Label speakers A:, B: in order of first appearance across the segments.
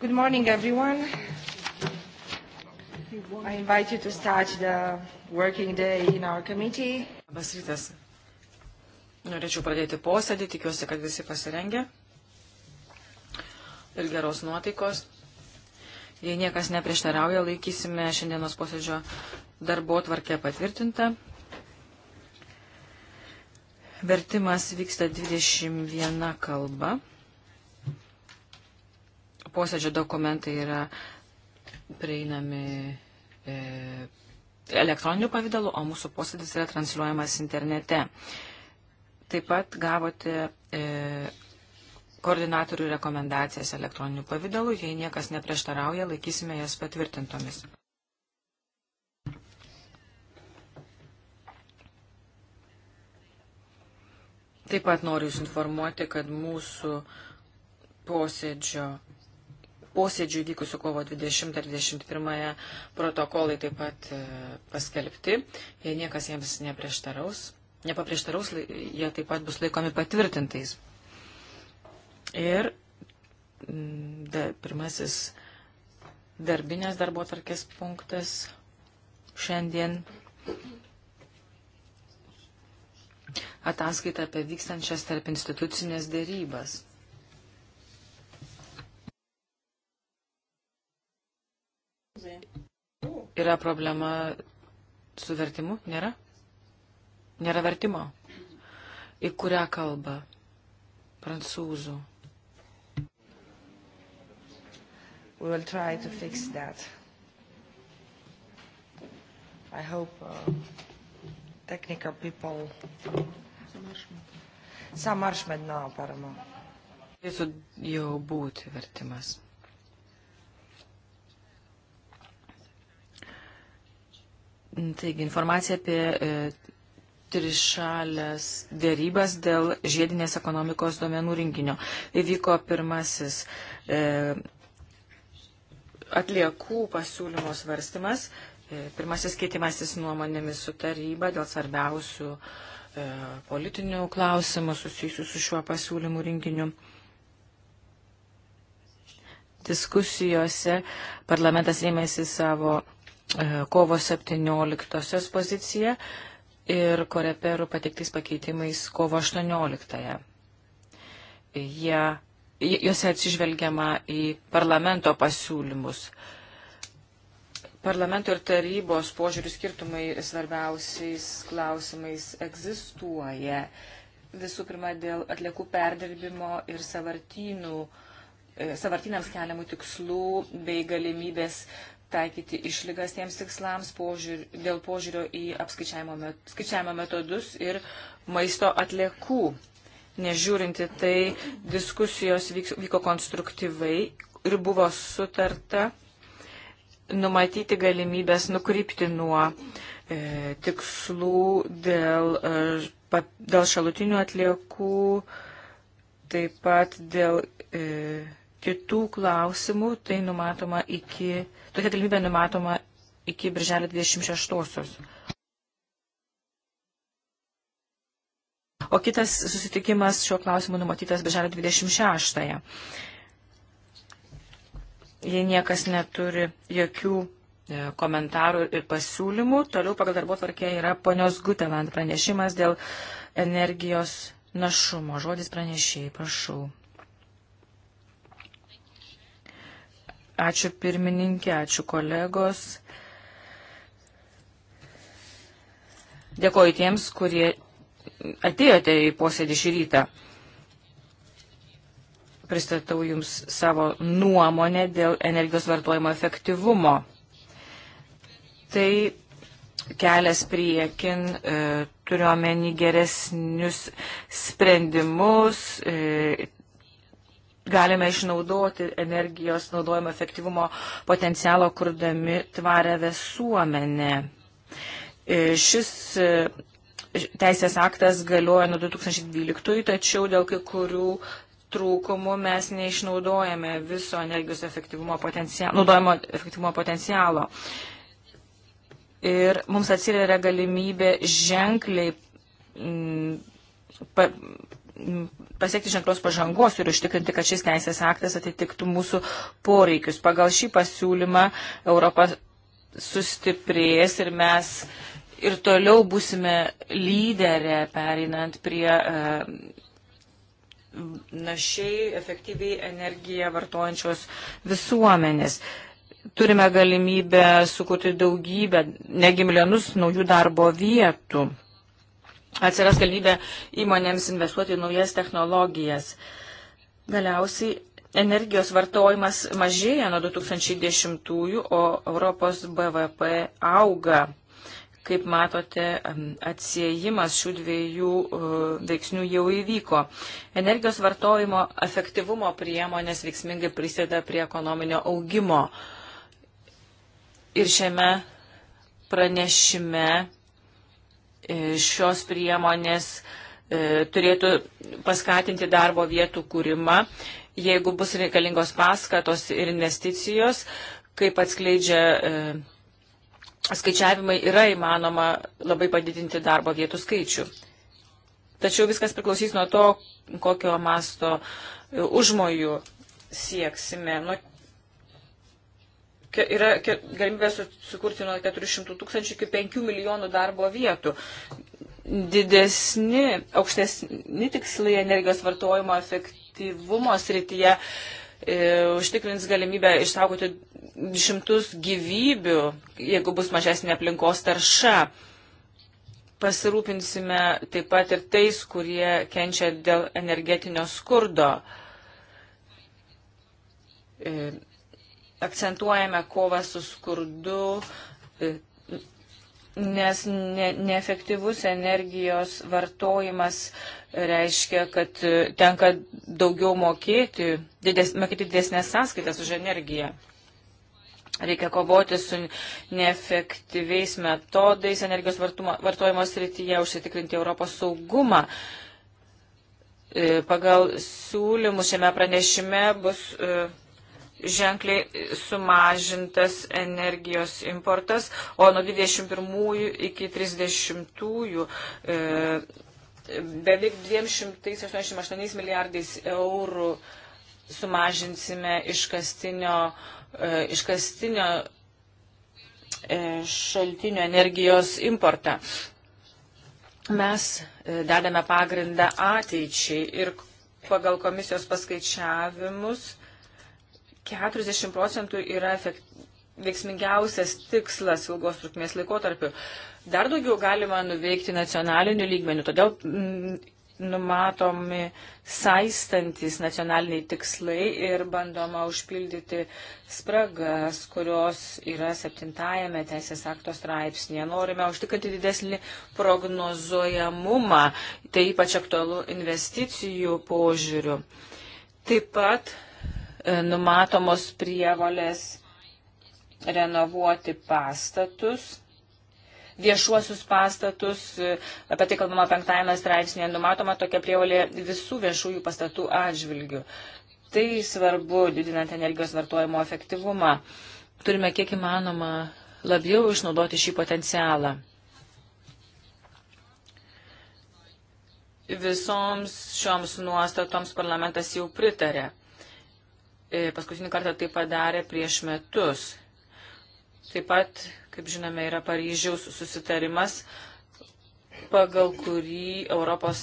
A: Good morning, everyone. I invite you to start the
B: working day in our committee. Labas rytas. Norėčiau pradėti posėdį, tikiuosi, kad visi pasirengę ir geros nuotaikos. Jei niekas neprieštarauja, laikysime šiandienos posėdžio darbo tvarkę patvirtintą. Vertimas vyksta 21 kalba posėdžio dokumentai yra prieinami e, elektroniniu pavydalu, o mūsų posėdis yra transliuojamas internete. Taip pat gavote e, koordinatorių rekomendacijas elektroniniu pavydalu, jei niekas neprieštarauja, laikysime jas patvirtintomis. Taip pat noriu Jūs informuoti, kad mūsų posėdžio posėdžių vykusių kovo 20 ir 21 protokolai taip pat e, paskelbti. Jei niekas jiems neprieštaraus, nepaprieštaraus, jie taip pat bus laikomi patvirtintais. Ir da, pirmasis darbinės darbo tarkės punktas šiandien ataskaita apie vykstančias tarp institucinės dėrybas. yra problema su vertimu? Nėra? Nėra vertimo. Į kurią kalbą? Prancūzų. We will try to fix that. I hope
A: uh, technical people. Samaršmed,
B: no, paramo. Turėtų jau būti vertimas. Taigi informacija apie e, trišalės dėrybas dėl žiedinės ekonomikos duomenų rinkinio. Įvyko pirmasis e, atliekų pasiūlymo svarstymas, e, pirmasis keitimasis nuomonėmis su taryba dėl svarbiausių e, politinių klausimų susijusių su šiuo pasiūlymų rinkiniu. Diskusijose parlamentas rėmėsi savo E, kovo 17 poziciją ir koreperų pateiktais pakeitimais kovo 18. -ąją. Jie, jose atsižvelgiama į parlamento pasiūlymus. Parlamento ir tarybos požiūrių skirtumai svarbiausiais klausimais egzistuoja. Visų pirma, dėl atliekų perdirbimo ir savartynų e, savartinams keliamų tikslų bei galimybės taikyti išlygas tiems tikslams požiūr, dėl požiūrio į apskaičiavimo, met, skaičiavimo metodus ir maisto atliekų. Nežiūrinti tai, diskusijos vyks, vyko konstruktyvai ir buvo sutarta numatyti galimybės nukrypti nuo e, tikslų dėl, e, pa, dėl šalutinių atliekų, taip pat dėl e, kitų klausimų, tai numatoma iki, tokia galimybė numatoma iki birželio 26-osios. O kitas susitikimas šiuo klausimu numatytas birželio 26-ąją. Jei niekas neturi jokių e, komentarų ir pasiūlymų, toliau pagal darbo tvarkė yra ponios Guteland pranešimas dėl energijos našumo. Žodis pranešėjai, prašau. Ačiū pirmininkė, ačiū kolegos. Dėkoju tiems, kurie atėjote į posėdį šį rytą. Pristatau Jums savo nuomonę dėl energijos vartojimo efektyvumo. Tai kelias priekin, e, turiuomenį geresnius sprendimus, e, galime išnaudoti energijos naudojimo efektyvumo potencialo, kurdami tvarę visuomenę. E, šis e, teisės aktas galioja nuo 2012, tačiau dėl kai kurių trūkumų mes neišnaudojame viso energijos efektyvumo potencialo, naudojimo efektyvumo potencialo. Ir mums atsiveria galimybė ženkliai m, pa, pasiekti ženklos pažangos ir užtikrinti, kad šis teisės aktas atitiktų mūsų poreikius. Pagal šį pasiūlymą Europa sustiprės ir mes ir toliau būsime lyderė perinant prie e, našiai, efektyviai energiją vartojančios visuomenės turime galimybę sukurti daugybę, negi milijonus naujų darbo vietų atsiras galimybė įmonėms investuoti į naujas technologijas. Galiausiai energijos vartojimas mažėja nuo 2010-ųjų, o Europos BVP auga. Kaip matote, atsiejimas šių dviejų e, veiksnių jau įvyko. Energijos vartojimo efektyvumo priemonės veiksmingai prisėda prie ekonominio augimo. Ir šiame pranešime E, šios priemonės e, turėtų paskatinti darbo vietų kūrimą, jeigu bus reikalingos paskatos ir investicijos, kaip atskleidžia e, skaičiavimai, yra įmanoma labai padidinti darbo vietų skaičių. Tačiau viskas priklausys nuo to, kokio masto užmojų sieksime. Nuo yra galimybė sukurti nuo 400 tūkstančių iki 5 milijonų darbo vietų. Didesni, aukštesni tikslai energijos vartojimo efektyvumo srityje e, užtikrins galimybę išsaugoti šimtus gyvybių, jeigu bus mažesnė aplinkos tarša. Pasirūpinsime taip pat ir tais, kurie kenčia dėl energetinio skurdo. E, akcentuojame kovą su skurdu, e, nes ne, neefektyvus energijos vartojimas reiškia, kad e, tenka daugiau mokėti, dides, mokėti didesnės sąskaitas už energiją. Reikia kovoti su neefektyviais metodais energijos vartuma, vartojimo srityje, užsitikrinti Europos saugumą. E, pagal siūlymus šiame pranešime bus uh, ženkliai sumažintas energijos importas, o nuo 21 iki 30 e, beveik 288 milijardais eurų sumažinsime iškastinio, e, iškastinio e, šaltinio energijos importą. Mes e, dedame pagrindą ateičiai ir pagal komisijos paskaičiavimus 40 procentų yra efekt, veiksmingiausias tikslas ilgos trukmės laikotarpiu. Dar daugiau galima nuveikti nacionaliniu lygmeniu, todėl m, mm, numatomi saistantis nacionaliniai tikslai ir bandoma užpildyti spragas, kurios yra septintajame teisės akto straipsnėje. Norime užtikrinti didesnį prognozuojamumą, tai ypač aktualu investicijų požiūrių. Taip pat numatomos prievolės renovuoti pastatus viešuosius pastatus, apie tai kalbama penktajame straipsnėje, numatoma tokia prievalė visų viešųjų pastatų atžvilgių. Tai svarbu didinant energijos vartojimo efektyvumą. Turime kiek įmanoma labiau išnaudoti šį potencialą. Visoms šioms nuostatoms parlamentas jau pritarė. E, paskutinį kartą tai padarė prieš metus. Taip pat, kaip žinome, yra Paryžiaus susitarimas, pagal kurį ES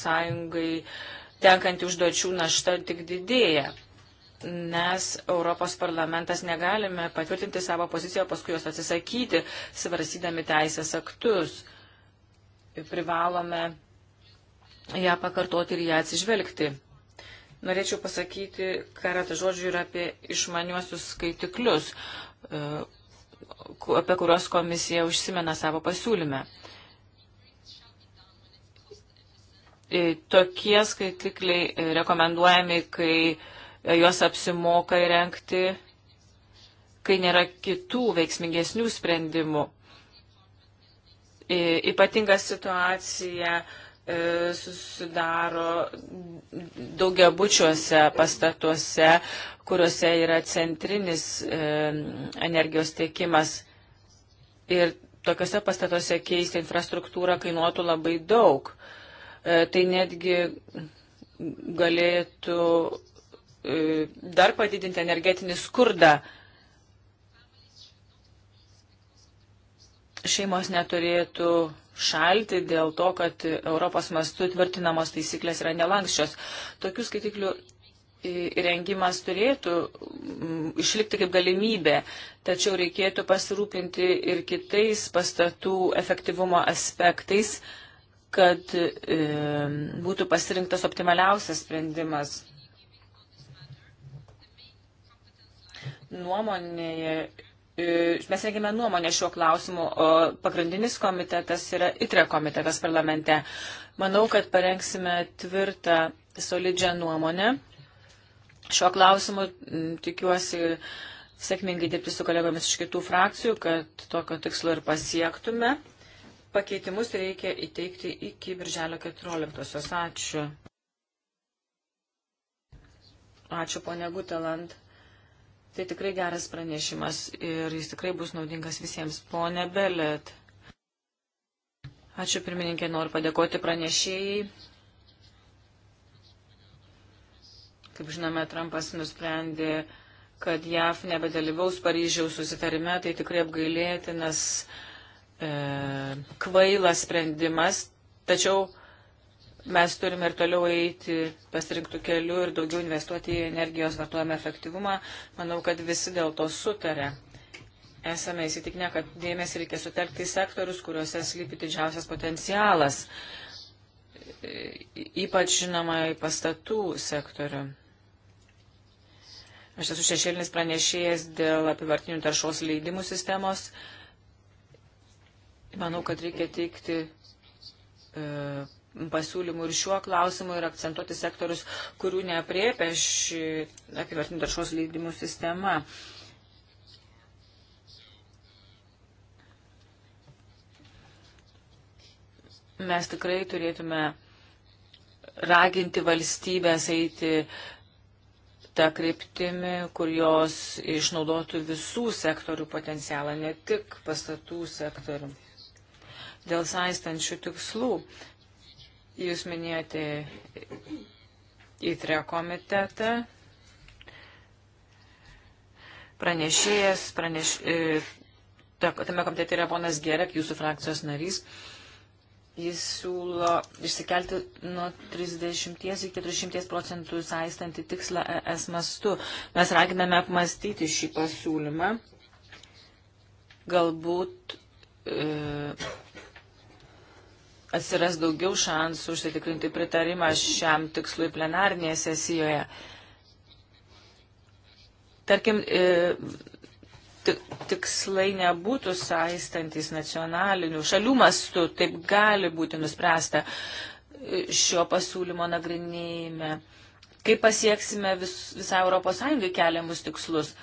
B: tenkanti užduočių našta tik didėja. Mes, Europos parlamentas, negalime patvirtinti savo poziciją, paskui jos atsisakyti, svarsydami teisės aktus. Privalome ją pakartoti ir ją atsižvelgti. Norėčiau pasakyti keletą žodžių ir apie išmaniuosius skaitiklius, e, apie kuriuos komisija užsimena savo pasiūlyme. E, tokie skaitikliai e, rekomenduojami, kai juos apsimoka įrengti, kai nėra kitų veiksmingesnių sprendimų. Ypatinga situacija uh, E, susidaro daugiabučiuose pastatuose, kuriuose yra centrinis e, energijos tiekimas. Ir tokiuose pastatuose keisti infrastruktūrą kainuotų labai daug. E, tai netgi galėtų dar padidinti energetinį skurdą. Šeimos neturėtų šalti dėl to, kad Europos mastu tvirtinamos taisyklės yra nelankščios. Tokių skaitiklių įrengimas turėtų mm, išlikti kaip galimybė, tačiau reikėtų pasirūpinti ir kitais pastatų efektyvumo aspektais, kad e, būtų pasirinktas optimaliausias sprendimas. Nuomonėje E, mes rengėme nuomonę šiuo klausimu, o pagrindinis komitetas yra ITRE komitetas parlamente. Manau, kad parengsime tvirtą, solidžią nuomonę. Šiuo klausimu mm, tikiuosi sėkmingai dirbti su kolegomis iš kitų frakcijų, kad tokio tikslo ir pasiektume. Pakeitimus reikia įteikti iki birželio 14-osios. Ačiū. Ačiū, ponia Guteland. Tai tikrai geras pranešimas ir jis tikrai bus naudingas visiems. Pone Belet. Ačiū pirmininkė, noriu padėkoti pranešėjai. Kaip žinome, Trumpas nusprendė, kad JAF nebedalyvaus Paryžiaus susitarime, tai tikrai apgailėtinas e, kvailas sprendimas. Tačiau mes turime ir toliau eiti pasirinktų kelių ir daugiau investuoti į energijos vartojimą efektyvumą. Manau, kad visi dėl to sutarė. Esame įsitikinę, kad dėmesį reikia sutelkti į sektorius, kuriuose slypi didžiausias potencialas, ypač žinoma į pastatų sektorių. Aš esu šešėlinis pranešėjas dėl apivartinių taršos leidimų sistemos. Manau, kad reikia teikti e, pasiūlymų ir šiuo klausimu ir akcentuoti sektorius, kurių neapriepia ši apivartinių taršos leidimų sistema. Mes tikrai turėtume raginti valstybės eiti tą kryptimį, kur jos išnaudotų visų sektorių potencialą, ne tik pastatų sektorių. Dėl saistančių tikslų Jūs minėjote įtrio e komitetą. Pranešėjas, praneš, e, tame komitete yra ponas Gerek, jūsų frakcijos narys. Jis siūlo išsikelti nuo 30 iki 400 procentų saistantį tikslą ES mastu. Mes raginame apmastyti šį pasiūlymą. Galbūt e, atsiras daugiau šansų užsitikrinti pritarimą šiam tikslui plenarnėje sesijoje. Tarkim, e, tikslai nebūtų saistantis nacionalinių šalių mastų, taip gali būti nuspręsta e, šio pasiūlymo nagrinėjime. Kaip pasieksime vis, visą ES keliamus tikslus?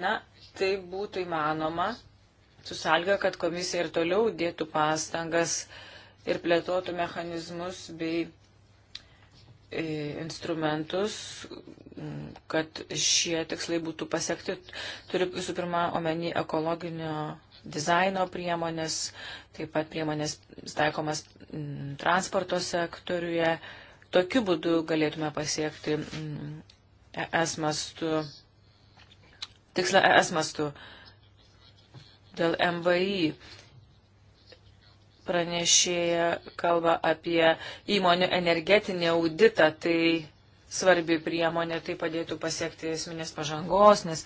B: Na, tai būtų įmanoma, susalga, kad komisija ir toliau dėtų pastangas uh, ir plėtotų mechanizmus bei e, instrumentus, kad šie tikslai būtų pasiekti. Turiu visų pirma omeny ekologinio dizaino priemonės, taip pat priemonės taikomas transporto sektoriuje. Tokiu būdu galėtume pasiekti ES mastu, tikslą ES mastu dėl MVI pranešėja kalba apie įmonių energetinį auditą, tai svarbi priemonė, tai padėtų pasiekti esminės pažangos, nes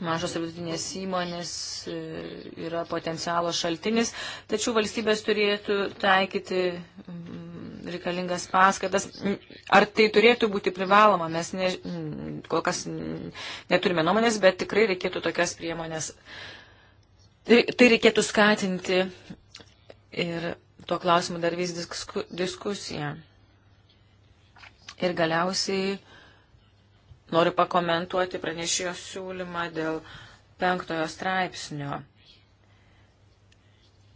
B: mažos ir vidutinės įmonės e, yra potencialo šaltinis, tačiau valstybės turėtų taikyti mm, reikalingas paskatas. Ar tai turėtų būti privaloma, mes ne, mm, kol kas neturime nuomonės, bet tikrai reikėtų tokias priemonės. Tai, tai reikėtų skatinti ir tuo klausimu dar vis disku, diskusija. Ir galiausiai noriu pakomentuoti pranešėjo siūlymą dėl penktojo straipsnio.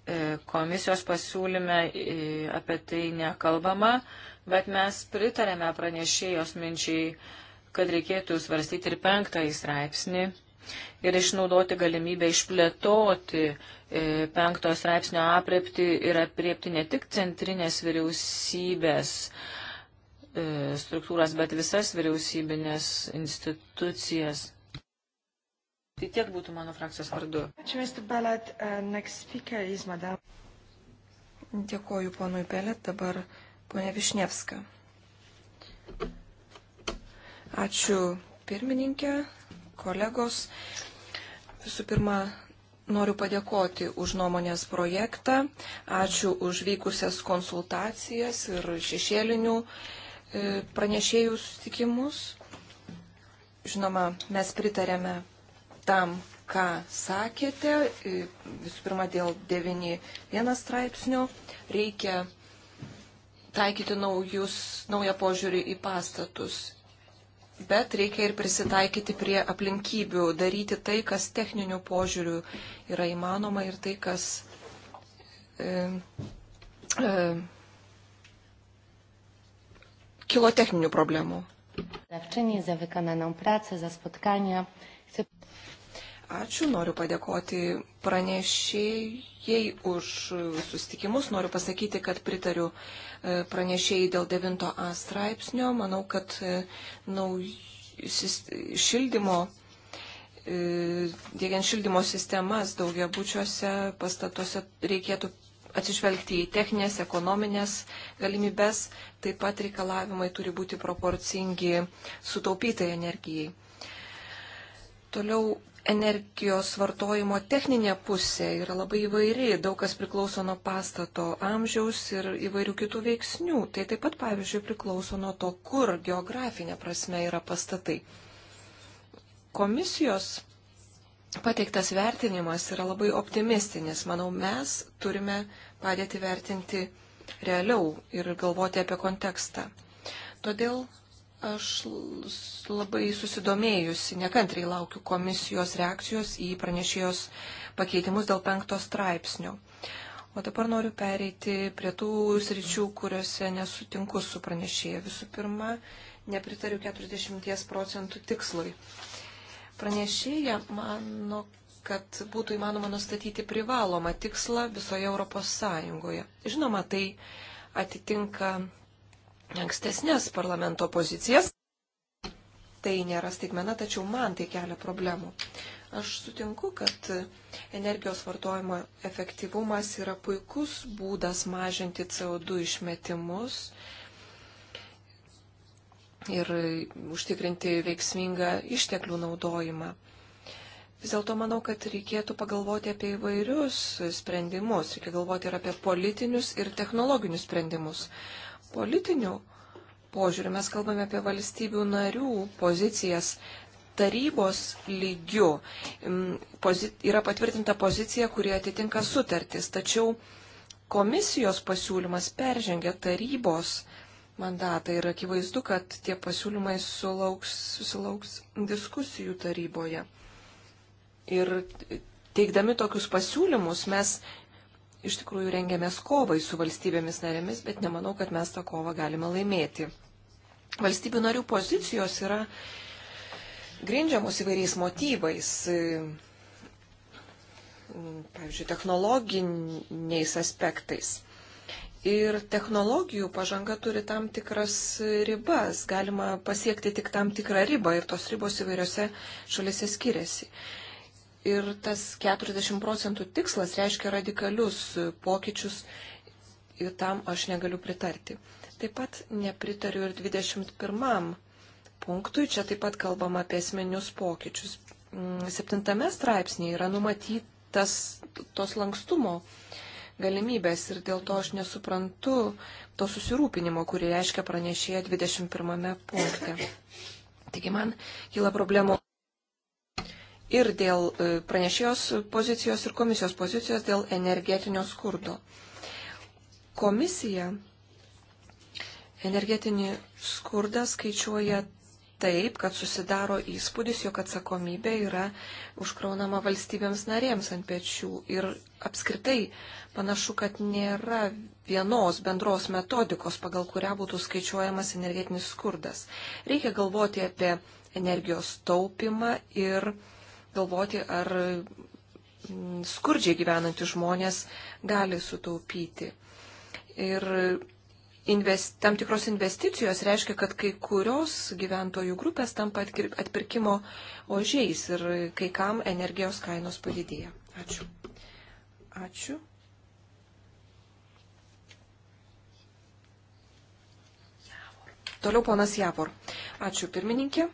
B: E, komisijos pasiūlyme e, apie tai nekalbama, bet mes pritarėme pranešėjos minčiai, kad reikėtų svarstyti ir penktąjį straipsnį ir išnaudoti galimybę išplėtoti E, penktojo straipsnio aprepti ir apriepti ne tik centrinės vyriausybės e, struktūras, bet visas vyriausybinės institucijas. Tai tiek būtų mano frakcijos vardu.
A: Ačiū, Mr. Bellet. Uh, next speaker is Madame. Dėkoju ponui Bellet, dabar ponia Višnievska. Ačiū pirmininkė, kolegos. Visų pirma, Noriu padėkoti už nuomonės projektą, ačiū už vykusias konsultacijas ir šešėlinių e, pranešėjų sustikimus. Žinoma, mes pritarėme tam, ką sakėte. E, visų pirma, dėl 9.1 straipsnio reikia taikyti naujus, naują požiūrį į pastatus bet reikia ir prisitaikyti prie aplinkybių, daryti tai, kas techninių požiūrių yra įmanoma ir tai, kas. E, e, kilo techninių problemų. Dawczyni za wykonaną pracę, za spotkania. Ačiū, noriu padėkoti pranešėjai už sustikimus. Noriu pasakyti, kad pritariu e, pranešėjai dėl 9a straipsnio. Manau, kad e, nauj... šildymo, e, dėgiant šildymo sistemas daugiabučiuose pastatuose reikėtų atsižvelgti į techninės, ekonominės galimybės. Taip pat reikalavimai turi būti proporcingi sutaupytai energijai. Toliau energijos vartojimo techninė pusė yra labai įvairi, daug kas priklauso nuo pastato amžiaus ir įvairių kitų veiksnių. Tai taip pat, pavyzdžiui, priklauso nuo to, kur geografinė prasme yra pastatai. Komisijos pateiktas vertinimas yra labai optimistinis. Manau, mes turime padėti vertinti realiau ir galvoti apie kontekstą. Todėl Aš labai susidomėjusi, nekantriai laukiu komisijos reakcijos į pranešėjos pakeitimus dėl penkto straipsnio. O dabar noriu pereiti prie tų sričių, kuriuose nesutinku su pranešėja. Visų pirma, nepritariu 40 procentų tikslui. Pranešėja mano, kad būtų įmanoma nustatyti privalomą tikslą visoje Europos Sąjungoje. Žinoma, tai atitinka ankstesnės parlamento pozicijas. Tai nėra staigmena, tačiau man tai kelia problemų. Aš sutinku, kad energijos vartojimo efektyvumas yra puikus būdas mažinti CO2 išmetimus ir užtikrinti veiksmingą išteklių naudojimą. Vis dėlto manau, kad reikėtų pagalvoti apie įvairius sprendimus, reikia galvoti ir apie politinius ir technologinius sprendimus politinių požiūrių. Mes kalbame apie valstybių narių pozicijas tarybos lygių. Mm, yra patvirtinta pozicija, kurie atitinka sutartis, tačiau komisijos pasiūlymas peržengia tarybos mandatą ir akivaizdu, kad tie pasiūlymai sulauks, susilauks diskusijų taryboje. Ir teikdami tokius pasiūlymus mes iš tikrųjų rengiamės kovai su valstybėmis narėmis, bet nemanau, kad mes tą kovą galime laimėti. Valstybių narių pozicijos yra grindžiamos įvairiais motyvais, pavyzdžiui, technologiniais aspektais. Ir technologijų pažanga turi tam tikras ribas, galima pasiekti tik tam tikrą ribą ir tos ribos įvairiose šalise skiriasi ir tas 40 procentų tikslas reiškia radikalius pokyčius ir tam aš negaliu pritarti. Taip pat nepritariu ir 21 punktui, čia taip pat kalbama apie esminius pokyčius. Mm, septintame straipsnėje yra numatytas tos lankstumo galimybės ir dėl to aš nesuprantu to susirūpinimo, kurį reiškia pranešėja 21 punkte. Taigi man kyla problemų ir dėl e, pranešėjos pozicijos ir komisijos pozicijos dėl energetinio skurdo. Komisija energetinį skurdą skaičiuoja taip, kad susidaro įspūdis, jog atsakomybė yra užkraunama valstybėms narėms ant pečių. Ir apskritai panašu, kad nėra vienos bendros metodikos, pagal kurią būtų skaičiuojamas energetinis skurdas. Reikia galvoti apie energijos taupimą ir galvoti, ar skurdžiai gyvenantys žmonės gali sutaupyti. Ir invest, tam tikros investicijos reiškia, kad kai kurios gyventojų grupės tampa atpirkimo ožiais ir kai kam energijos kainos padidėja. Ačiū. Ačiū. Toliau ponas Javor. Ačiū pirmininkė.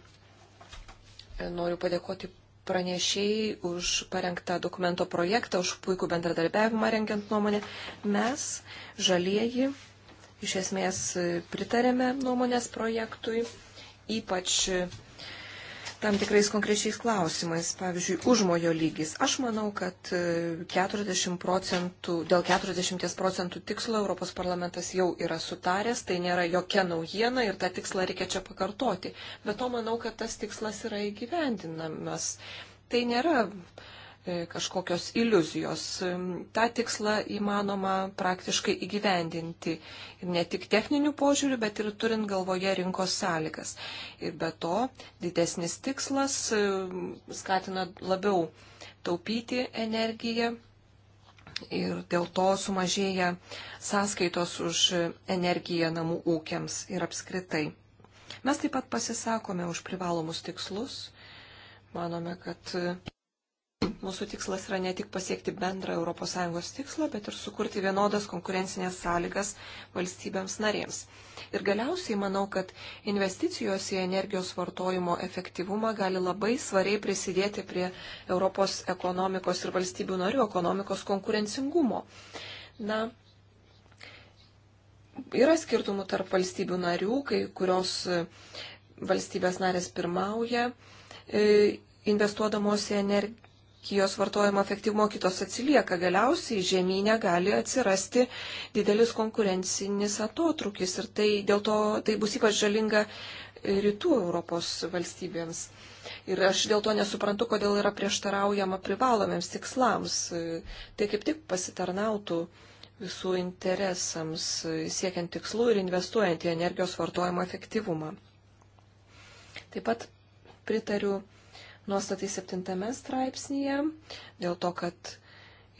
A: Noriu padėkoti pranešiai už parengtą dokumento projektą, už puikų bendradarbiavimą rengiant nuomonę. Mes, žalieji, iš esmės pritarėme nuomonės projektui, ypač tam tikrais konkrečiais klausimais, pavyzdžiui, užmojo lygis. Aš manau, kad 40 e, procentų, dėl 40 procentų tikslo Europos parlamentas jau yra sutaręs, tai nėra jokia naujiena ir tą tikslą reikia čia pakartoti. Bet to manau, kad tas tikslas yra įgyvendinamas. Tai nėra E, kažkokios iliuzijos. Ta tiksla įmanoma praktiškai įgyvendinti ir ne tik techninių požiūrių, bet ir turint galvoje rinkos sąlygas. Ir be to didesnis tikslas skatina labiau taupyti energiją ir dėl to sumažėja sąskaitos už energiją namų ūkiams ir apskritai. Mes taip pat pasisakome už privalomus tikslus. Manome, kad Mūsų tikslas yra ne tik pasiekti bendrą ES tikslą, bet ir sukurti vienodas konkurencinės sąlygas valstybėms narėms. Ir galiausiai manau, kad investicijos į energijos vartojimo efektyvumą gali labai svariai prisidėti prie Europos ekonomikos ir valstybių narių ekonomikos konkurencingumo. Na, yra skirtumų tarp valstybių narių, kai kurios valstybės narės pirmauja e, investuodamos į energiją Kijos vartojimo efektyvumo kitos atsilieka. Galiausiai žemynė gali atsirasti didelis konkurencinis atotrukis ir tai dėl to tai bus ypač žalinga rytų Europos valstybėms. Ir aš dėl to nesuprantu, kodėl yra prieštaraujama privalomiems tikslams. Tai kaip tik pasitarnautų visų interesams, siekiant tikslų ir investuojant į energijos vartojimo efektyvumą. Taip pat pritariu nuostatai septintame straipsnėje, dėl to, kad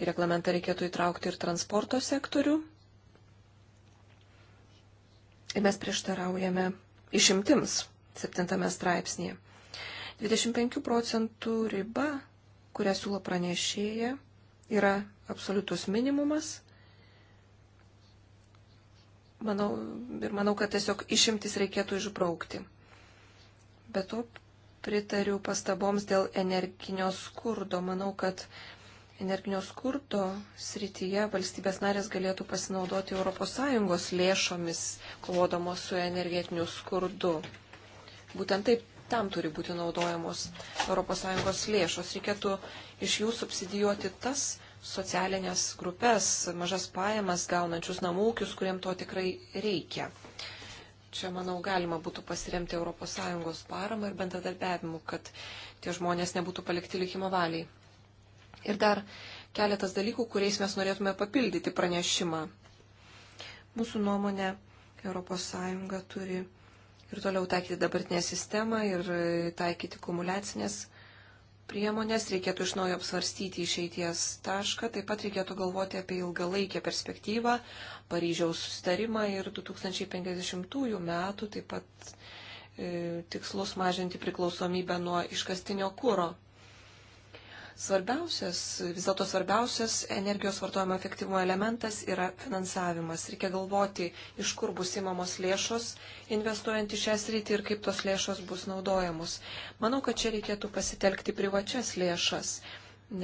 A: į reglamentą reikėtų įtraukti ir transporto sektorių. Ir mes prieštaraujame išimtims septintame straipsnėje. 25 procentų riba, kurią siūlo pranešėja, yra absoliutus minimumas. Manau, ir manau, kad tiesiog išimtis reikėtų išbraukti. Be to, pritariu pastaboms dėl energinio skurdo. Manau, kad energinio skurdo srityje valstybės narės galėtų pasinaudoti ES lėšomis, kovodamos su energetiniu skurdu. Būtent taip tam turi būti naudojamos ES lėšos. Reikėtų iš jų subsidijuoti tas socialinės grupės, mažas pajamas gaunančius namūkius, kuriem to tikrai reikia čia, manau, galima būtų pasiremti ES paramą ir bendradarbiavimu, kad tie žmonės nebūtų palikti likimo valiai. Ir dar keletas dalykų, kuriais mes norėtume papildyti pranešimą. Mūsų nuomonė, ES turi ir toliau taikyti dabartinę sistemą ir taikyti kumulacinės priemonės, reikėtų iš naujo apsvarstyti išeities tašką, taip pat reikėtų galvoti apie ilgalaikę perspektyvą, Paryžiaus sustarimą ir 2050 metų, taip pat e, tikslus mažinti priklausomybę nuo iškastinio kūro. Svarbiausias, vis dėlto svarbiausias energijos vartojimo efektyvumo elementas yra finansavimas. Reikia galvoti, iš kur bus įmamos lėšos, investuojant į šią sritį ir kaip tos lėšos bus naudojamos. Manau, kad čia reikėtų pasitelkti privačias lėšas,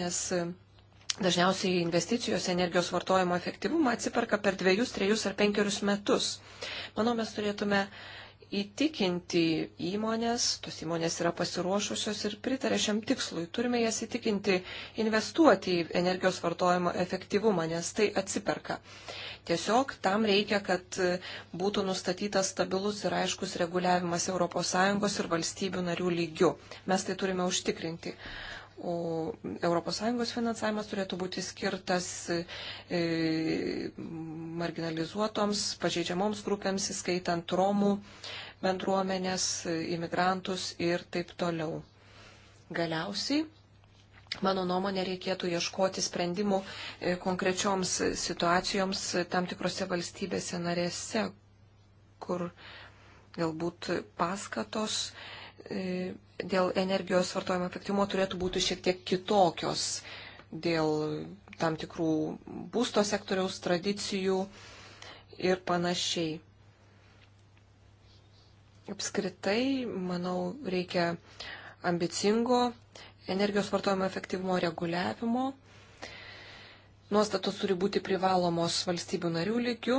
A: nes e, dažniausiai investicijos energijos vartojimo efektyvumą atsiperka per dviejus, trejus ar penkerius metus. Manau, mes turėtume uh, įtikinti įmonės, tos įmonės yra pasiruošusios ir pritarė šiam tikslui. Turime jas įtikinti investuoti į energijos vartojimo efektyvumą, nes tai atsiperka. Tiesiog tam reikia, kad būtų nustatytas stabilus ir aiškus reguliavimas ES ir valstybių narių lygių. Mes tai turime užtikrinti. O ES finansavimas turėtų būti skirtas e, marginalizuotoms, pažeidžiamoms grupėms, įskaitant Romų bendruomenės, imigrantus ir taip toliau. Galiausiai, mano nuomonė, reikėtų ieškoti sprendimų e, konkrečioms situacijoms tam tikrose valstybėse narėse, kur galbūt paskatos. E, dėl energijos vartojimo efektyvumo turėtų būti šiek tiek kitokios dėl tam tikrų būsto sektoriaus tradicijų ir panašiai. Apskritai, manau, reikia ambicingo energijos vartojimo efektyvumo reguliavimo. Nuostatos turi būti privalomos valstybių narių lygių.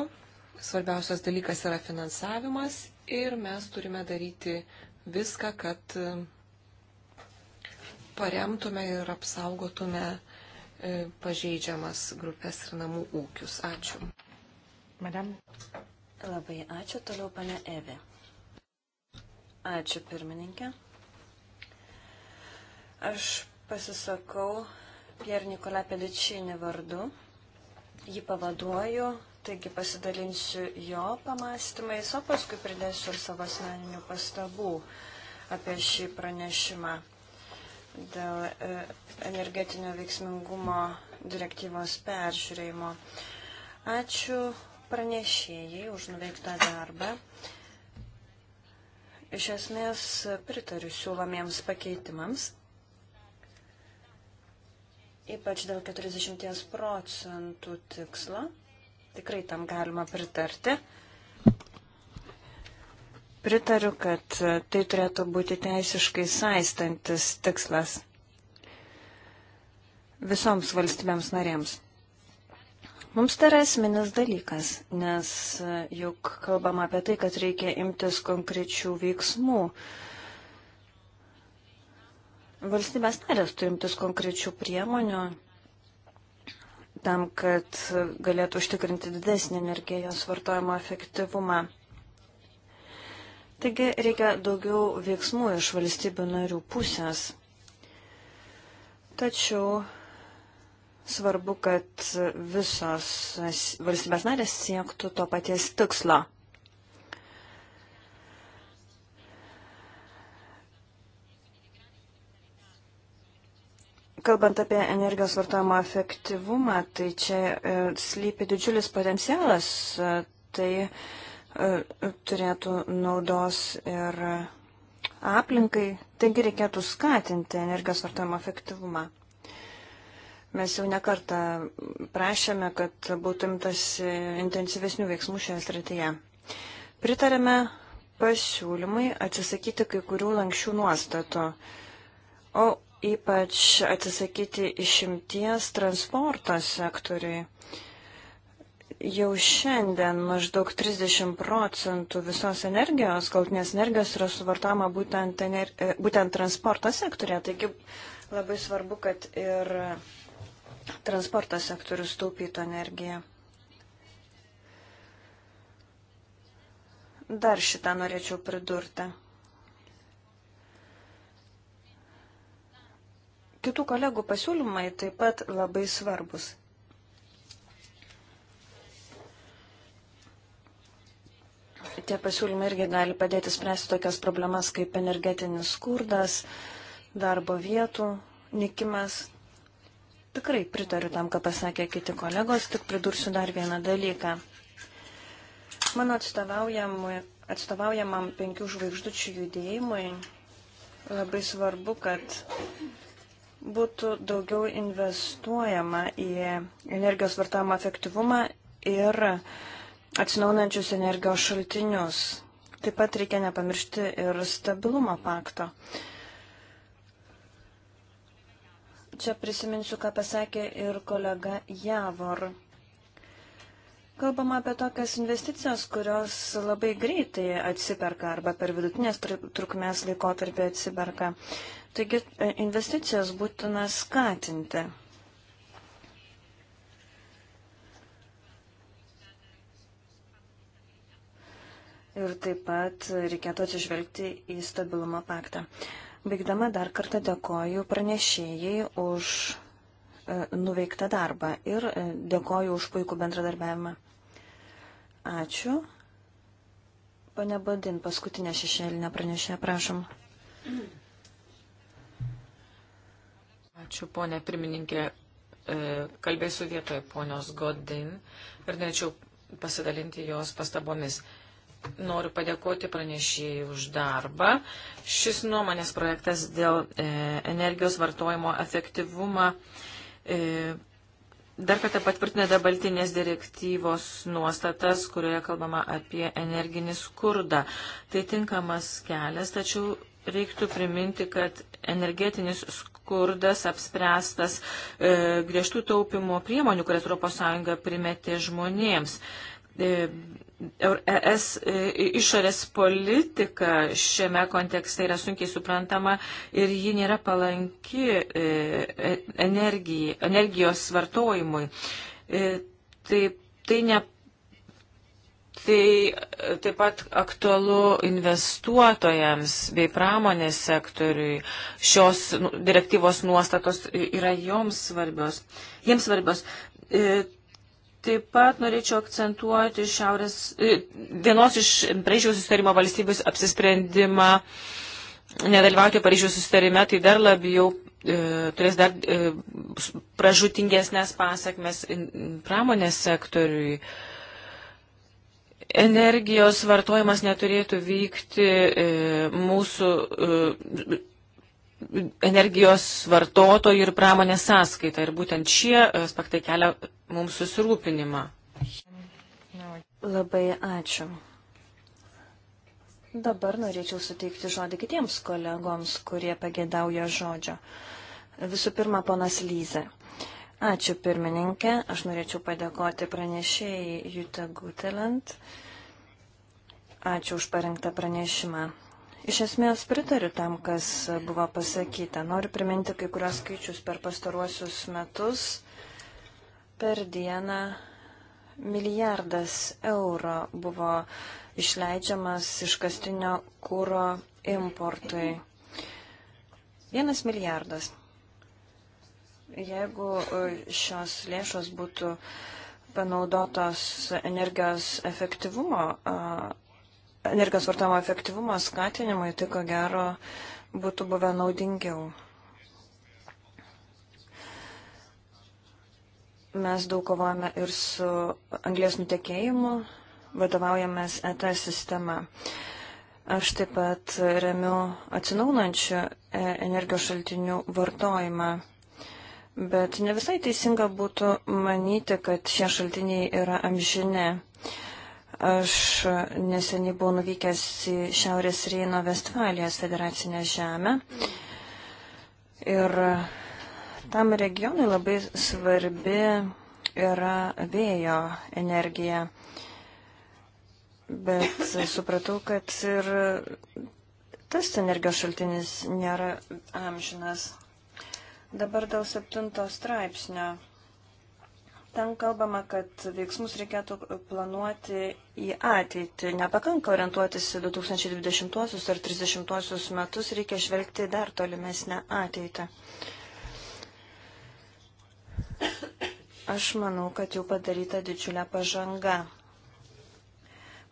A: Svarbiausias dalykas yra finansavimas ir mes turime daryti viską, kad e, paremtume ir apsaugotume e, pažeidžiamas grupės ir namų ūkius. Ačiū. Madam. Labai ačiū. Toliau pane Evi. Ačiū
C: pirmininkė. Aš pasisakau Pier Nikola Peličinį vardu. Jį pavaduoju Taigi pasidalinsiu jo pamastymais, o paskui pridėsiu ir savo asmeninių pastabų apie šį pranešimą dėl e, energetinio veiksmingumo direktyvos peržiūrėjimo. Ačiū pranešėjai už nuveiktą darbą. Iš esmės pritariu siūlomiems pakeitimams, ypač dėl 40 procentų tikslo Tikrai tam galima pritarti. Pritariu, kad tai turėtų būti teisiškai saistantis tikslas visoms valstybėms narėms. Mums tai yra esminis dalykas, nes juk kalbam apie tai, kad reikia imtis konkrečių veiksmų. Valstybės narės turi imtis konkrečių priemonių tam, kad galėtų užtikrinti didesnį energijos vartojimo efektyvumą. Taigi reikia daugiau veiksmų iš valstybių narių pusės. Tačiau svarbu, kad visos valstybės narės siektų to paties tikslo. kalbant apie energijos vartojimo efektyvumą, tai čia e, slypi didžiulis potencialas, e, tai e, turėtų naudos ir aplinkai, taigi reikėtų skatinti energijos vartojimo efektyvumą. Mes jau nekartą prašėme, kad būtų imtas intensyvesnių veiksmų šioje srityje. Pritarėme pasiūlymai atsisakyti kai kurių lankščių nuostatų. O ypač atsisakyti išimties transporto sektoriui. Jau šiandien maždaug 30 procentų visos energijos, galtinės energijos yra suvartojama būtent, ener... E, būtent transporto sektorė. Taigi labai svarbu, kad ir transporto sektorius taupytų energiją. Dar šitą norėčiau pridurti. Kitų kolegų pasiūlymai taip pat labai svarbus. Tie pasiūlymai irgi gali padėti spręsti tokias problemas kaip energetinis skurdas, darbo vietų nikimas. Tikrai pritariu tam, ką pasakė kiti kolegos, tik pridursiu dar vieną dalyką. Mano atstovaujamam penkių žvaigždučių judėjimui labai svarbu, kad būtų daugiau investuojama į energijos vartojimo efektyvumą ir atsinaunančius energijos šaltinius. Taip pat reikia nepamiršti ir stabilumo pakto. Čia prisiminsiu, ką pasakė ir kolega Javor. Kalbama apie tokias investicijas, kurios labai greitai atsiperka arba per vidutinės trukmės laikotarpį atsiperka. Taigi e, investicijas būtina skatinti. Ir taip pat reikėtų atsižvelgti į stabilumo paktą. Baigdama dar kartą dėkoju pranešėjai už e, nuveiktą darbą ir e, dėkoju už puikų bendradarbiavimą. Ačiū. Pane Badin, paskutinė šešėlinė pranešė, prašom.
B: Ačiū, ponė pirmininkė. E, kalbėsiu vietoje ponios Godin ir norėčiau pasidalinti jos pastabomis. Noriu padėkoti pranešėjai už darbą. Šis nuomonės projektas dėl e, energijos vartojimo efektyvumą e, dar kartą patvirtina dabartinės direktyvos nuostatas, kurioje kalbama apie energinį skurdą. Tai tinkamas kelias, tačiau reiktų priminti, kad energetinis skurdas apspręstas e, griežtų taupimo priemonių, kurias ES primetė žmonėms. E, ES e e, išorės politika šiame kontekste yra sunkiai suprantama ir ji nėra palanki e, energijai, energijos vartojimui. Tai, tai, ne, tai taip pat aktualu investuotojams bei pramonės sektoriui. Šios nu, direktyvos nuostatos yra joms svarbios. Jiems svarbios Taip pat norėčiau akcentuoti šiaurės, e, vienos iš Paryžiaus susitarimo valstybės apsisprendimą nedalyvauti Paryžiaus susitarime, tai dar labiau e, turės dar e, pražutingesnės pasakmes pramonės sektoriui. Energijos vartojimas neturėtų vykti e, mūsų. E, energijos vartotojų ir pramonės sąskaita. Ir būtent šie e, aspektai kelia mums susirūpinimą.
C: Labai ačiū. Dabar norėčiau suteikti žodį kitiems kolegoms, kurie pagėdauja žodžio. Visų pirma, ponas Lyze. Ačiū pirmininkė, aš norėčiau padėkoti pranešėjai Jutta Gutelant. Ačiū už parengtą pranešimą. Iš esmės pritariu tam, kas buvo pasakyta. Noriu priminti kai kurios skaičius per pastaruosius metus. Per dieną milijardas euro buvo išleidžiamas iškastinio kūro importui. Vienas milijardas. Jeigu e, šios lėšos būtų panaudotos energijos efektyvumo energijos vartojimo efektyvumo skatinimui, tai ko gero būtų buvę naudingiau. Mes daug kovojame ir su anglės nutekėjimu, vadovaujamės ETA sistema. Aš taip pat remiu atsinaunančių e, energijos šaltinių vartojimą. Bet ne visai teisinga būtų manyti, kad šie šaltiniai yra amžini. Aš neseniai buvau nuvykęs į Šiaurės Reino Vestfalijos federacinę žemę. Ir tam regionui labai svarbi yra vėjo energija. Bet supratau, kad ir tas energijos šaltinis nėra amžinas. Dabar dėl septinto straipsnio Ten kalbama, kad veiksmus reikėtų planuoti į ateitį. Nepakanka orientuotis į 2020 ar 30 metus, reikia žvelgti dar tolimesnę ateitį. Aš manau, kad jau padaryta didžiulė pažanga.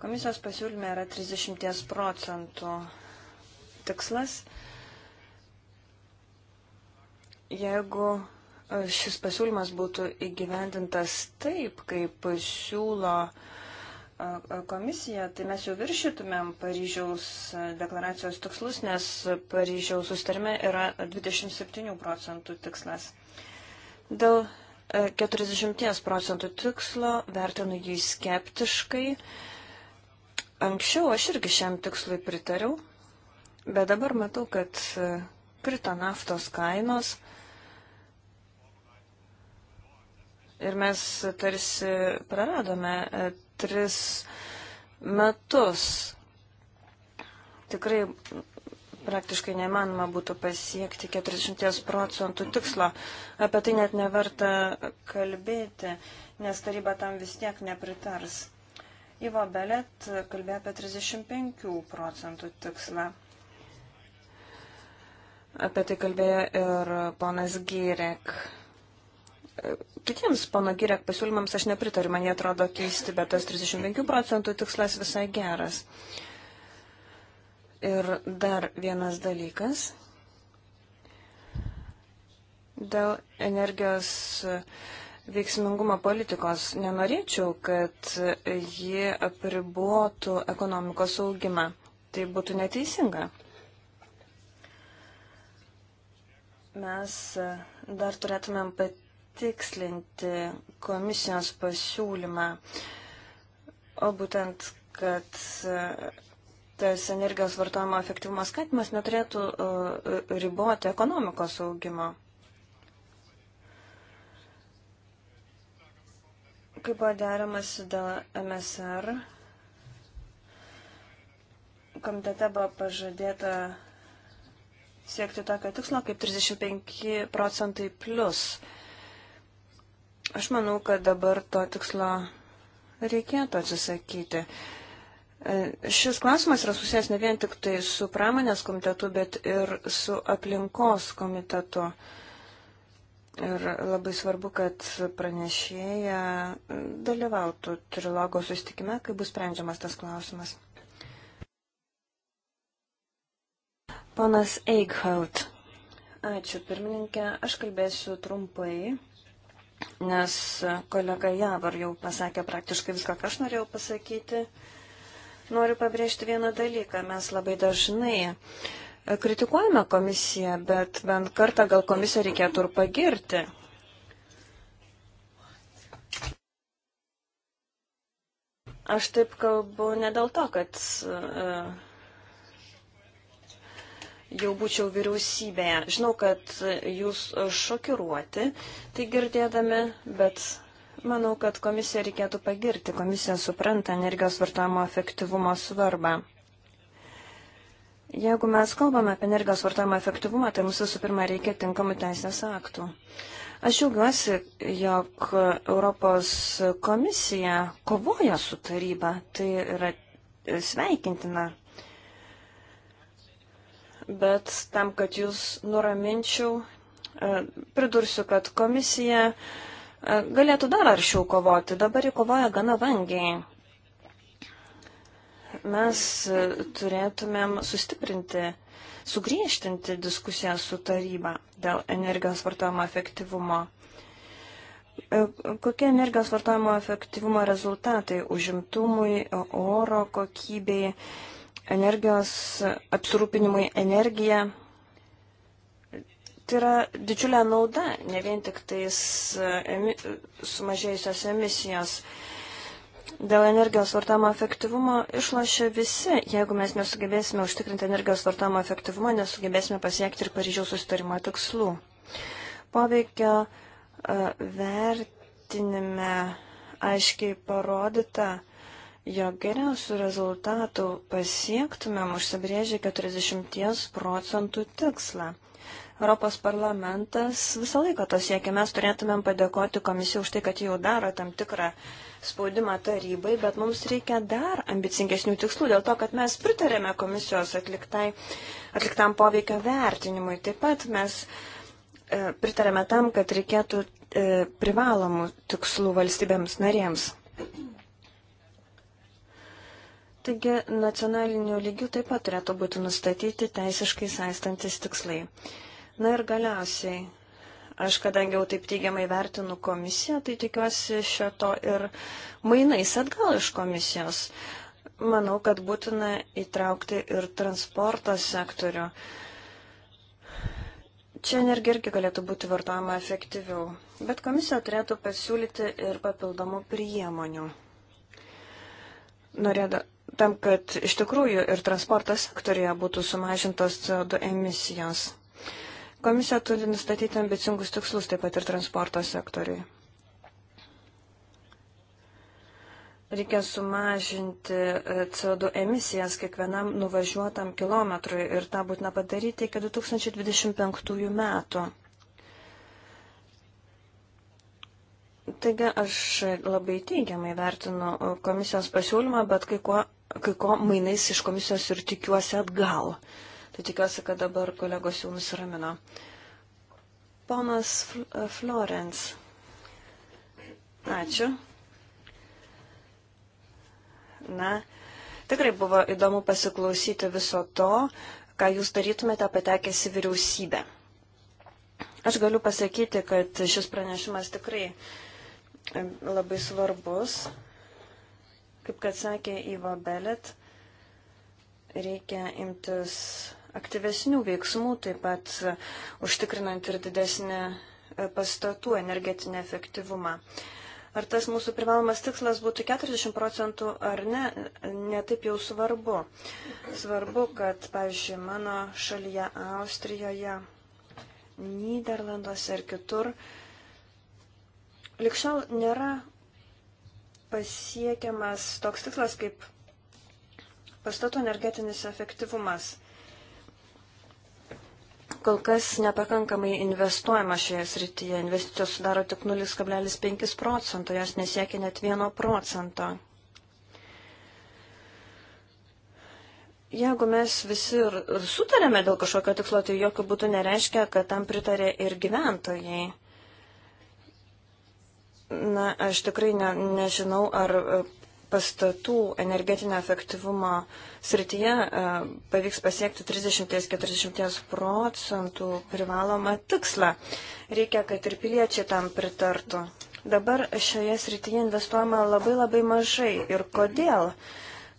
C: Komisijos pasiūlyme yra 30 procentų tikslas. Jeigu šis pasiūlymas būtų įgyvendintas taip, kaip siūlo komisija, tai mes jau viršytumėm Paryžiaus deklaracijos tikslus, nes Paryžiaus sustarme yra 27 procentų tikslas. Dėl 40 e, procentų tikslo vertinu jį skeptiškai. Anksčiau aš irgi šiam tikslui pritariau, bet dabar matau, kad e, krito naftos kainos – Ir mes tarsi praradome e, tris metus. Tikrai praktiškai neįmanoma būtų pasiekti 40 procentų tikslo. Apie tai net neverta kalbėti, nes taryba tam vis tiek nepritars. Ivo Belet kalbėjo apie 35 procentų tikslą. Apie tai kalbėjo ir ponas Gyrek kitiems pono Girek pasiūlymams aš nepritariu, man jie atrodo keisti, bet tas 35 procentų tikslas visai geras. Ir dar vienas dalykas. Dėl energijos veiksmingumo politikos nenorėčiau, kad ji apribuotų ekonomikos augimą. Tai būtų neteisinga. Mes dar turėtumėm pat patikslinti komisijos pasiūlymą, o būtent, kad e, tas energijos vartojimo efektyvumo skatimas neturėtų e, riboti ekonomikos augimo. Kaip buvo deramasi dėl MSR, komitete buvo pažadėta siekti tokio tikslo kaip 35 procentai plus. Uh, Aš manau, kad dabar to tikslo reikėtų atsisakyti. Šis klausimas yra susijęs ne vien tik tai su pramonės komitetu, bet ir su aplinkos komitetu. Ir labai svarbu, kad pranešėja dalyvautų trilogo susitikime, kai bus sprendžiamas tas klausimas. Ponas Eichhout. Ačiū, pirmininkė. Aš kalbėsiu trumpai nes kolega Javar jau pasakė praktiškai viską, ką aš norėjau pasakyti. Noriu pabrėžti vieną dalyką. Mes labai dažnai kritikuojame komisiją, bet bent kartą gal komisiją reikėtų ir pagirti. Aš taip kalbu ne dėl to, kad uh, jau būčiau vyriausybėje. Žinau, kad jūs šokiruoti tai girdėdami, bet manau, kad komisiją reikėtų pagirti. Komisija supranta energijos vartojimo efektyvumo svarbą. Jeigu mes kalbame apie energijos vartojimo efektyvumą, tai mums visų pirma reikia tinkamų teisės aktų. Aš džiaugiuosi, jog Europos komisija kovoja su taryba. Tai yra sveikintina bet tam, kad jūs nuraminčiau, e, pridursiu, kad komisija e, galėtų dar aršiau kovoti. Dabar jį kovoja gana vangiai. Mes e, turėtumėm sustiprinti, sugriežtinti diskusiją su taryba dėl energijos vartojimo efektyvumo. Kokie energijos vartojimo efektyvumo rezultatai užimtumui, oro kokybei, energijos apsirūpinimui energiją. Tai yra didžiulė nauda, ne vien tik tais e, emi, sumažėjusios emisijos. Dėl energijos vartojimo efektyvumo išlošia visi. Jeigu mes nesugebėsime užtikrinti energijos vartojimo efektyvumo, nesugebėsime pasiekti ir Paryžiaus susitarimo tikslų. Poveikio e, vertinime aiškiai parodyta, jog geriausių rezultatų pasiektumėm užsibrėžę 40 procentų tikslą. Europos parlamentas visą laiką to siekia. Mes turėtumėm padėkoti komisijai už tai, kad jau daro tam tikrą spaudimą tarybai, bet mums reikia dar ambicingesnių tikslų dėl to, kad mes pritarėme komisijos atliktai, atliktam poveikio vertinimui. Taip pat mes e, pritarėme tam, kad reikėtų e, privalomų tikslų valstybėms narėms. Taigi nacionaliniu lygiu taip pat turėtų būti nustatyti teisiškai saistantis tikslai. Na ir galiausiai, aš kadangi jau taip teigiamai vertinu komisiją, tai tikiuosi šio to ir mainais atgal iš komisijos. Manau, kad būtina įtraukti ir transporto sektorių. Čia energija irgi galėtų būti vartojama efektyviau, bet komisija turėtų pasiūlyti ir papildomų priemonių. Norėda, tam, kad iš tikrųjų ir transporto sektorija būtų sumažintos CO2 emisijos. Komisija turi nustatyti ambicingus tikslus taip pat ir transporto sektoriui. Reikia sumažinti e, CO2 emisijas kiekvienam nuvažiuotam kilometrui ir tą būtina padaryti iki 2025 metų. Taigi aš labai teigiamai vertinu komisijos pasiūlymą, bet kai ko, kai ko mainais iš komisijos ir tikiuosi atgal. Tai tikiuosi, kad dabar kolegos jau nusiramino. Ponas e, Florence. Ačiū. Na, tikrai buvo įdomu pasiklausyti viso to, ką jūs darytumėte patekęs į vyriausybę. Aš galiu pasakyti, kad šis pranešimas tikrai uh, labai svarbus. Kaip kad sakė Ivo Belet, reikia imtis aktyvesnių veiksmų, taip pat užtikrinant ir didesnį e, pastatų energetinį efektyvumą. Ar tas mūsų privalomas tikslas būtų 40 procentų ar ne, netaip jau svarbu. Svarbu, kad, pavyzdžiui, mano šalyje, Austrijoje, Niderlanduose ir kitur, uh, Likščiau nėra pasiekiamas toks tikslas kaip pastatų energetinis efektyvumas. Kol kas nepakankamai investuojama šioje srityje. Investicijos sudaro tik 0,5 procento, jos nesiekia net 1 procento. Jeigu mes visi ir, ir sutarėme dėl kažkokio tikslo, tai jokių būtų nereiškia, kad tam pritarė ir gyventojai. Na, aš tikrai ne, nežinau, ar e, pastatų energetinio efektyvumo srityje e, pavyks pasiekti 30-40 procentų privalomą tikslą. Reikia, kad ir piliečiai tam pritartų. Dabar šioje srityje investuojama labai labai mažai. Ir kodėl?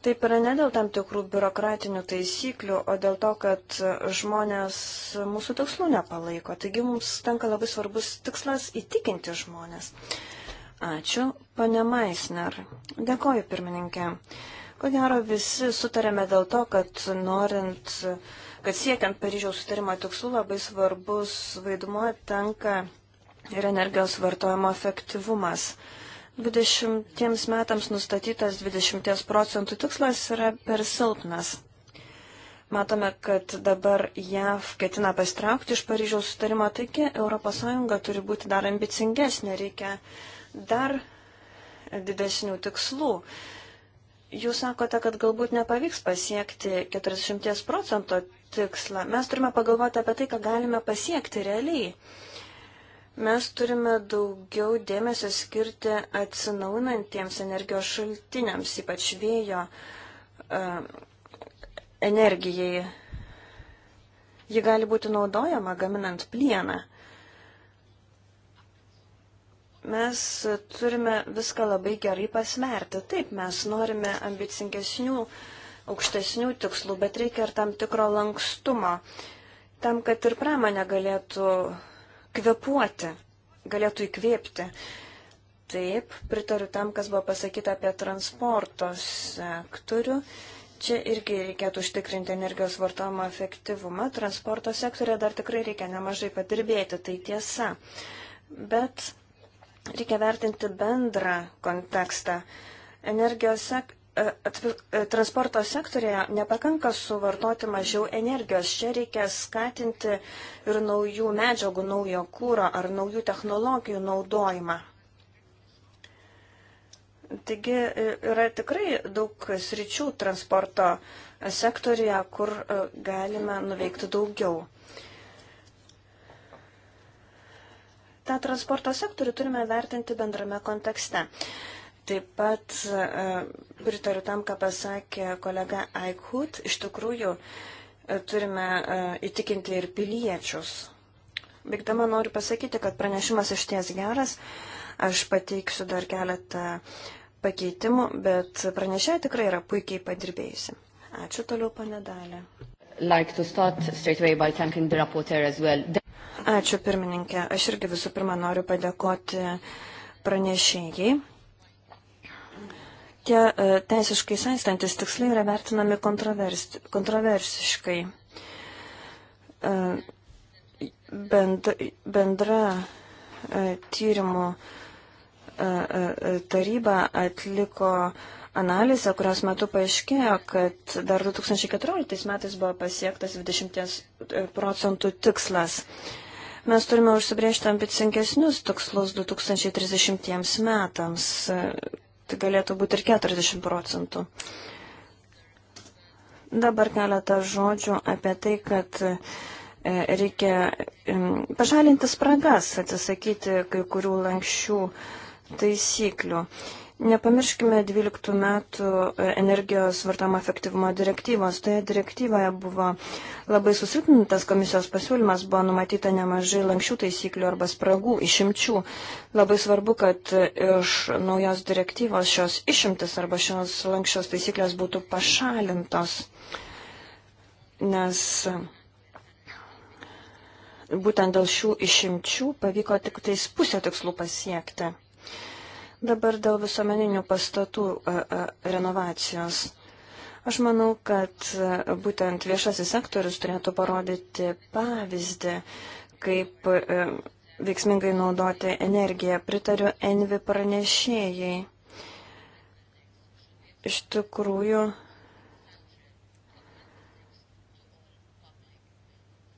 C: Taip yra ne dėl tam tikrų biurokratinių taisyklių, o dėl to, kad žmonės mūsų tikslų nepalaiko. Taigi mums tenka labai svarbus tikslas įtikinti žmonės. Uh, Ačiū, pane Maisner. Dėkoju, pirmininkė. Ko gero visi sutarėme dėl to, kad norint, kad siekiant Paryžiaus sutarimo tikslų labai svarbus vaidmuo tenka ir energijos vartojimo efektyvumas. 20 metams nustatytas 20 procentų tikslas yra per silpnas. Matome, kad dabar JAV ketina pastraukti iš Paryžiaus sutarimo, taigi ES turi būti dar ambicingesnė, reikia dar didesnių tikslų. Jūs sakote, kad galbūt nepavyks pasiekti 40 procento tikslą. Mes turime pagalvoti apie tai, ką galime pasiekti realiai. Mes turime daugiau dėmesio skirti atsinaunantiems energijos šaltiniams, ypač vėjo uh, energijai. Ji gali būti naudojama gaminant plieną. Uh, Mes turime viską labai gerai pasmerti. Taip, mes norime ambicingesnių, aukštesnių tikslų, bet reikia ir tam tikro lankstumo, tam, kad ir pramonė galėtų kvepuoti, galėtų įkvėpti. Taip, pritariu tam, kas buvo pasakyta apie transporto sektorių. Čia irgi reikėtų užtikrinti energijos vartojimo efektyvumą. Transporto sektorė dar tikrai reikia nemažai padirbėti, tai tiesa. Bet Reikia vertinti bendrą kontekstą. Energijos sek e, e, transporto sektorėje nepakanka suvartoti mažiau energijos. Čia reikia skatinti ir naujų medžiagų, naujo kūro ar naujų technologijų naudojimą. Taigi e, yra tikrai daug sričių transporto sektorėje, kur galime nuveikti daugiau. tą transporto sektorių turime vertinti bendrame kontekste. Taip pat e, pritariu tam, ką pasakė kolega Aikhut, iš tikrųjų e, turime e, įtikinti ir piliečius. Baigdama noriu pasakyti, kad pranešimas iš ties geras, aš pateiksiu dar keletą pakeitimų, bet pranešė tikrai yra puikiai padirbėjusi. Ačiū toliau, pane Dalė.
B: Like to start straight away
C: by thanking the rapporteur as well. Ačiū pirmininkė. Aš irgi visų pirma noriu padėkoti pranešėjai. Tie e, teisiškai saistantis tikslai yra vertinami kontroversiškai. E, bend, bendra e, tyrimų taryba atliko analizę, kurios metu paaiškėjo, kad dar 2014 metais buvo pasiektas 20 procentų tikslas. Mes turime užsibriežti ambicingesnius tikslus 2030 metams. Tai galėtų būti ir 40 procentų. Dabar keletą žodžių apie tai, kad e, reikia pašalinti spragas, atsisakyti kai kurių lankščių taisyklių. Nepamirškime 12 metų energijos vartojimo efektyvumo direktyvos. Toje direktyvoje buvo labai susilpnintas komisijos pasiūlymas, buvo numatyta nemažai lankščių taisyklių arba spragų, išimčių. Labai svarbu, kad iš naujos direktyvos šios išimtis arba šios lankščios taisyklės būtų pašalintos, nes būtent dėl šių išimčių pavyko tik tais pusę tikslų pasiekti. Dabar dėl visuomeninių pastatų e, e, renovacijos. Aš manau, kad e, būtent viešasis sektorius turėtų parodyti pavyzdį, kaip veiksmingai naudoti energiją. Pritariu Envi pranešėjai. Iš tikrųjų,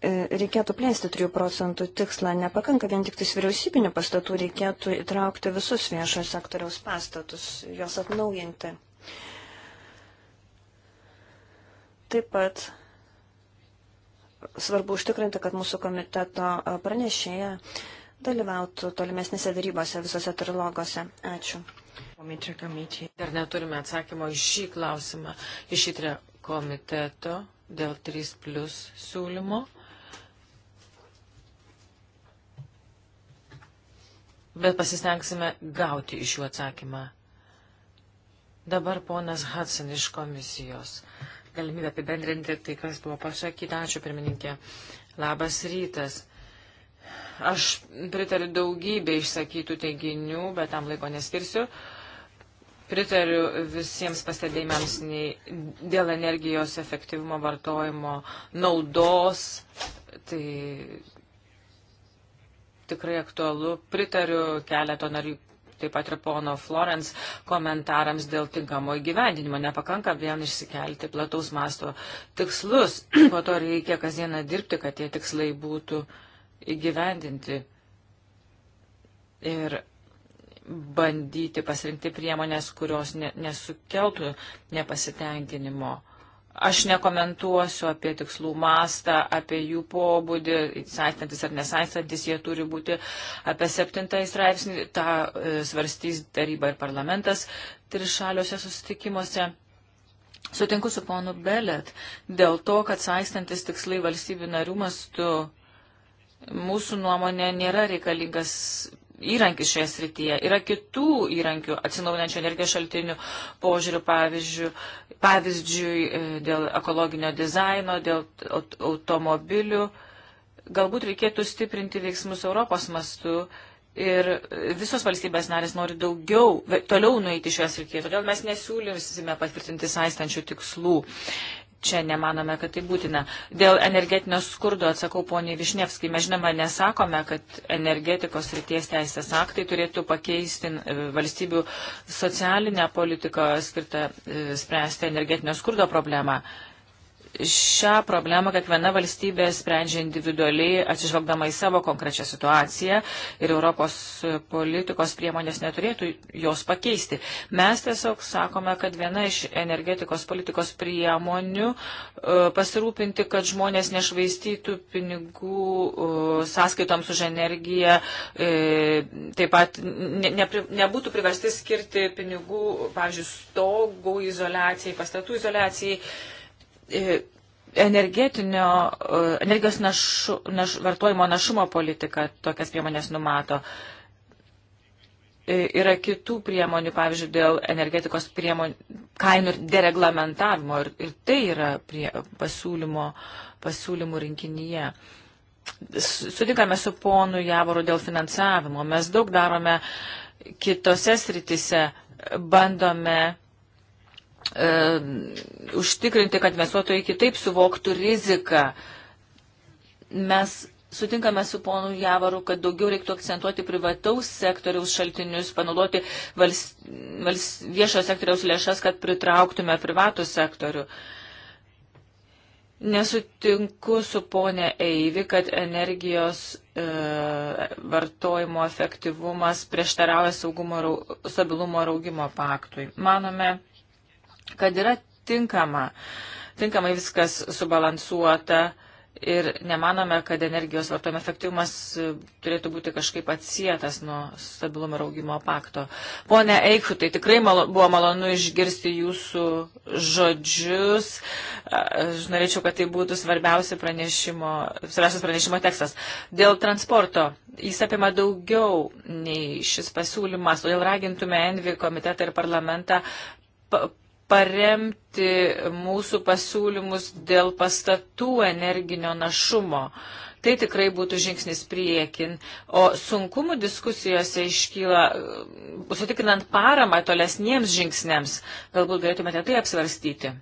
C: E, reikėtų plėsti 3 procentų tikslą. Nepakanka vien tik tais vyriausybinių pastatų, reikėtų įtraukti visus viešojo sektoriaus pastatus, juos atnaujinti. Taip pat svarbu užtikrinti, kad mūsų komiteto pranešėja dalyvautų tolimesnėse darybose visose trilogose. Ačiū.
B: Dar neturime atsakymo iš šį klausimą. Iš įtrę komiteto dėl 3 plus siūlymo. bet pasistengsime gauti iš jų atsakymą. Dabar ponas Hudson iš komisijos. Galimybę apibendrinti tai, kas buvo pasakyta. Ačiū, pirmininkė. Labas rytas. Aš pritariu daugybę išsakytų teiginių, bet tam laiko neskirsiu. Pritariu visiems pastebėjimams dėl energijos efektyvumo vartojimo naudos. Tai tikrai aktualu. Pritariu keleto narių, taip pat ir pono Florence komentarams dėl tinkamo įgyvendinimo. Nepakanka vien išsikelti plataus masto tikslus, po to reikia kasdieną dirbti, kad tie tikslai būtų įgyvendinti. Ir bandyti pasirinkti priemonės, kurios ne, nesukeltų nepasitenkinimo. Uh, Aš nekomentuosiu apie tikslų mastą, apie jų pobūdį, saistantis ar nesaistantis, jie turi būti apie septintąjį straipsnį, tą e, svarstys taryba ir parlamentas trišaliuose susitikimuose. Sutinku su ponu Belet dėl to, kad saistantis tikslai valstybių narių mastu mūsų nuomonė nėra reikalingas įrankis šioje srityje. Yra kitų įrankių atsinaujinančių energijos šaltinių požiūrių, pavyzdžiui, pavyzdžiui, e, dėl ekologinio dizaino, dėl automobilių. Galbūt reikėtų stiprinti veiksmus Europos mastu ir visos valstybės narės nori daugiau, toliau nueiti šioje srityje. Todėl mes nesiūlysime patvirtinti saistančių tikslų čia nemanome, kad tai būtina. Dėl energetinio skurdo atsakau poniai Višnevskai. Mes žinoma nesakome, kad energetikos ryties teisės aktai turėtų pakeisti e, valstybių socialinę politiką skirtą e, spręsti energetinio skurdo problemą šią problemą kiekviena valstybė sprendžia individualiai, atsižvelgdama į savo konkrečią situaciją ir Europos politikos priemonės neturėtų jos pakeisti. Mes tiesiog sakome, kad viena iš energetikos politikos priemonių e, pasirūpinti, kad žmonės nešvaistytų pinigų e, sąskaitoms už energiją, e, taip pat ne, ne, nebūtų priversti skirti pinigų, pavyzdžiui, stogų izolacijai, pastatų izolacijai E, energetinio, e, energijos našu, naš, vartojimo našumo politika tokias priemonės numato. E, yra kitų priemonių, pavyzdžiui, dėl energetikos priemonių kainų dereglamentavimo ir, ir tai yra prie, pasiūlymo, pasiūlymų rinkinyje. Sutikame su ponu Javoru dėl finansavimo. Mes daug darome kitose sritise, bandome e, užtikrinti, kad investuotojai kitaip suvoktų riziką. Mes Sutinkame su ponu Javaru, kad daugiau reiktų akcentuoti privataus sektoriaus šaltinius, panaudoti vals, vals, viešo sektoriaus lėšas, kad pritrauktume privatų sektorių. Nesutinku su ponė Eivi, kad energijos e, vartojimo efektyvumas prieštarauja saugumo stabilumo raugimo paktui. Manome, kad yra tinkama, tinkamai viskas subalansuota ir nemanome, kad energijos vartojimo efektyvumas e, turėtų būti kažkaip atsietas nuo stabilumo ir augimo pakto. Pone Eichu, tai tikrai malo, buvo malonu išgirsti jūsų žodžius. Aš norėčiau, kad tai būtų svarbiausia pranešimo, svarbiausias pranešimo tekstas. Dėl transporto jis apima daugiau nei šis pasiūlymas, todėl ragintume Envi komitetą ir parlamentą paremti mūsų pasiūlymus dėl pastatų energinio našumo. Tai tikrai būtų žingsnis priekin. O sunkumų diskusijose iškyla, e, sutikinant paramą tolesniems žingsniams, galbūt galėtumėte tai apsvarstyti.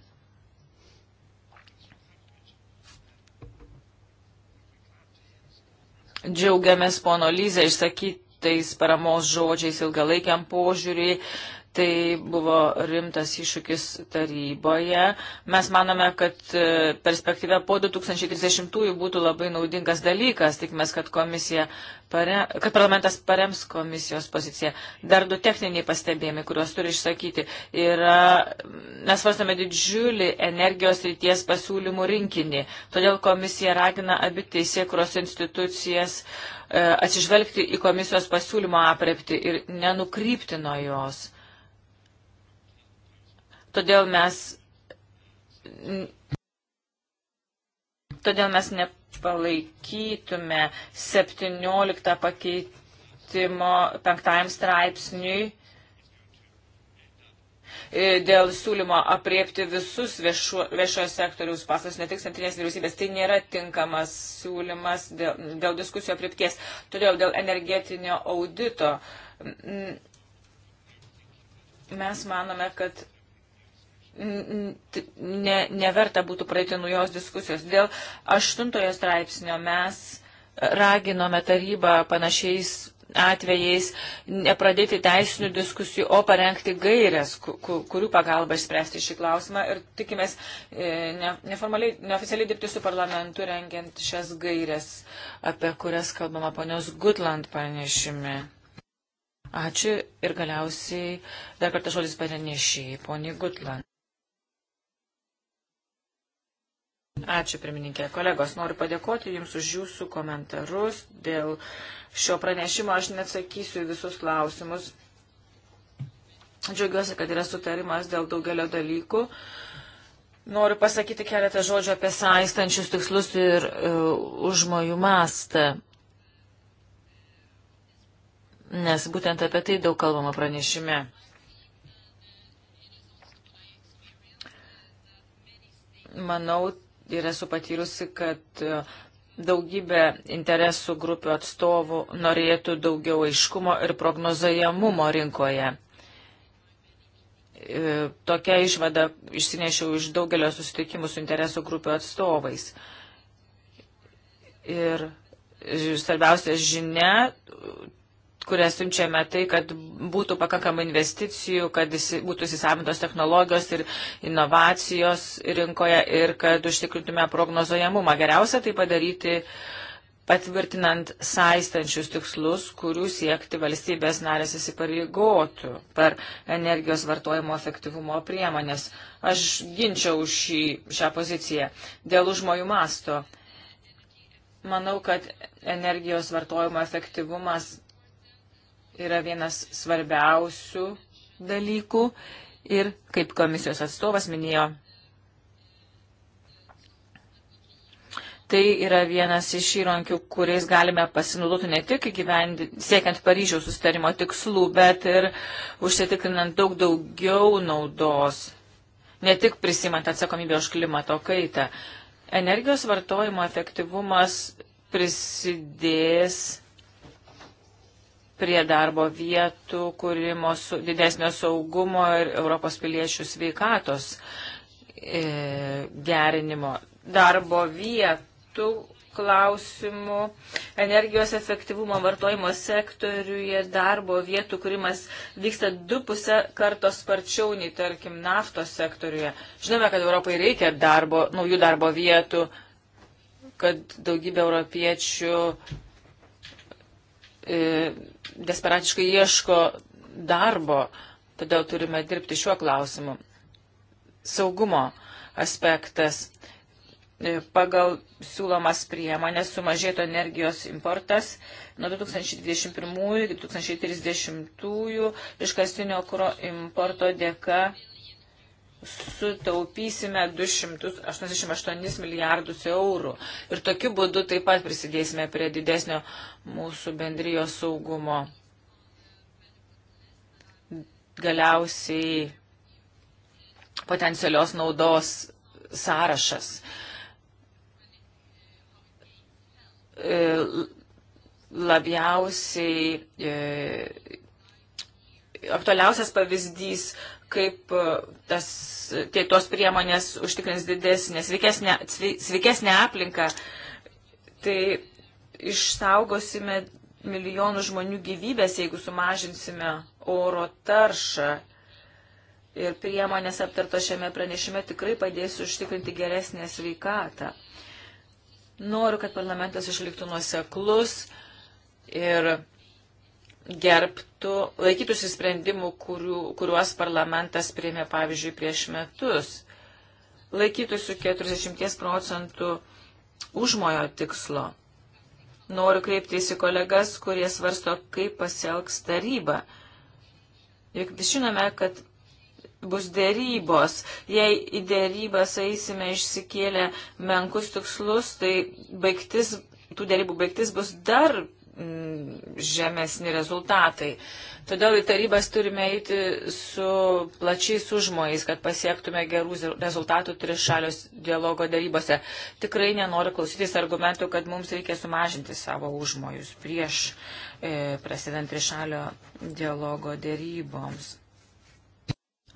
B: Džiaugiamės pono Lyzę išsakytais paramos žodžiais ilgalaikiam požiūriui Tai buvo rimtas iššūkis taryboje. Mes manome, kad e, perspektyvę po 2030-ųjų būtų labai naudingas dalykas. Tikimės, kad, pare, kad parlamentas parems komisijos poziciją. Dar du techniniai pastebėjimai, kuriuos turi išsakyti. Yra, mes svarstame didžiulį energijos ryties pasiūlymų rinkinį. Todėl komisija ragina abi teisėkuros institucijas e, atsižvelgti į komisijos pasiūlymo aprepti ir nenukrypti nuo jos Todėl mes, todėl mes nepalaikytume 17 pakeitimo penktajam straipsniui e, dėl siūlymo apriepti visus viešo, viešojo sektoriaus paslaugas, ne tik centrinės vyriausybės. Tai nėra tinkamas siūlymas dėl, dėl diskusijų apriepties. Todėl dėl energetinio audito mes manome, kad ne, neverta būtų praeiti nuo jos diskusijos. Dėl aštuntojo straipsnio mes raginome tarybą panašiais atvejais nepradėti teisinių diskusijų, o parengti gairias, kurių pagalba išspręsti šį klausimą. Ir tikimės e, ne, neformaliai, neoficialiai dirbti su parlamentu, rengiant šias gairias, apie kurias kalbama ponios Gutland pranešime. Ačiū ir galiausiai dar kartą žodis pranešėjai, poniai Gutland. Ačiū, pirmininkė. Kolegos, noriu padėkoti Jums už Jūsų komentarus. Dėl šio pranešimo aš neatsakysiu visus klausimus. Džiaugiuosi, kad yra sutarimas dėl daugelio dalykų. Noriu pasakyti keletą žodžių apie saistančius tikslus ir uh, užmojų mastą. Nes būtent apie tai daug kalbama pranešime. Manau, ir esu patyrusi, kad e, daugybė interesų grupių atstovų norėtų daugiau aiškumo ir prognozajamumo rinkoje. E, tokia išvada išsinešiau iš daugelio susitikimų su interesų grupių atstovais. Ir e, svarbiausia žinia kurią siunčiame, tai, kad būtų pakankamai investicijų, kad būtų įsisavintos technologijos ir inovacijos rinkoje ir kad užtikrintume prognozojamumą. Geriausia tai padaryti patvirtinant saistančius tikslus, kurių siekti valstybės narės įsipareigotų per energijos vartojimo efektyvumo priemonės. Aš ginčiau šį, šią poziciją dėl užmojų masto. Manau, kad energijos vartojimo efektyvumas yra vienas svarbiausių dalykų ir, kaip komisijos atstovas minėjo, tai yra vienas iš įrankių, kuriais galime pasinaudoti ne tik gyvendi, siekiant Paryžiaus sustarimo tikslų, bet ir užsitikrinant daug daugiau naudos, ne tik prisimant atsakomybę už klimato kaitą. Energijos vartojimo efektyvumas prisidės prie darbo vietų, kūrimo su, didesnio saugumo ir Europos piliečių sveikatos e, gerinimo, darbo vietų klausimų, energijos efektyvumo vartojimo sektoriuje darbo vietų kūrimas vyksta du pusę karto sparčiau nei, tarkim, naftos sektoriuje. Žinome, kad Europai reikia darbo, naujų darbo vietų, kad daugybė europiečių E, desperatiškai ieško darbo, todėl turime dirbti šiuo klausimu. Saugumo aspektas. E, pagal siūlomas priemonės sumažėto energijos importas nuo 2021 iki 2030 iškastinio kuro importo dėka sutaupysime 288 milijardus eurų ir tokiu būdu taip pat prisidėsime prie didesnio mūsų bendrijos saugumo. Galiausiai potencialios naudos sąrašas. E, labiausiai e, aktualiausias pavyzdys kaip e, tas, tai tos priemonės užtikrins didesnę, sveikesnę, sveikesnę aplinką, tai išsaugosime milijonų žmonių gyvybės, jeigu sumažinsime oro taršą. Ir priemonės aptarto šiame pranešime tikrai padės užtikrinti geresnę sveikatą. Noriu, kad parlamentas išliktų nuoseklus ir gerbtų, laikytųsi sprendimų, kurių, kuriuos parlamentas priėmė, pavyzdžiui, prieš metus, laikytųsi 40 procentų užmojo tikslo. Noriu kreiptis į kolegas, kurie svarsto, kaip pasielgs taryba. Juk žinome, kad bus dėrybos. Jei į dėrybas eisime išsikėlę menkus tikslus, tai baigtis, tų dėrybų baigtis bus dar Mm, žemesni rezultatai. Todėl į tarybas turime eiti su plačiais užmojais, kad pasiektume gerų rezultatų trišalios dialogo darybose. Tikrai nenoriu klausytis argumentų, kad mums reikia sumažinti savo užmojus prieš e, prasidant trišalio dialogo daryboms.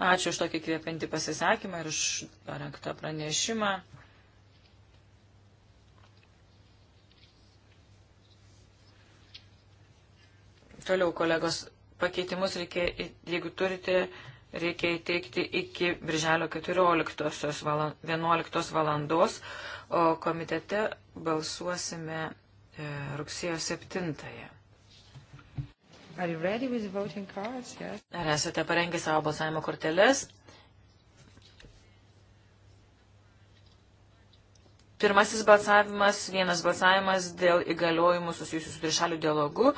B: Ačiū už tokį kvėpinti pasisakymą ir už parengtą pranešimą. toliau, kolegos, pakeitimus reikia, jeigu turite, reikia įteikti iki birželio 14 valan, 11 valandos, o komitete balsuosime e, rugsėjo 7. Cards, yes. Ar esate parengę savo balsavimo korteles? Pirmasis balsavimas, vienas balsavimas dėl įgaliojimų susijusių su trišalių dialogu. Uh,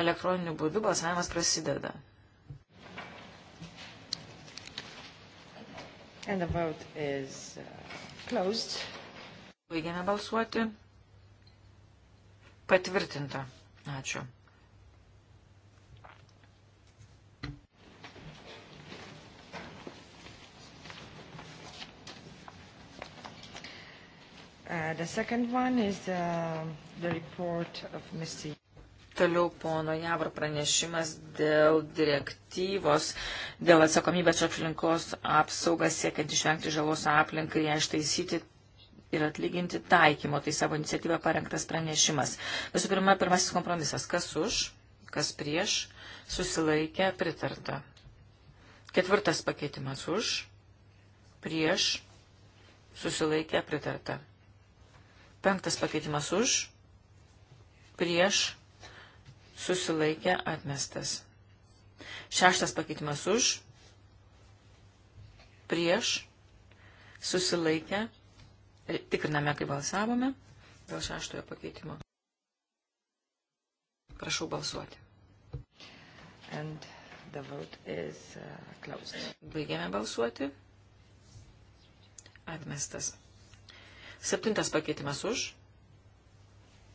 B: elektroniniu būdu balsavimas prasideda. And the vote is uh, closed. Baigiame balsuoti. Patvirtinta. Ačiū. Uh, the second one is uh, the report of Mr. Toliau pono Javor pranešimas dėl direktyvos, dėl atsakomybės aplinkos apsaugas siekiant išvengti žalos aplinkai, ją ištaisyti ir atlyginti taikymo. Tai savo iniciatyvą parengtas pranešimas. Visų pirma, pirmasis kompromisas. Kas už, kas prieš, susilaikė, pritarta. Ketvirtas pakeitimas už, prieš, susilaikė, pritarta. Penktas pakeitimas už, prieš, susilaikė atmestas. Šeštas pakeitimas už, prieš, susilaikė, e, tikriname, kaip balsavome dėl šeštojo pakeitimo. Prašau balsuoti. And the vote is uh, closed. Baigėme balsuoti. Atmestas. Septintas pakeitimas už,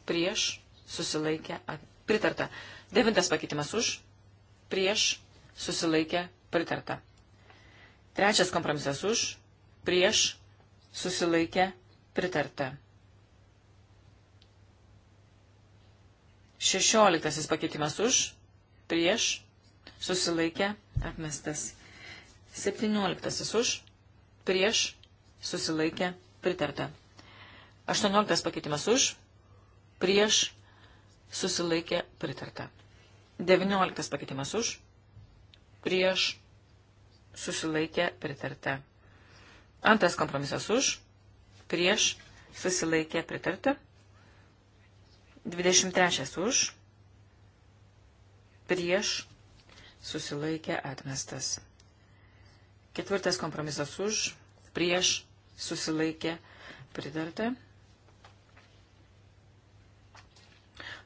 B: prieš, susilaikė, atmestas pritarta. Devintas pakeitimas už, prieš, susilaikė, pritarta. Trečias kompromisas už, prieš, susilaikė, pritarta. Šešioliktasis pakeitimas už, prieš, susilaikė, atmestas. Septynioliktasis už, prieš, susilaikė, pritarta. Aštuonioliktas pakeitimas už, prieš, susilaikė pritarta. 19 pakeitimas už, prieš, susilaikė pritarta. Antras kompromisas už, prieš, susilaikė pritarta. 23 už, prieš, susilaikė atmestas. Ketvirtas kompromisas už, prieš, susilaikė pritarta.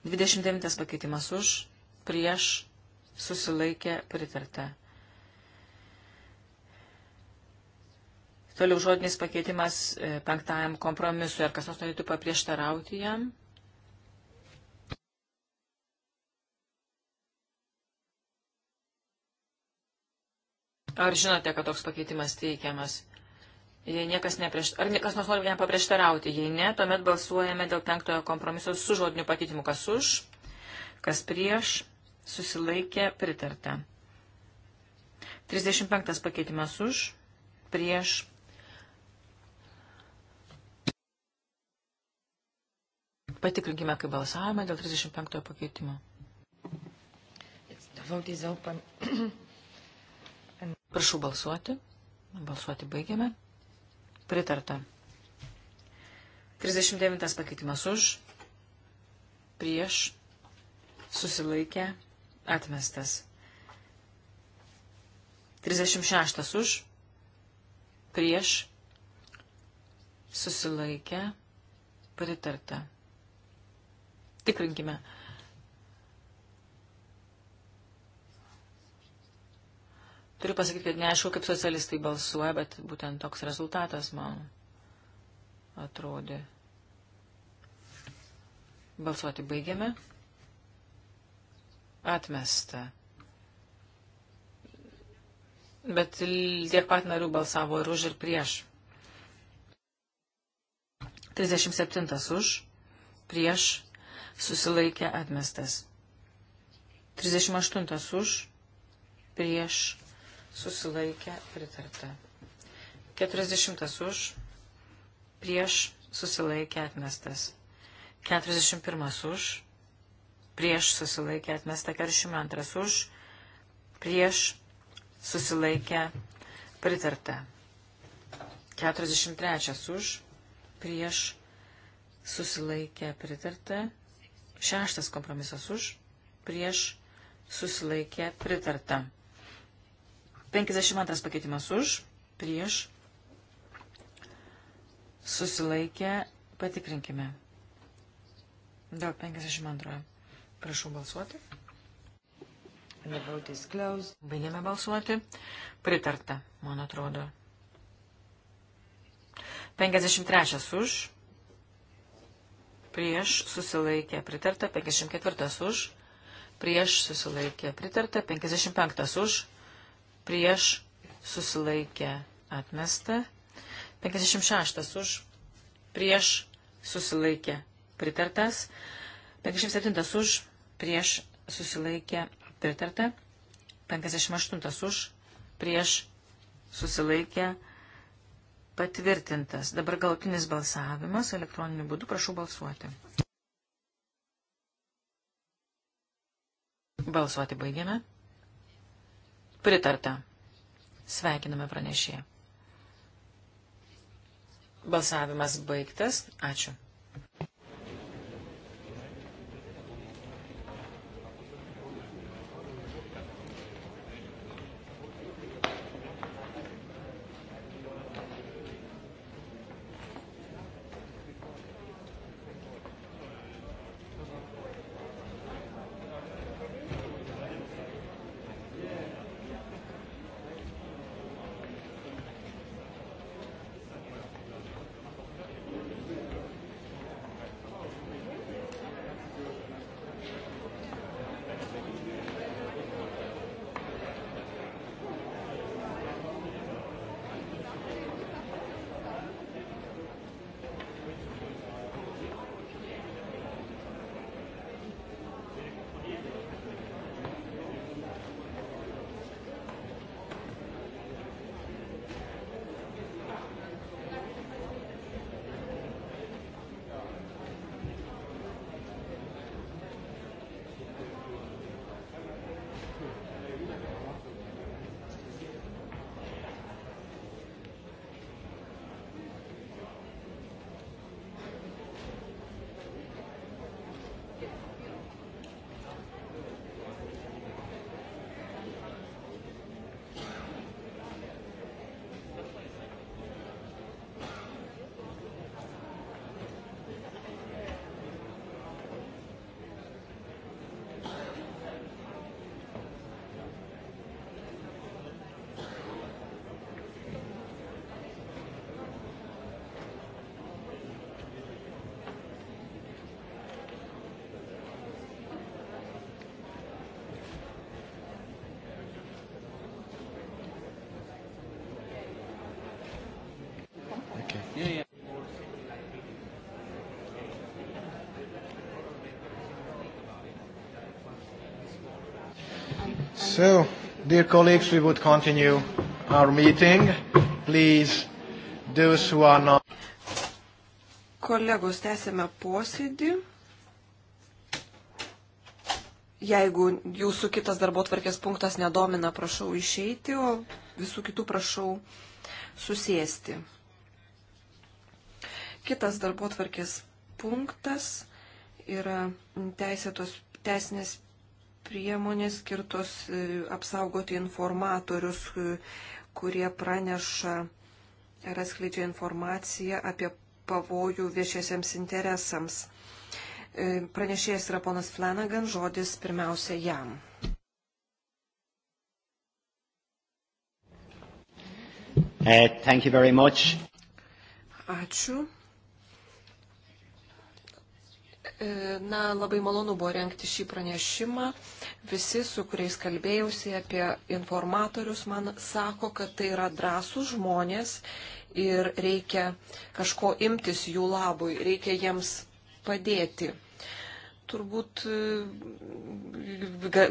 B: 29 pakeitimas už, prieš, susilaikė, pritarta. Toliau žodinis pakeitimas e, penktajam kompromisui. Ar kas nors norėtų paprieštarauti jam? Ar žinote, kad toks pakeitimas teikiamas? Jei niekas neprieš... Ar niekas nors nori nepaprieštarauti? Jei ne, tuomet balsuojame dėl penktojo kompromiso su žodiniu pakeitimu. Kas už, kas prieš, susilaikė, pritarta. 35 pakeitimas už, prieš. Patikrinkime, kaip balsavome dėl 35 pakeitimo. Prašau balsuoti. Balsuoti baigiame. Pritarta. 39 pakeitimas už, prieš, susilaikė, atmestas. 36 už, prieš, susilaikė, pritarta. Tikrinkime. Turiu pasakyti, kad neaišku, kaip socialistai balsuoja, bet būtent toks rezultatas man atrodė. Balsuoti baigiame. Atmesta. Bet tiek pat narių balsavo ir už, ir prieš. 37 už, prieš, susilaikė atmestas. 38 už, prieš, susilaikė pritarta. 40 už, prieš susilaikė atmestas. 41 už, prieš susilaikė atmesta. 42 už, prieš susilaikė pritarta. 43 už, prieš susilaikė pritarta. Šeštas kompromisas už, prieš susilaikė pritarta. 52 pakeitimas už, prieš, susilaikę, patikrinkime. Dėl 52. Prašau balsuoti. Baigėme balsuoti. Pritarta, man atrodo. 53 už, prieš susilaikė pritarta, 54 už, prieš susilaikė pritarta, 55 už, prieš susilaikę atmesta. 56 už prieš susilaikę pritartas. 57 už prieš susilaikę pritarta. 58 už prieš susilaikę patvirtintas. Dabar galutinis balsavimas elektroniniu būdu. Prašau balsuoti. Balsuoti baigiame. Pritarta. Sveikiname pranešėją. Balsavimas baigtas. Ačiū.
A: So, dear colleagues, we would continue our meeting. Please, those who are not. Kolegos, tęsime posėdį. Jeigu jūsų kitas darbo tvarkės punktas nedomina, prašau išeiti, o visų kitų prašau susėsti. Kitas darbo tvarkės punktas yra teisėtos teisinės priemonės skirtos e, apsaugoti informatorius, e, kurie praneša ar atskleidžia informaciją apie pavojų viešiesiems interesams. E, pranešėjas yra ponas Flanagan, žodis pirmiausia jam.
B: Uh,
A: Ačiū. E, na, labai malonu buvo renkti šį pranešimą. Visi, su kuriais kalbėjausi apie informatorius, man sako, kad tai yra drąsų žmonės ir reikia kažko imtis jų labui, reikia jiems padėti. Turbūt e,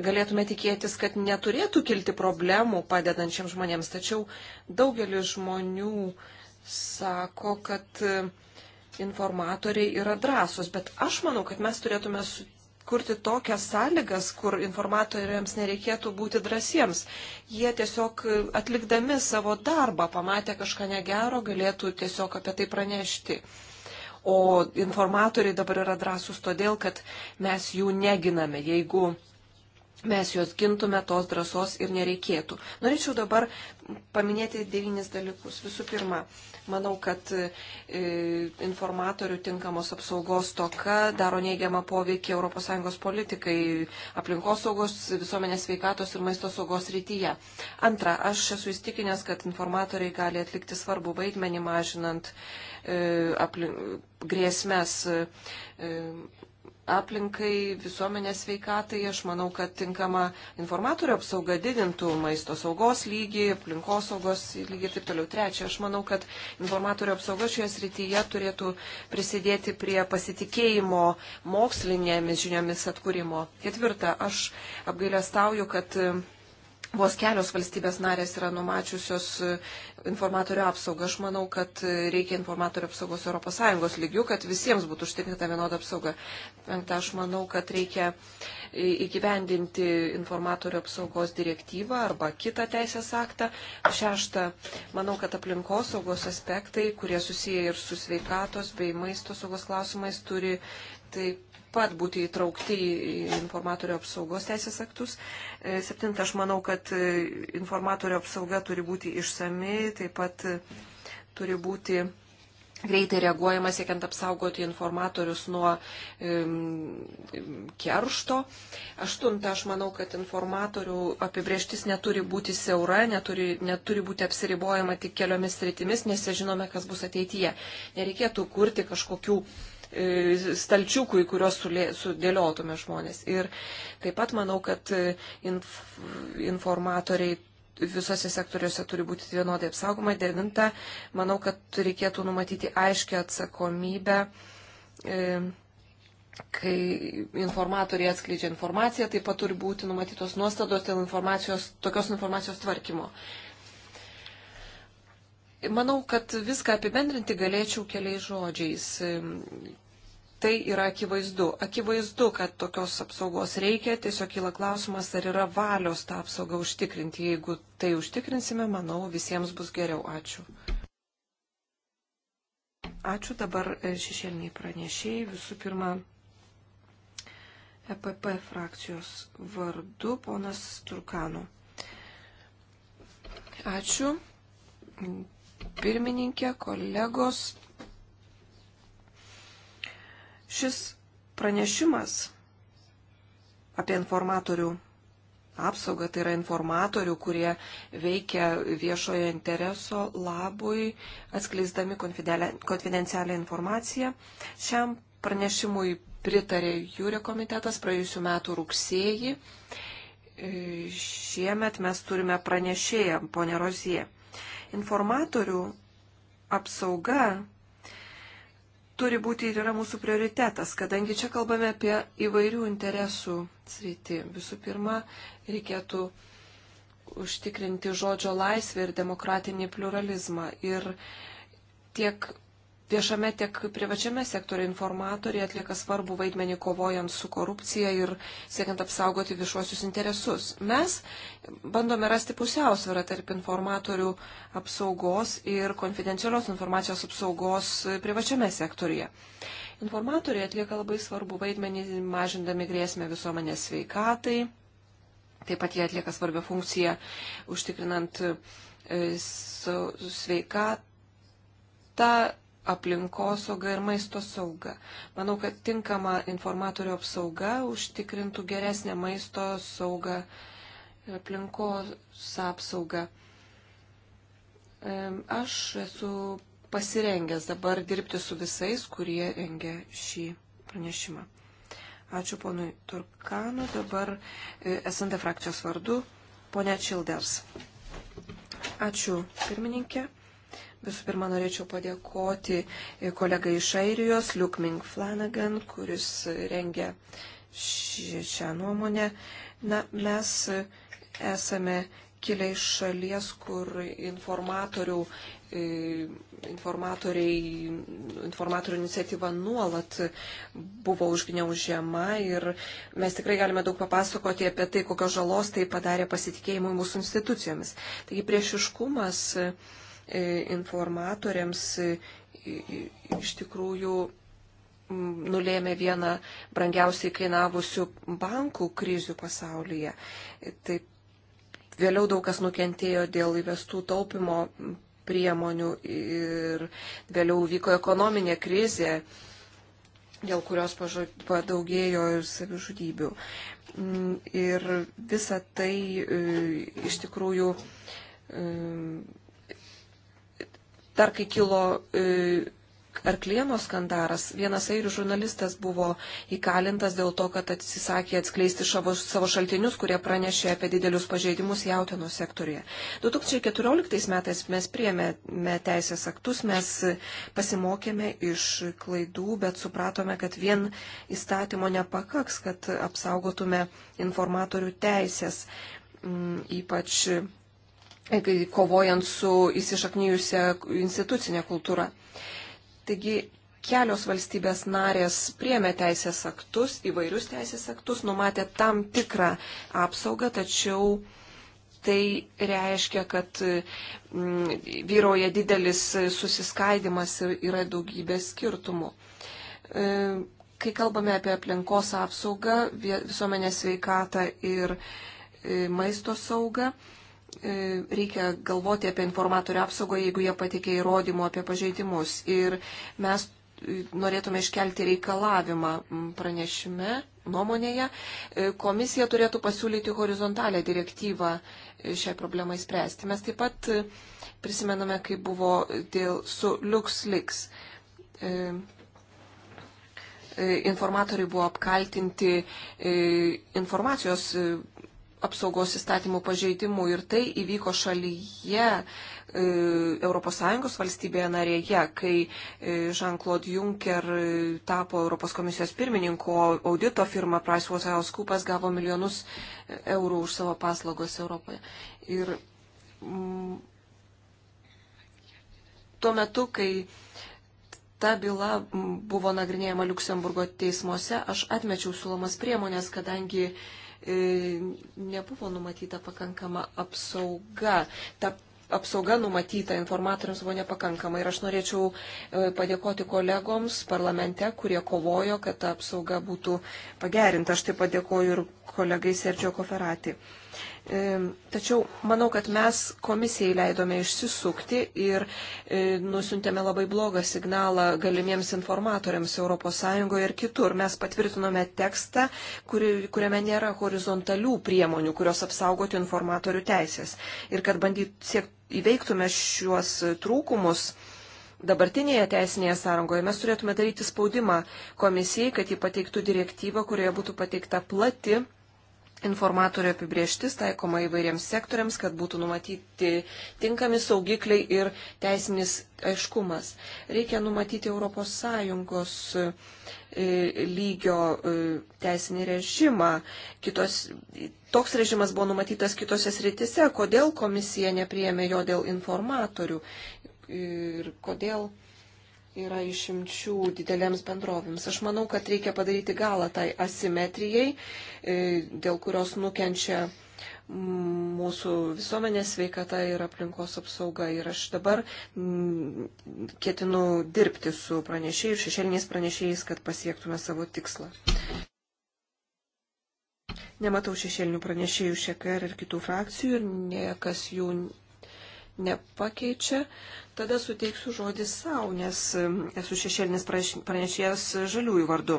A: galėtume tikėtis, kad neturėtų kilti problemų padedančiam žmonėms, tačiau daugelis žmonių sako, kad informatoriai yra drąsus, bet aš manau, kad mes turėtume kurti tokias sąlygas, kur informatoriams nereikėtų būti drąsiems. Jie tiesiog atlikdami savo darbą, pamatę kažką negero, galėtų tiesiog apie tai pranešti. O informatoriai dabar yra drąsūs todėl, kad mes jų neginame. Jeigu mes juos gintume, tos drąsos ir nereikėtų. Norėčiau dabar paminėti devynis dalykus. Visų pirma, manau, kad e, informatorių tinkamos apsaugos toka daro neigiamą poveikį ES politikai aplinkosaugos, visuomenės veikatos ir maisto saugos rytyje. Antra, aš esu įstikinęs, kad informatoriai gali atlikti svarbų vaidmenį mažinant e, aplink, grėsmės. E, aplinkai, visuomenės veikatai. Aš manau, kad tinkama informatorių apsauga didintų maisto saugos lygį, aplinkos saugos lygį ir taip toliau. Trečia, aš manau, kad informatorių apsauga šioje srityje turėtų prisidėti prie pasitikėjimo mokslinėmis žiniomis atkūrimo. Ketvirta, aš apgailestauju, kad Vos kelios valstybės narės yra numačiusios e, informatorių apsaugą. Aš manau, kad reikia informatorių apsaugos ES lygių, kad visiems būtų užtikrinta vienoda apsauga. Penkta, aš manau, kad reikia įgyvendinti informatorių apsaugos direktyvą arba kitą teisės aktą. Šešta, manau, kad aplinkos saugos aspektai, kurie susiję ir su sveikatos bei maisto saugos klausimais, turi taip pat būti įtraukti į informatorių apsaugos teisės aktus. E, septinta, aš manau, kad e, informatorių apsauga turi būti išsami, taip pat e, turi būti greitai reaguojama siekiant apsaugoti informatorius nuo um, keršto. Aštunta, aš manau, kad informatorių apibrieštis neturi būti siaura, neturi, neturi būti apsiribojama tik keliomis rytimis, nes žinome, kas bus ateityje. Nereikėtų kurti kažkokių uh, E, stalčiukų, į kuriuos sudėliotume žmonės. Ir taip pat manau, kad e, inf informatoriai visose sektoriuose turi būti vienodai apsaugoma. Devinta, manau, kad reikėtų numatyti aiškę atsakomybę. E, kai informatoriai atskleidžia informaciją, taip pat turi būti numatytos nuostados dėl informacijos, tokios informacijos tvarkymo. Manau, kad viską apibendrinti galėčiau keliais žodžiais tai yra akivaizdu. Akivaizdu, kad tokios apsaugos reikia, tiesiog kyla klausimas, ar yra valios tą apsaugą užtikrinti. Jeigu tai užtikrinsime, manau, visiems bus geriau. Ačiū. Ačiū dabar e, šešėliniai pranešėjai. Visų pirma, EPP frakcijos vardu ponas Turkanu. Ačiū. Pirmininkė, kolegos, Šis pranešimas apie informatorių apsaugą, tai yra informatorių, kurie veikia viešojo intereso labui, atskleisdami konfidencialią informaciją. Šiam pranešimui pritarė jūrė komitetas praėjusiu metu rugsėjį. E, šiemet mes turime pranešėją, ponė Rozie. Informatorių apsauga turi būti ir yra mūsų prioritetas, kadangi čia kalbame apie įvairių interesų sritį. Visų pirma, reikėtų užtikrinti žodžio laisvę ir demokratinį pluralizmą. Ir tiek viešame tiek privačiame sektoriuje informatoriai atlieka svarbų vaidmenį kovojant su korupcija ir siekiant apsaugoti viešuosius interesus. Mes bandome rasti pusiausvyrą tarp informatorių apsaugos ir konfidencialios informacijos apsaugos privačiame sektoriuje. Informatoriai atlieka labai svarbų vaidmenį mažindami grėsmę visuomenės sveikatai. Taip pat jie atlieka svarbią funkciją užtikrinant e, sveikatą aplinkosauga ir maisto sauga. Manau, kad tinkama informatorių apsauga užtikrintų geresnę maisto saugą ir aplinkos apsaugą. Aš esu pasirengęs dabar dirbti su visais, kurie rengia šį pranešimą. Ačiū ponui Turkanu, dabar e, SND frakcijos vardu, ponia Čilders. Ačiū pirmininkė. Visų pirma, norėčiau padėkoti kolegai iš Airijos, Liukming Flanagan, kuris rengia šį, šią nuomonę. Na, mes esame kilę iš šalies, kur informatorių, e, informatorių iniciatyva nuolat buvo užgneužiama ir mes tikrai galime daug papasakoti apie tai, kokios žalos tai padarė pasitikėjimui mūsų institucijomis. Taigi priešiškumas E, informatoriams e, iš tikrųjų nulėmė vieną brangiausiai kainavusių bankų krizių pasaulyje. Taip vėliau daug kas nukentėjo dėl įvestų taupimo priemonių ir vėliau vyko ekonominė krizė, dėl kurios padaugėjo ir savižudybių. Mm, ir visa tai e, iš tikrųjų Dar kai kilo e, arklėno skandaras, vienas airių žurnalistas buvo įkalintas dėl to, kad atsisakė atskleisti šavo, savo šaltinius, kurie pranešė apie didelius pažeidimus jautino sektorėje. 2014 metais mes priemėme teisės aktus, mes pasimokėme iš klaidų, bet supratome, kad vien įstatymo nepakaks, kad apsaugotume informatorių teisės, mm, ypač E, kovojant su įsišaknyjusią institucinę kultūrą. Taigi kelios valstybės narės priemė teisės aktus, įvairius teisės aktus, numatė tam tikrą apsaugą, tačiau tai reiškia, kad mm, vyroja didelis susiskaidimas ir yra daugybė skirtumų. E, kai kalbame apie aplinkos apsaugą, visuomenės sveikatą ir e, maisto saugą, E, reikia galvoti apie informatorių apsaugą, jeigu jie patikė įrodymų apie pažeidimus. Ir mes e, norėtume iškelti reikalavimą pranešime, nuomonėje. E, komisija turėtų pasiūlyti horizontalę direktyvą šiai problemai spręsti. Mes taip pat prisimename, kaip buvo dėl, su LuxLix. Informatoriai buvo apkaltinti informacijos apsaugos įstatymų pažeidimų ir tai įvyko šalyje, ES valstybėje narėje, kai e, Jean-Claude Juncker e, tapo Europos komisijos pirmininku, audito firma PricewaterhouseCoopers gavo milijonus e, eurų už savo paslaugos Europoje. Ir mm, tuo metu, kai ta byla mm, buvo nagrinėjama Luksemburgo teismuose, aš atmečiau siūlomas priemonės, kadangi mm, E, nebuvo numatyta pakankama apsauga. Ta apsauga numatyta informatoriams buvo nepakankama. Ir aš norėčiau e, padėkoti kolegoms parlamente, kurie kovojo, kad ta apsauga būtų pagerinta. Aš taip pat dėkoju ir kolegai Sergio Koferati. E, tačiau manau, kad mes komisijai leidome išsisukti ir e, nusintėme labai blogą signalą galimiems informatoriams ES ir kitur. Mes patvirtinome tekstą, kuri, kuriame nėra horizontalių priemonių, kurios apsaugotų informatorių teisės. Ir kad bandyt siek įveiktume šiuos trūkumus. Dabartinėje teisinėje sąrangoje mes turėtume daryti spaudimą komisijai, kad ji pateiktų direktyvą, kurioje būtų pateikta plati informatorių apibrieštis taikoma įvairiems sektoriams, kad būtų numatyti tinkami saugikliai ir teisinis aiškumas. Reikia numatyti ES e, lygio e, teisinį režimą. Kitos, toks režimas buvo numatytas kitose sritise. Kodėl komisija nepriėmė jo dėl informatorių? Ir kodėl yra išimčių didelėms bendrovėms. Aš manau, kad reikia padaryti galą tai asimetrijai, e, dėl kurios nukenčia mūsų visuomenės sveikata ir aplinkos apsauga. Ir aš dabar mm, ketinu dirbti su pranešėjais ir šešėliniais pranešėjais, kad pasiektume savo tikslą. Nematau šešėlinių pranešėjų šiek ir kitų frakcijų ir niekas jų nepakeičia, tada suteiksiu žodį savo, nes esu šešėlinis pranešėjas žaliųjų vardu.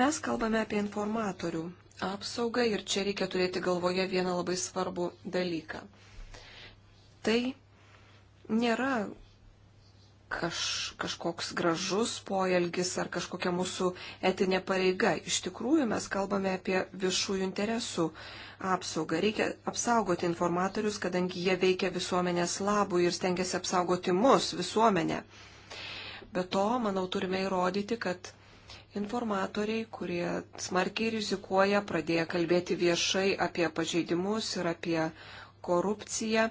A: Mes kalbame apie informatorių apsaugą ir čia reikia turėti galvoje vieną labai svarbų dalyką. Tai nėra kaž, kažkoks gražus poelgis ar kažkokia mūsų etinė pareiga. Iš tikrųjų mes kalbame apie viešųjų interesų apsaugą. Reikia apsaugoti informatorius, kadangi jie veikia visuomenės labui ir stengiasi apsaugoti mus, visuomenę. Be to, manau, turime įrodyti, kad informatoriai, kurie smarkiai rizikuoja, pradėję kalbėti viešai apie pažeidimus ir apie korupciją,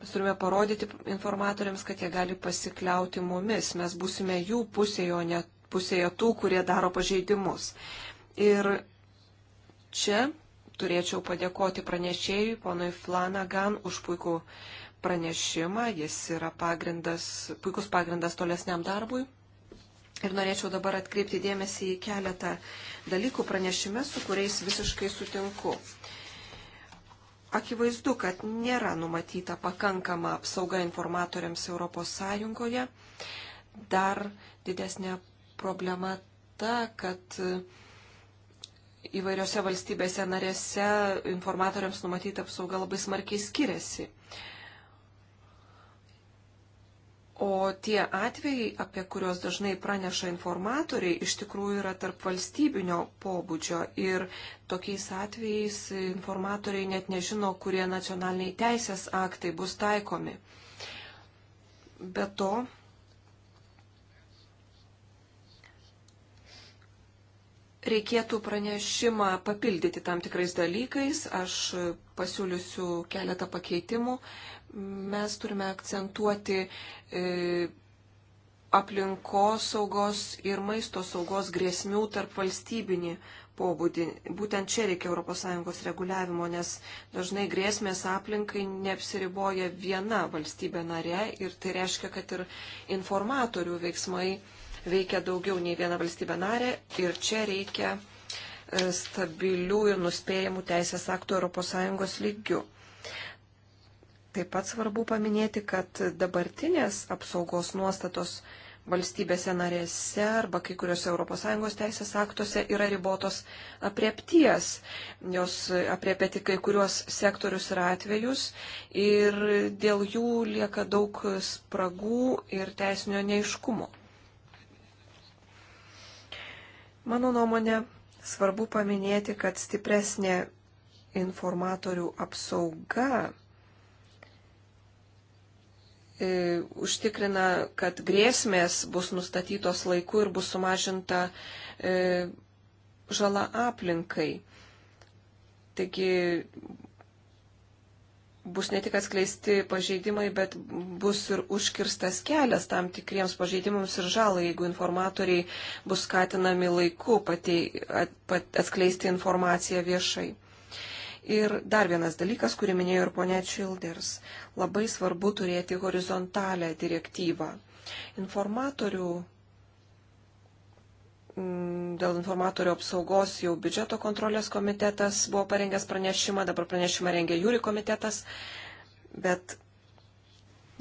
A: Mes turime parodyti informatoriams, kad jie gali pasikliauti mumis. Mes būsime jų pusėje, o ne pusėje tų, kurie daro pažeidimus. Ir čia turėčiau padėkoti pranešėjui, ponui Flanagan, už puikų pranešimą. Jis yra pagrindas, puikus pagrindas tolesniam darbui. Ir norėčiau dabar atkreipti dėmesį į keletą dalykų pranešime, su kuriais visiškai sutinku. Akivaizdu, kad nėra numatyta pakankama apsauga informatoriams ES. Dar didesnė problema ta, kad įvairiose valstybėse narėse informatoriams numatyta apsauga labai smarkiai skiriasi. O tie atvejai, apie kuriuos dažnai praneša informatoriai, iš tikrųjų yra tarp valstybinio pobūdžio ir tokiais atvejais informatoriai net nežino, kurie nacionaliniai teisės aktai bus taikomi. Be to, reikėtų pranešimą papildyti tam tikrais dalykais, aš pasiūlysiu keletą pakeitimų, Mes turime akcentuoti e, aplinkosaugos ir maisto saugos grėsmių tarp valstybinį pobūdį. Būtent čia reikia ES reguliavimo, nes dažnai grėsmės aplinkai neapsiriboja viena valstybė narė ir tai reiškia, kad ir informatorių veiksmai veikia daugiau nei viena valstybė narė ir čia reikia e, stabilių ir nuspėjamų teisės aktų ES lygių. Taip pat svarbu paminėti, kad dabartinės apsaugos nuostatos valstybėse narėse arba kai kuriuose ES teisės aktuose yra ribotos apriepties. Jos apriepia tik kai kuriuos sektorius ir atvejus ir dėl jų lieka daug spragų ir teisinio neiškumo. Mano nuomonė, svarbu paminėti, kad stipresnė informatorių apsauga E, užtikrina, kad grėsmės bus nustatytos laiku ir bus sumažinta e, žala aplinkai. Taigi bus ne tik atskleisti pažeidimai, bet bus ir užkirstas kelias tam tikriems pažeidimams ir žalai, jeigu informatoriai bus skatinami laiku patei, at, pat, atskleisti informaciją viešai. Ir dar vienas dalykas, kurį minėjo ir ponė Childers. Labai svarbu turėti horizontalę direktyvą. Informatorių mm, dėl informatorių apsaugos jau biudžeto kontrolės komitetas buvo parengęs pranešimą, dabar pranešimą rengia jūri komitetas, bet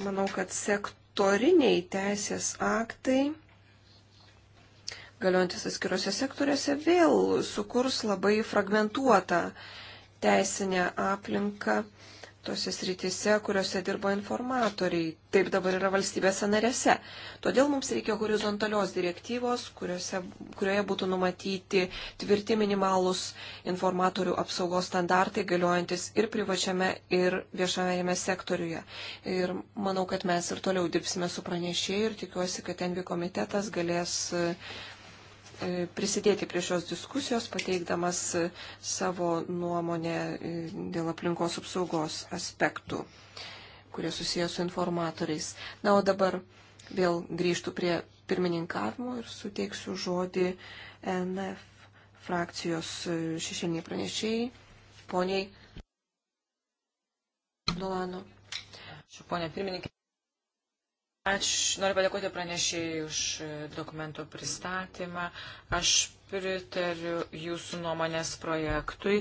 A: manau, kad sektoriniai teisės aktai, galiojantis atskiruose sektoriuose, vėl sukurs labai fragmentuotą uh, teisinę aplinką tose srityse, kuriuose dirba informatoriai. Taip dabar yra valstybėse narėse. Todėl mums reikia horizontalios direktyvos, kuriuose, kurioje būtų numatyti tvirti minimalus informatorių apsaugos standartai, galiojantis ir privačiame, ir viešajame sektoriuje. Ir manau, kad mes ir toliau dirbsime su pranešėjai ir tikiuosi, kad Envi komitetas galės E, prisidėti prie šios diskusijos, pateikdamas savo nuomonę e, dėl aplinkos apsaugos aspektų, kurie susijęs su informatoriais. Na, o dabar vėl grįžtų prie pirmininkavimo ir suteiksiu žodį NF frakcijos e, šešėliniai pranešėjai, poniai
B: Nolano. Ačiū, ponė pirmininkė. Aš noriu padėkoti pranešėjai už e, dokumento pristatymą. Aš pritariu jūsų nuomonės projektui.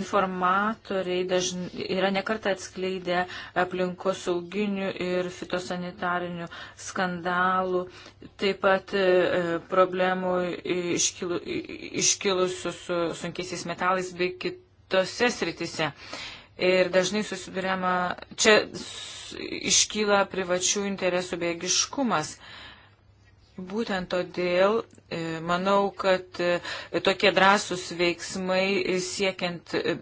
B: Informatoriai dažn... yra nekartą atskleidę aplinkosauginių ir fitosanitarinių skandalų, taip pat e, problemų iškilu... iškilusių su sunkiaisiais metalais bei kitose sritise ir dažnai susidurėma, čia iškyla privačių interesų bėgiškumas. Būtent todėl e, manau, kad e, tokie drąsūs veiksmai siekiant e,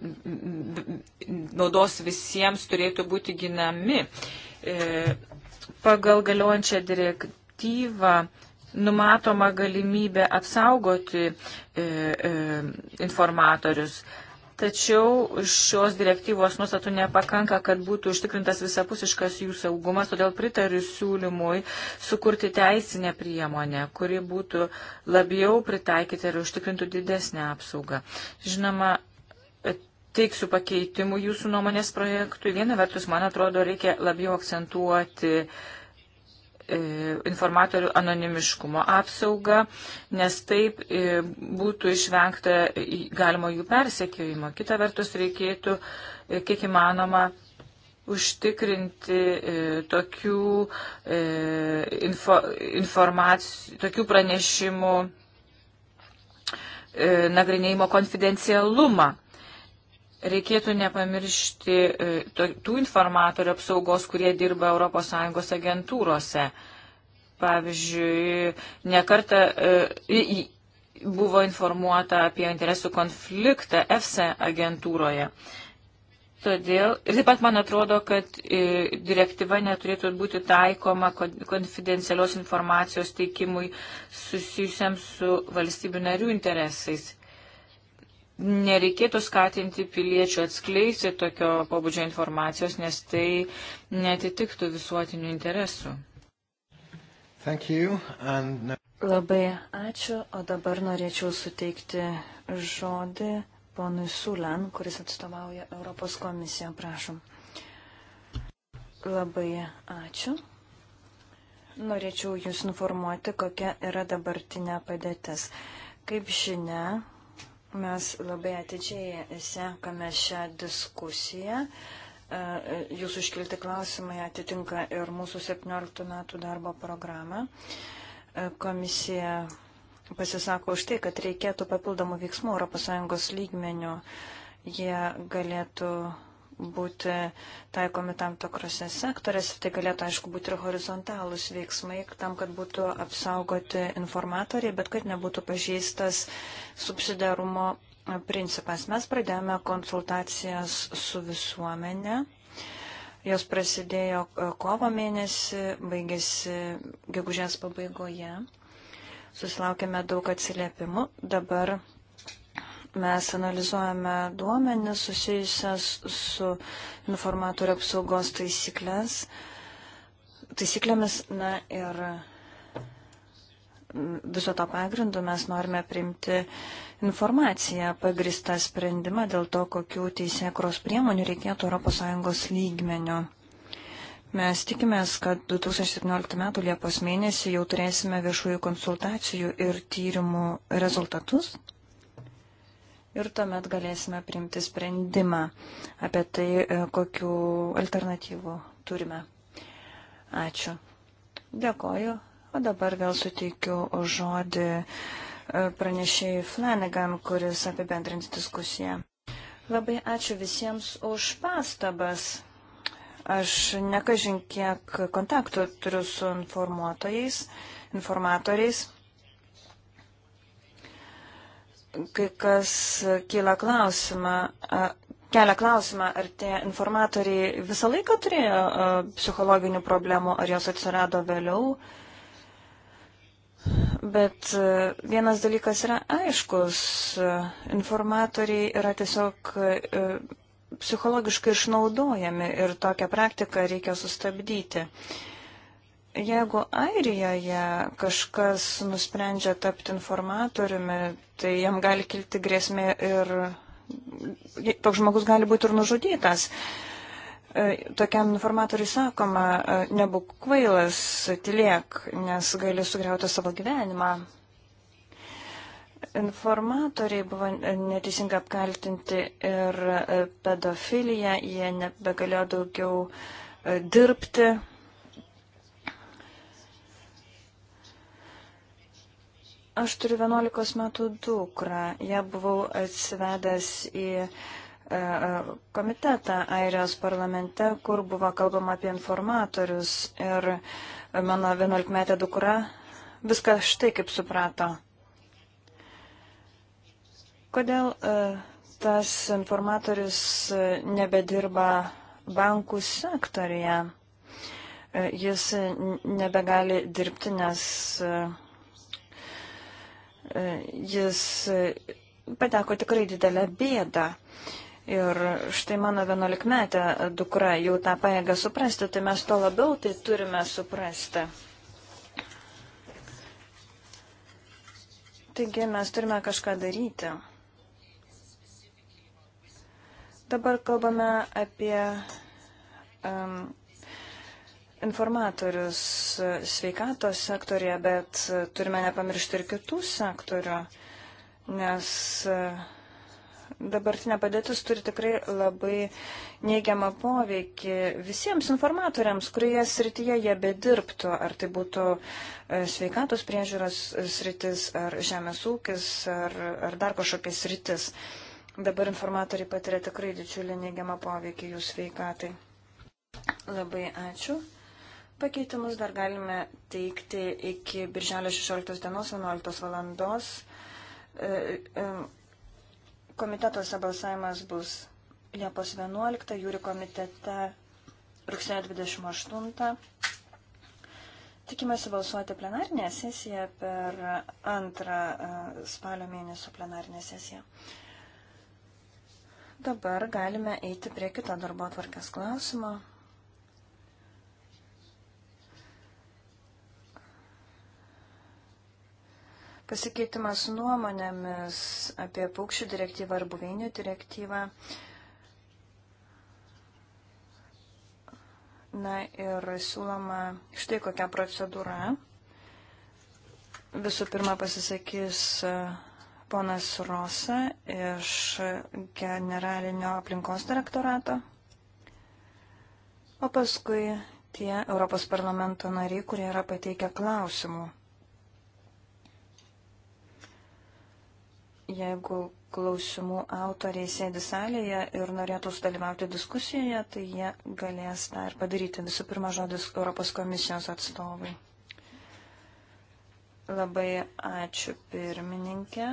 B: naudos visiems turėtų būti ginami. Pagal galiojančią direktyvą numatoma galimybė apsaugoti informatorius. Tačiau šios direktyvos nustatų nepakanka, kad būtų užtikrintas visapusiškas jų saugumas, todėl pritariu siūlymui sukurti teisinę priemonę, kuri būtų labiau pritaikyta ir užtikrintų didesnę apsaugą. Žinoma, teiksiu pakeitimų jūsų nuomonės projektui. Viena vertus, man atrodo, reikia labiau akcentuoti uh, E, informatorių anonimiškumo apsaugą, nes taip e, būtų išvengta galimo jų persekiojimo. Kita vertus, reikėtų e, kiek įmanoma užtikrinti tokių, info, tokių pranešimų nagrinėjimo konfidencialumą. Reikėtų nepamiršti e, tų informatorių apsaugos, kurie dirba ES agentūrose. Pavyzdžiui, nekarta e, buvo informuota apie interesų konfliktą EFSA agentūroje. Todėl, ir taip pat man atrodo, kad e, direktyva neturėtų būti taikoma konfidencialios informacijos teikimui susijusiam su valstybių narių interesais nereikėtų skatinti piliečių atskleisti tokio pobūdžio informacijos, nes tai netitiktų visuotinių interesų.
A: And...
C: Labai ačiū, o dabar norėčiau suteikti žodį ponui Sulan, kuris atstovauja Europos komisiją. Prašom. Labai ačiū. Norėčiau Jūs informuoti, kokia yra dabartinė padėtis. Kaip žinia, Mes labai atidžiai sekame šią diskusiją. E, e, jūsų iškilti klausimai atitinka ir mūsų 17 metų darbo programą. E, komisija pasisako už tai, kad reikėtų papildomų veiksmų ES lygmenių. Jie galėtų būti taikomi tam tikrose sektorėse. Tai galėtų, aišku, būti ir horizontalūs veiksmai, tam, kad būtų apsaugoti informatoriai, bet kad nebūtų pažeistas subsidarumo principas. Mes pradėjome konsultacijas su visuomenė. Jos prasidėjo e, kovo mėnesį, baigėsi gegužės pabaigoje. Susilaukėme daug atsiliepimų. Dabar Mes analizuojame duomenis susijusias su informatorių apsaugos taisyklės, taisyklėmis, na ir viso to pagrindu mes norime priimti informaciją pagristą sprendimą dėl to, kokių teisėkros priemonių reikėtų ES lygmenio. Mes tikimės, kad 2017 m. Liepos mėnesį jau turėsime viešųjų konsultacijų ir tyrimų rezultatus, ir tuomet galėsime priimti sprendimą apie tai, e, kokiu alternatyvu turime. Ačiū. Dėkoju. O dabar vėl suteikiu žodį e, pranešėjai Flanagan, kuris apibendrins diskusiją. Labai ačiū visiems už pastabas. Aš nekažin kiek kontaktų turiu su informuotojais, informatoriais kai kas kyla klausimą, kelia klausimą, ar tie informatoriai visą laiką turėjo psichologinių problemų, ar jos atsirado vėliau. Bet vienas dalykas yra aiškus, informatoriai yra tiesiog psichologiškai išnaudojami ir tokią praktiką reikia sustabdyti. Uh, Jeigu Airijoje kažkas nusprendžia tapti informatoriumi, tai jam gali kilti grėsmė ir toks žmogus gali būti ir nužudytas. E, tokiam informatoriui sakoma, e, nebūk kvailas, tiliek, nes gali sugriauti savo gyvenimą. Informatoriai buvo neteisingai apkaltinti ir e, pedofiliją, jie nebegalėjo daugiau dirbti Aš turiu 11 metų dukrą. Ja buvau atsivedęs į e, e, komitetą Airijos parlamente, kur buvo kalbama apie informatorius. Ir mano 11-metė dukra viską štai kaip suprato. Kodėl e, tas informatorius nebedirba bankų sektorija? Jis nebegali dirbti, nes jis pateko tikrai didelę bėdą. Ir štai mano vienuolikmetė dukra jau tą pajėgą suprasti, tai mes to labiau tai turime suprasti. Taigi mes turime kažką daryti. Dabar kalbame apie um, informatorius sveikatos sektorija, bet turime nepamiršti ir kitų sektorių, nes dabartinė padėtis turi tikrai labai neigiamą poveikį visiems informatoriams, kurie srityje jie bedirbtų, ar tai būtų e, sveikatos priežiūros sritis, ar žemės ūkis, ar, ar dar kažkokia sritis. Dabar informatoriai patiria tikrai didžiulį neigiamą poveikį jų sveikatai. Labai ačiū. Pakeitimus dar galime teikti iki birželio 16 dienos 11 valandos. E, e, komitetuose balsavimas bus Liepos 11, jūri komitete rugsėjo 28. Tikimasi balsuoti plenarinę sesiją per antrą e, spalio mėnesio plenarinę sesiją. Dabar galime eiti prie kito darbo tvarkės klausimo. Pasikeitimas nuomonėmis apie paukščių direktyvą ar buveinių direktyvą. Na ir siūloma štai kokia procedūra. Visų pirma pasisakys e, ponas Rosa iš generalinio aplinkos direktorato, o paskui tie Europos parlamento nariai, kurie yra pateikę klausimų. Jeigu klausimų autoriai sėdi salėje ir norėtų sudalyvauti diskusijoje, tai jie galės tą ir padaryti. Visų pirma, žodis Europos komisijos atstovai. Labai ačiū pirmininkė.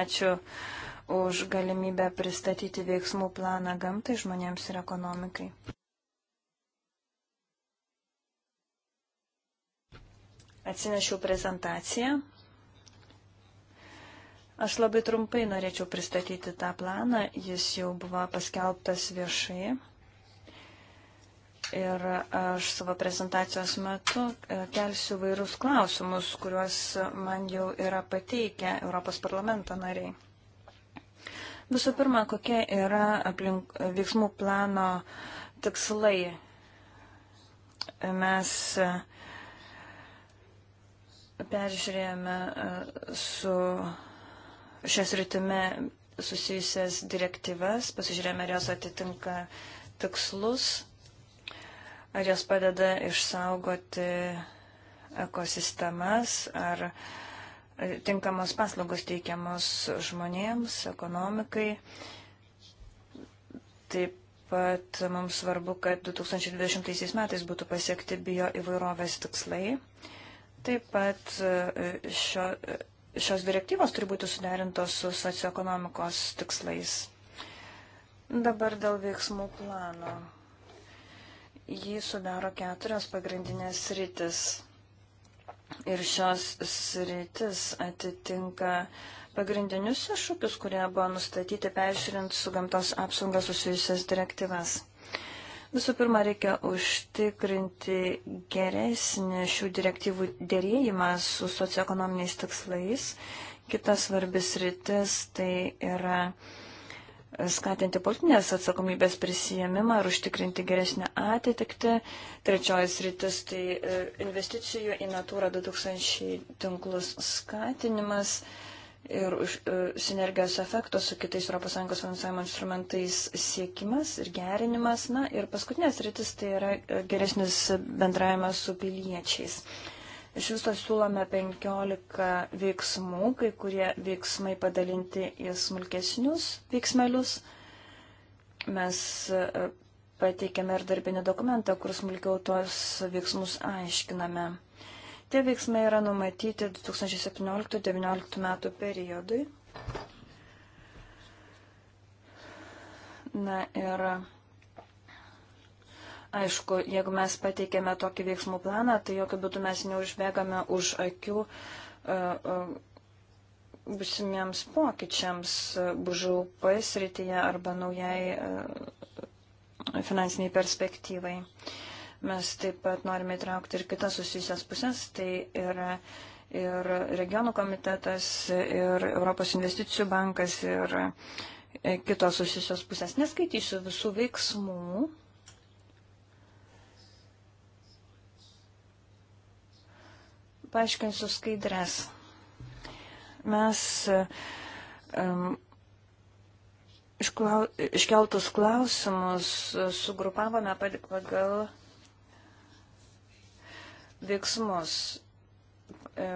C: Ačiū už galimybę pristatyti veiksmų planą gamtai žmonėms ir ekonomikai. Atsinešiau prezentaciją. Aš labai trumpai norėčiau pristatyti tą planą, jis jau buvo paskelbtas viešai. Ir aš savo prezentacijos metu e, kelsiu vairūs klausimus, kuriuos man jau yra pateikę Europos parlamento nariai. Visų pirma, kokie yra aplink, veiksmų plano tikslai. Mes e, peržiūrėjome e, su šias rytime susijusias direktyvas, pasižiūrėjome, ar jos atitinka tikslus, ar jos padeda išsaugoti ekosistemas, ar tinkamos paslaugos teikiamos žmonėms, ekonomikai. Taip pat mums svarbu, kad 2020 metais būtų pasiekti bio įvairovės tikslai. Taip pat e, šio, šios direktyvos turi būti suderintos su socioekonomikos tikslais. Dabar dėl veiksmų plano. Jį sudaro keturios pagrindinės sritis. Ir šios sritis atitinka pagrindinius iššūkius, kurie buvo nustatyti peržiūrint su gamtos apsauga susijusias direktyvas. Visų pirma, reikia užtikrinti geresnį šių direktyvų dėrėjimą su socioekonominiais tikslais. Kitas svarbis rytis tai yra skatinti politinės atsakomybės prisijėmimą ir užtikrinti geresnę atitikti. Trečioji sritis tai e, investicijų į Natūra 2000 tinklus skatinimas ir už e, sinergijos efekto su kitais ES finansavimo instrumentais siekimas ir gerinimas. Na ir paskutinės rytis tai yra e, geresnis bendravimas su piliečiais. Iš viso siūlome 15 veiksmų, kai kurie veiksmai padalinti į smulkesnius veiksmelius. Mes e, pateikėme ir darbinį dokumentą, kur smulkiau tuos veiksmus aiškiname. Tie veiksmai yra numatyti 2017-2019 metų periodui. Na ir aišku, jeigu mes pateikėme tokį veiksmų planą, tai jokių būdų mes neužbėgame už akių e, e, busimiems pokyčiams e, BŽUP srityje arba naujai finansiniai perspektyvai. Uh, Mes taip pat norime įtraukti ir kitas susijusias pusės, tai yra ir regionų komitetas, ir Europos investicijų bankas, ir e, kitos susijusios pusės. Neskaitysiu visų veiksmų. Paaiškinsiu skaidrės. Mes um, išklau, iškeltus klausimus e, sugrupavome pagal veiksmus. E,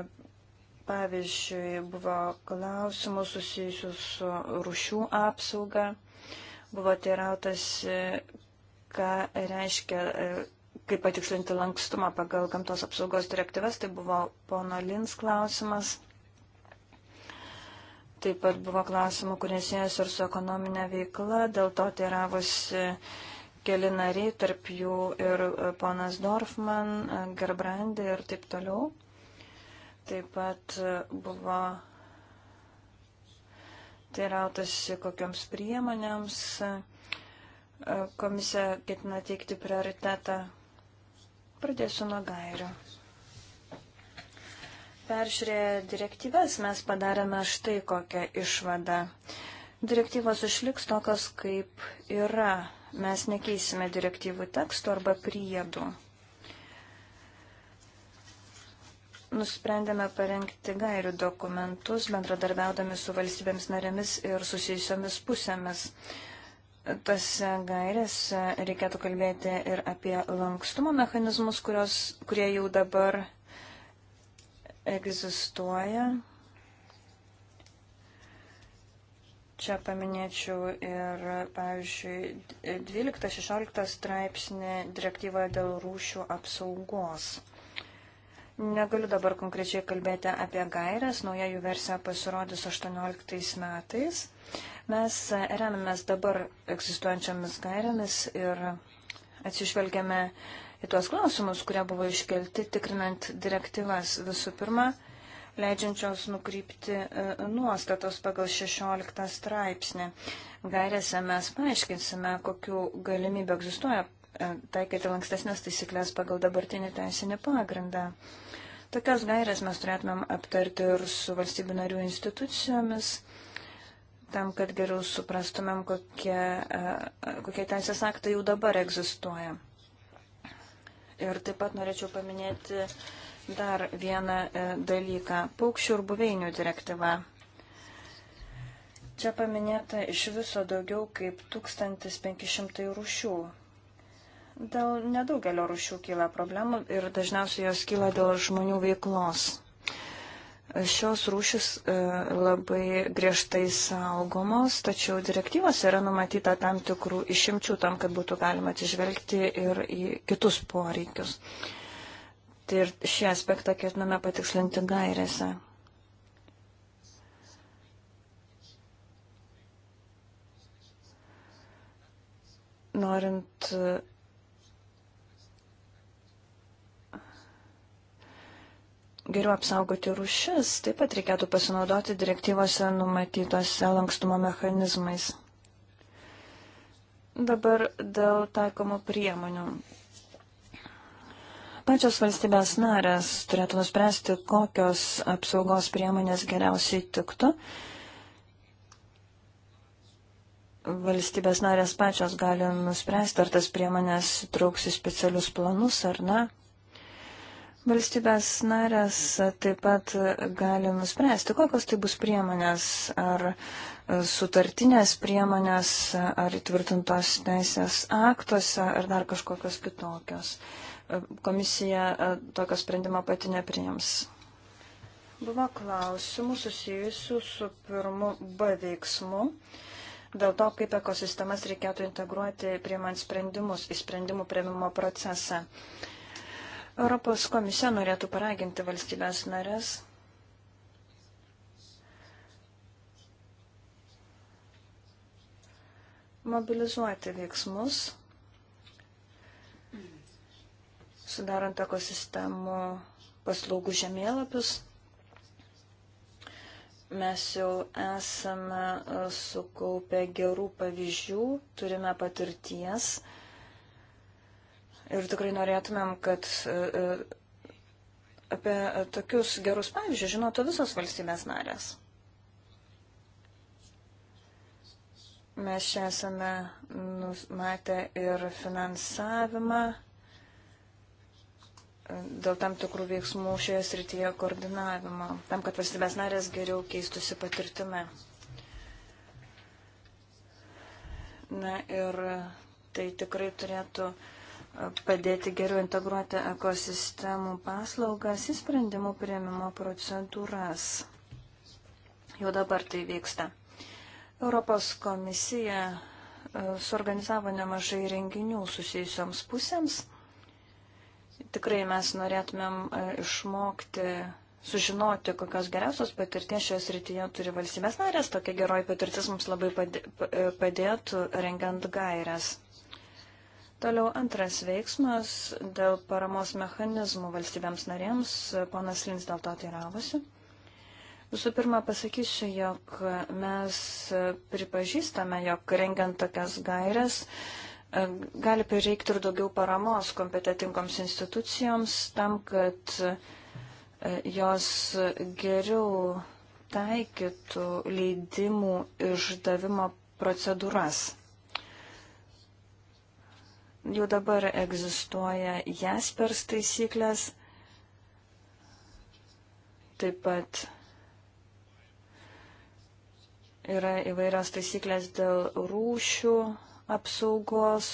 C: pavyzdžiui, buvo klausimų susijusių su rušių apsauga, buvo teirautas, ką reiškia, e, kaip patikslinti lankstumą pagal gamtos apsaugos direktyvas, tai buvo pono Lins klausimas. Taip pat buvo klausimų, kurie siejasi ir su ekonominė veikla, dėl to teiravosi. Uh, keli nariai, tarp jų ir e, ponas Dorfman, e, Gerbrandi ir taip toliau. Taip pat e, buvo teirautasi kokiams priemonėms komisija ketina teikti prioritetą. Pradėsiu nuo gairių. Peržiūrėję direktyvas mes padarėme štai kokią išvadą. Direktyvos išliks tokios, kaip yra. Mes nekeisime direktyvų tekstų arba priedų. Nusprendėme parengti gairių dokumentus, bendradarbiaudami su valstybėms narėmis ir susijusiomis pusėmis. Tose gairėse reikėtų kalbėti ir apie lankstumo mechanizmus, kurios, kurie jau dabar egzistuoja Čia paminėčiau ir, pavyzdžiui, 12-16 straipsnį direktyvoje dėl rūšių apsaugos. Negaliu dabar konkrečiai kalbėti apie gairias, nauja jų versija pasirodys 18 metais. Mes remiamės dabar egzistuojančiamis gairiamis ir atsižvelgiame į tuos klausimus, kurie buvo iškelti tikrinant direktyvas. Visų pirma, leidžiančios nukrypti e, nuostatos pagal 16 straipsnį. Gairėse mes paaiškinsime, kokiu galimybė egzistuoja e, taikyti lankstesnės taisyklės pagal dabartinį teisinį pagrindą. Tokias gairias mes turėtumėm aptarti ir su valstybių narių institucijomis, tam, kad geriau suprastumėm, kokie, e, kokie teisės aktai jau dabar egzistuoja. Ir taip pat norėčiau paminėti uh, dar vieną e, dalyką. Paukščių ir buveinių direktyva. Čia paminėta iš viso daugiau kaip 1500 rūšių. Dėl nedaugelio rūšių kyla problemų ir dažniausiai jos kyla dėl žmonių veiklos. Šios rūšis e, labai griežtai saugomos, tačiau direktyvos yra numatyta tam tikrų išimčių tam, kad būtų galima atsižvelgti ir į kitus poreikius. Tai ir šį aspektą ketiname patikslinti gairėse. Norint geriau apsaugoti rušis, taip pat reikėtų pasinaudoti direktyvose numatytose lankstumo mechanizmais. Dabar dėl taikomų priemonių. Pačios valstybės narės turėtų nuspręsti, kokios apsaugos priemonės geriausiai tiktų. Valstybės narės pačios gali nuspręsti, ar tas priemonės trauks į specialius planus ar ne. Valstybės narės taip pat gali nuspręsti, kokios tai bus priemonės, ar sutartinės priemonės, ar įtvirtintos teisės aktuose, ar dar kažkokios kitokios komisija e, tokio sprendimo pati nepriims. Buvo klausimų susijusių su pirmu B veiksmu dėl to, kaip ekosistemas reikėtų integruoti priimant sprendimus į sprendimų prieimimo procesą. Europos komisija norėtų paraginti valstybės narės mobilizuoti veiksmus sudarant ekosistemų paslaugų žemėlapius. Mes jau esame e, sukaupę gerų pavyzdžių, turime patirties ir tikrai norėtumėm, kad e, e, apie tokius gerus pavyzdžius žinotų visos valstybės narės. Mes čia esame numatę ir finansavimą dėl tam tikrų veiksmų šioje srityje koordinavimo, tam, kad valstybės narės geriau keistusi patirtime. Na ir tai tikrai turėtų e, padėti geriau integruoti ekosistemų paslaugas į sprendimų prieimimo procedūras. Jau dabar tai vyksta. Europos komisija e, suorganizavo nemažai renginių susijusioms pusėms Tikrai mes norėtumėm e, išmokti, sužinoti, kokios geriausios patirties šioje srityje turi valstybės narės. Tokia geroji patirtis mums labai e, padėtų rengiant gairias. Toliau antras veiksmas dėl paramos mechanizmų valstybėms narėms. Ponas Lins dėl to teiravosi. Visų pirma, pasakysiu, jog mes pripažįstame, jog rengiant tokias gairias Gali prireikti ir daugiau paramos kompetitingoms institucijoms tam, kad e, jos geriau taikytų leidimų išdavimo procedūras. Jau dabar egzistuoja jaspers taisyklės, taip pat yra įvairios taisyklės dėl rūšių, apsaugos,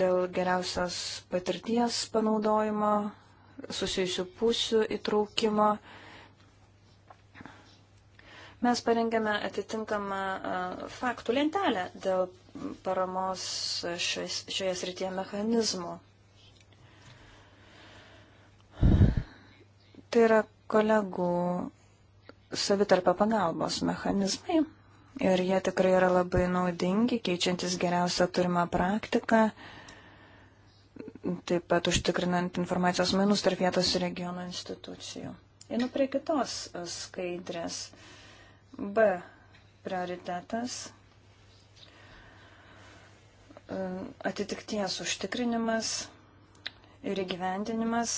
C: dėl geriausios patirties panaudojimo, susijusių pusių įtraukimo. Mes parengėme atitinkamą faktų lentelę dėl paramos šioje srityje mechanizmų. Tai yra kolegų savitarpio pagalbos mechanizmai, ir jie tikrai yra labai naudingi, keičiantis geriausią turimą praktiką, taip pat užtikrinant informacijos mainus tarp vietos ir regiono institucijų. Einu prie kitos skaidrės. B. Prioritetas. Atitikties užtikrinimas ir įgyvendinimas.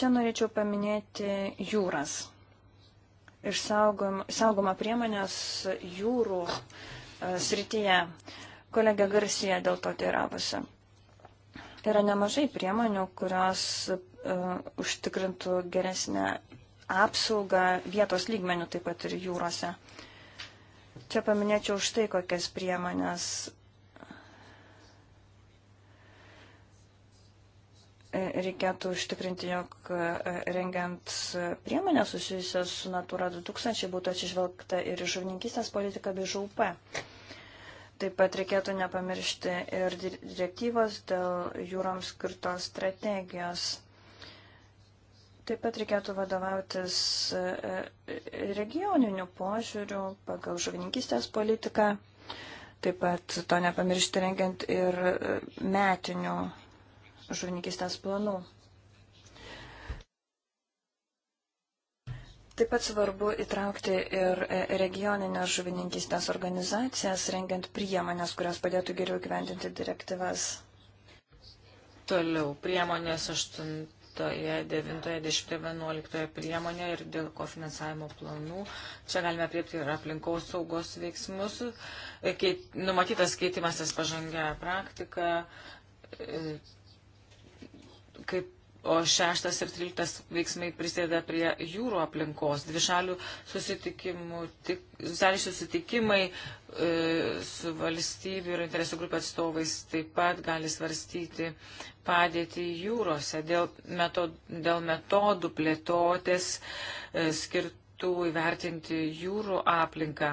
C: Čia norėčiau paminėti jūras išsaugoma priemonės jūrų e, srityje. Kolegė Garsija dėl to teiravosi. Tai yra nemažai priemonių, kurios uh, užtikrintų geresnę apsaugą vietos lygmenių taip pat ir jūrose. Čia paminėčiau štai kokias priemonės reikėtų užtikrinti, jog e, rengiant priemonę susijusią su Natura 2000 būtų atsižvelgta ir žuvininkystės politika bei žaup. Taip pat reikėtų nepamiršti ir direktyvos dėl jūroms skirtos strategijos. Taip pat reikėtų vadovautis e, e, regioniniu požiūriu pagal žuvininkystės politiką. Taip pat to nepamiršti rengiant ir metinių žuvininkistės planų. Taip pat svarbu įtraukti ir e, regioninės žuvininkistės organizacijas, rengiant priemonės, kurios padėtų geriau gyventinti direktyvas.
B: Toliau priemonės 8, 9, 10, 11 priemonė ir dėl kofinansavimo planų. Čia galime priepti ir aplinkaus saugos veiksmus. E, keit, numatytas keitimasis pažangę praktiką e, kaip, o šeštas ir tryliktas veiksmai prisideda prie jūrų aplinkos, dvišalių susitikimų, tik, susitikimai e, su valstybių ir interesų grupė atstovais taip pat gali svarstyti padėti jūrose dėl, metod, dėl metodų plėtotės e, skirtų įvertinti jūrų aplinką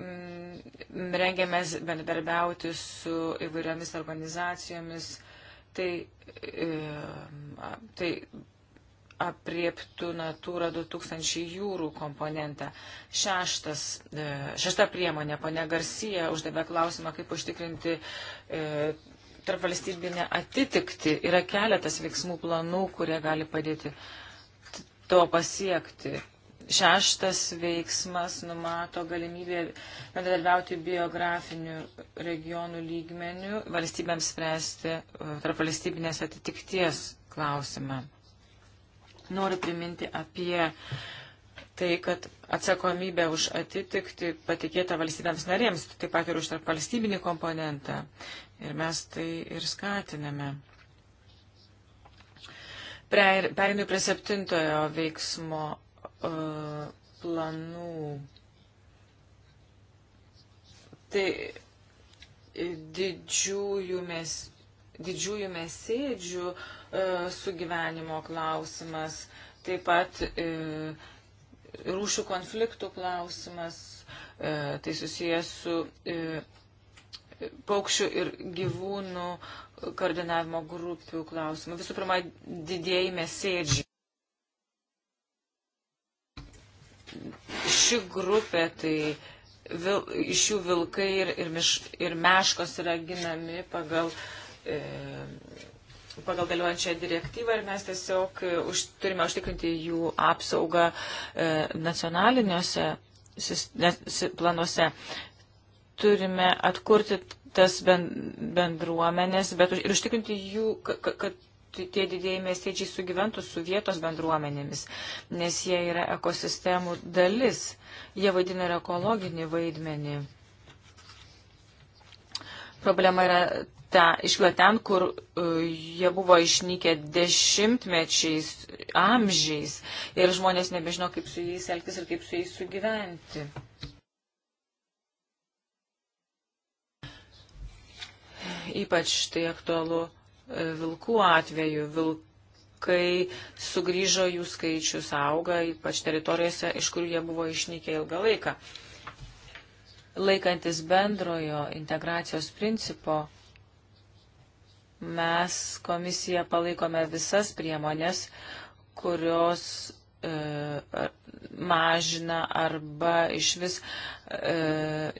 B: mm, rengiamės bendradarbiauti su įvairiomis organizacijomis, tai, e, tai apriektų Natūra 2000 jūrų komponentą. Šeštas, e, šešta priemonė, pane Garcija, uždavė klausimą, kaip užtikrinti e, tarp valstybinę atitikti. Yra keletas veiksmų planų, kurie gali padėti to pasiekti. Šeštas veiksmas numato galimybę bendradarbiauti biografinių regionų lygmenių valstybėms spręsti e, tarp valstybinės atitikties klausimą. Noriu priminti apie tai, kad atsakomybė už atitikti patikėta valstybėms narėms, taip pat ir už tarp valstybinį komponentą. Ir mes tai ir skatiname. Pereinu prie septintojo veiksmo planų. Tai didžiųjų, mes, didžiųjų mesėdžių e, sugyvenimo klausimas, taip pat e, rūšių konfliktų klausimas, e, tai susijęs su e, paukščių ir gyvūnų koordinavimo grupių klausimu. Visų pirma, didėjai mesėdžiai. ši grupė, tai vil, iš jų vilkai ir, ir, miš, ir meškos yra ginami pagal, e, pagal galiuojančią direktyvą ir mes tiesiog e, už, turime užtikrinti jų apsaugą e, nacionaliniuose planuose. Turime atkurti tas bendruomenės, bet ir užtikrinti jų, kad, kad tie didėjai miestiečiai sugyventų su vietos bendruomenėmis, nes jie yra ekosistemų dalis, jie vaidina ir ekologinį vaidmenį. Problema yra ta, iškilo ten, kur uh, jie buvo išnykę dešimtmečiais, amžiais ir žmonės nebežino, kaip su jais elgtis ir kaip su jais sugyventi. Ypač tai aktualu vilkų atveju. Vilkai sugrįžo jų skaičius auga, ypač teritorijose, iš kur jie buvo išnykę ilgą laiką. Laikantis bendrojo integracijos principo, mes komisija palaikome visas priemonės, kurios E, mažina arba iš vis e,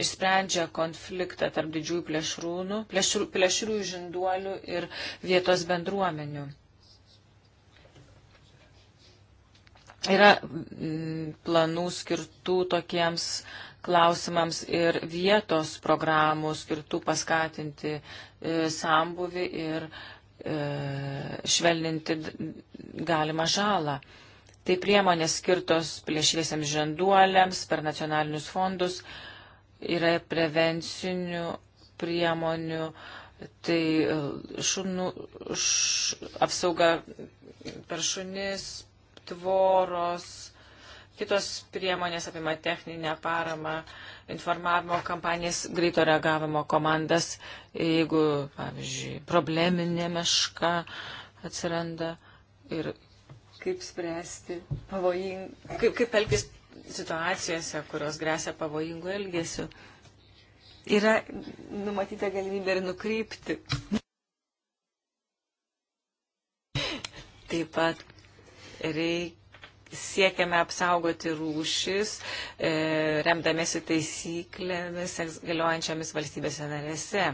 B: išsprendžia konfliktą tarp didžiųjų plėšrūnų, plėšrų, plėšrų žinduolių ir vietos bendruomenių. Yra planų skirtų tokiems klausimams ir vietos programų skirtų paskatinti e, sambuvi ir e, švelninti galimą žalą. E, Tai priemonės skirtos plėšriesiams žanduoliams per nacionalinius fondus, yra prevencinių priemonių, tai e, šunų š, apsauga per šunis, tvoros, kitos priemonės apima techninę paramą, informavimo kampanijas, greito reagavimo komandas, jeigu, pavyzdžiui, probleminė meška atsiranda ir kaip spręsti pavojing, kaip, kaip elgtis situacijose, kurios grėsia pavojingų elgesių. Yra numatyta galimybė ir nukrypti. Taip pat reikia siekiame apsaugoti rūšis, e, remdamėsi taisyklėmis galiojančiamis valstybėse narėse.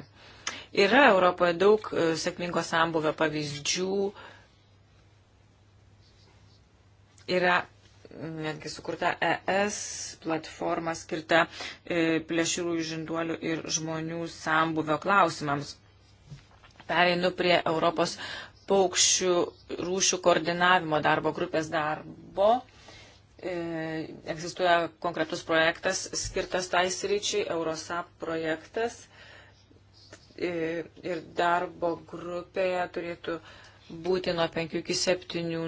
B: Yra Europoje daug e, sėkmingo sambuvio pavyzdžių, Yra netgi sukurta ES platforma skirta e, plėširųjų žinduolių ir žmonių sambuvio klausimams. Pereinu prie Europos paukščių rūšių koordinavimo darbo grupės darbo. E, egzistuoja konkretus projektas skirtas tai sričiai, Eurosap projektas. E, ir darbo grupėje turėtų e, būti nuo 5 iki 7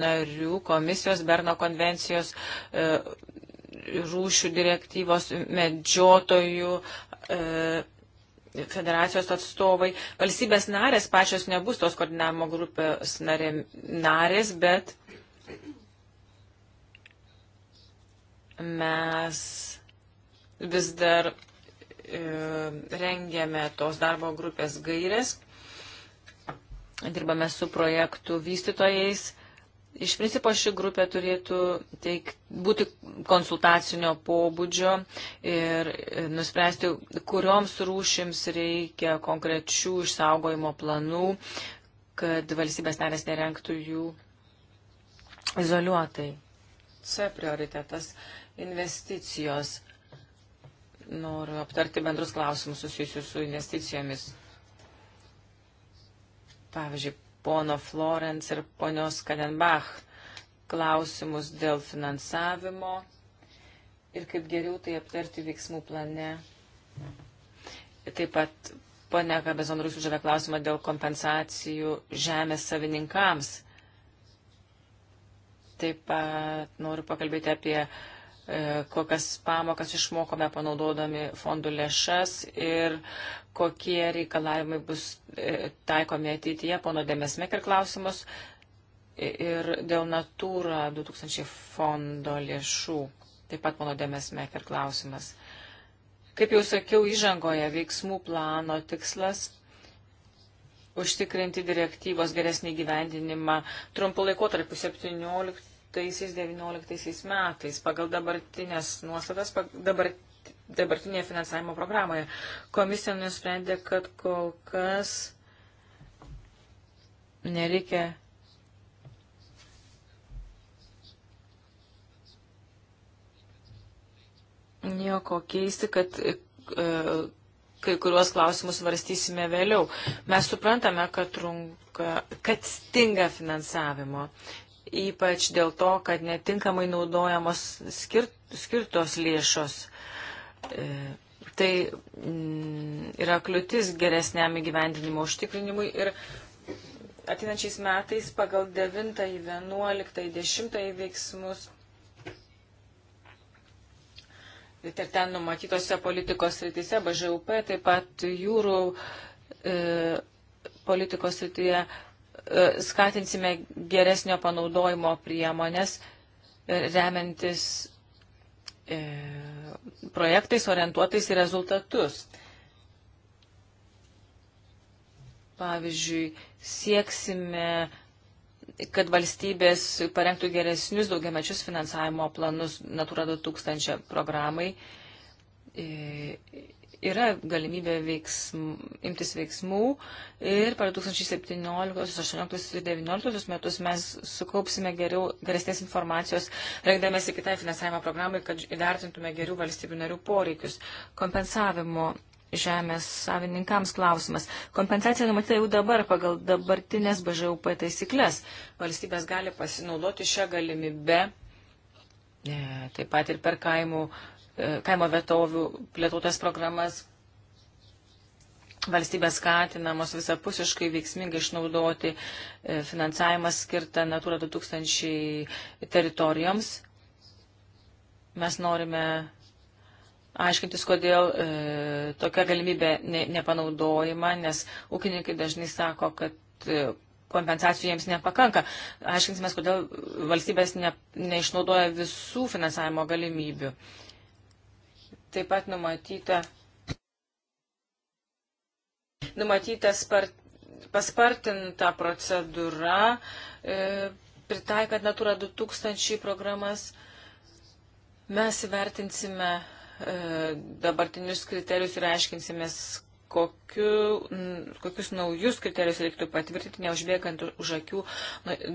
B: narių komisijos Berno konvencijos e, rūšių direktyvos medžiotojų e, federacijos atstovai. Valstybės narės pačios nebus tos koordinavimo grupės narė, narės, bet mes vis dar e, rengiame tos darbo grupės gairės dirbame su projektų vystytojais. Iš principo ši grupė turėtų teik, būti konsultacinio pobūdžio ir e, nuspręsti, kurioms rūšims reikia konkrečių išsaugojimo planų, kad valstybės narės nerenktų jų izoliuotai. C prioritetas - investicijos. Noriu aptarti bendrus klausimus susijusius su investicijomis pavyzdžiui, pono Florence ir ponios Kadenbach klausimus dėl finansavimo ir kaip geriau tai aptarti veiksmų plane. Taip pat ponia Kabezon Rusų žavė klausimą dėl kompensacijų žemės savininkams. Taip pat noriu pakalbėti apie uh, E, kokias pamokas išmokome panaudodami fondų lėšas ir kokie reikalavimai bus e, taikomi ateityje. Pono Demesmeker klausimus ir dėl Natūra 2000 fondo lėšų. Taip pat pono Demesmeker klausimas. Kaip jau sakiau, įžangoje veiksmų plano tikslas užtikrinti direktyvos geresnį gyvendinimą trumpu laikotarpiu 17 2019 metais pagal dabartinės nuostatas, dabar, dabartinėje finansavimo programoje. Komisija nusprendė, kad kol kas nereikia nieko keisti, kad e, kai kuriuos klausimus varstysime vėliau. Mes suprantame, kad, trunka, kad stinga finansavimo ypač dėl to, kad netinkamai naudojamos skirt, skirtos lėšos. E, tai m, mm, yra kliūtis geresniam įgyvendinimo užtikrinimui ir ateinančiais metais pagal 9, 11, 10 veiksmus ir ten numatytose politikos rytise, BŽUP, taip pat jūrų e, politikos rytyje E, skatinsime geresnio panaudojimo priemonės, e, remiantis e, projektais orientuotais į rezultatus. Pavyzdžiui, sieksime, kad valstybės parengtų geresnius daugiamečius finansavimo planus Natura 2000 programai yra galimybė veiksm, imtis veiksmų ir per 2017, 2018 ir 2019 metus mes sukaupsime geriau, geresnės informacijos, rengdamėsi kitai finansavimo programai, kad įvertintume geriau valstybių narių poreikius. Kompensavimo žemės savininkams klausimas. Kompensacija numatyta jau dabar pagal dabartinės BŽUP taisyklės. Valstybės gali pasinaudoti šią galimybę. E, taip pat ir per kaimų E, kaimo vietovių plėtotės programas. Valstybės skatinamos visapusiškai veiksmingai išnaudoti e, finansavimą skirtą Natura 2000 teritorijoms. Mes norime aiškintis, kodėl e, tokia galimybė ne, nepanaudojama, nes ūkininkai dažnai sako, kad e, kompensacijų jiems nepakanka. Aiškinsime, kodėl valstybės ne, neišnaudoja visų finansavimo galimybių. Taip pat numatyta, numatyta spart, paspartinta procedūra, e, pritaikant Natura 2000 programas. Mes vertinsime e, dabartinius kriterijus ir aiškinsimės, kokiu, kokius naujus kriterijus reiktų patvirtinti, neužbėgant už akių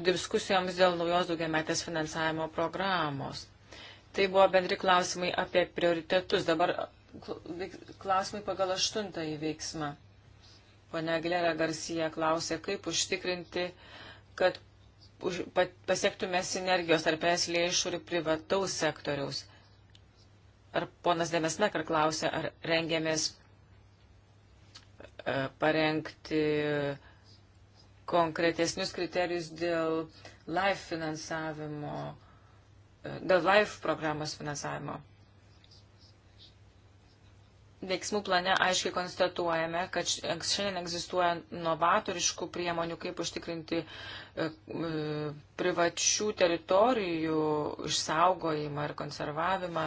B: diskusijoms dėl naujos daugiametės finansavimo programos. Tai buvo bendri klausimai apie prioritetus. Dabar klausimai pagal aštuntąjį veiksmą. Pone Aglera Garcija klausė, kaip užtikrinti, kad už, pasiektume sinergijos tarp es lėšų ir privataus sektoriaus. Ar ponas Demesmekar klausė, ar rengiamės e, parengti konkretesnius kriterijus dėl life finansavimo The Life programos finansavimo. Veiksmų plane aiškiai konstatuojame, kad šiandien egzistuoja novatoriškų priemonių, kaip užtikrinti e, e, privačių teritorijų išsaugojimą ir konservavimą.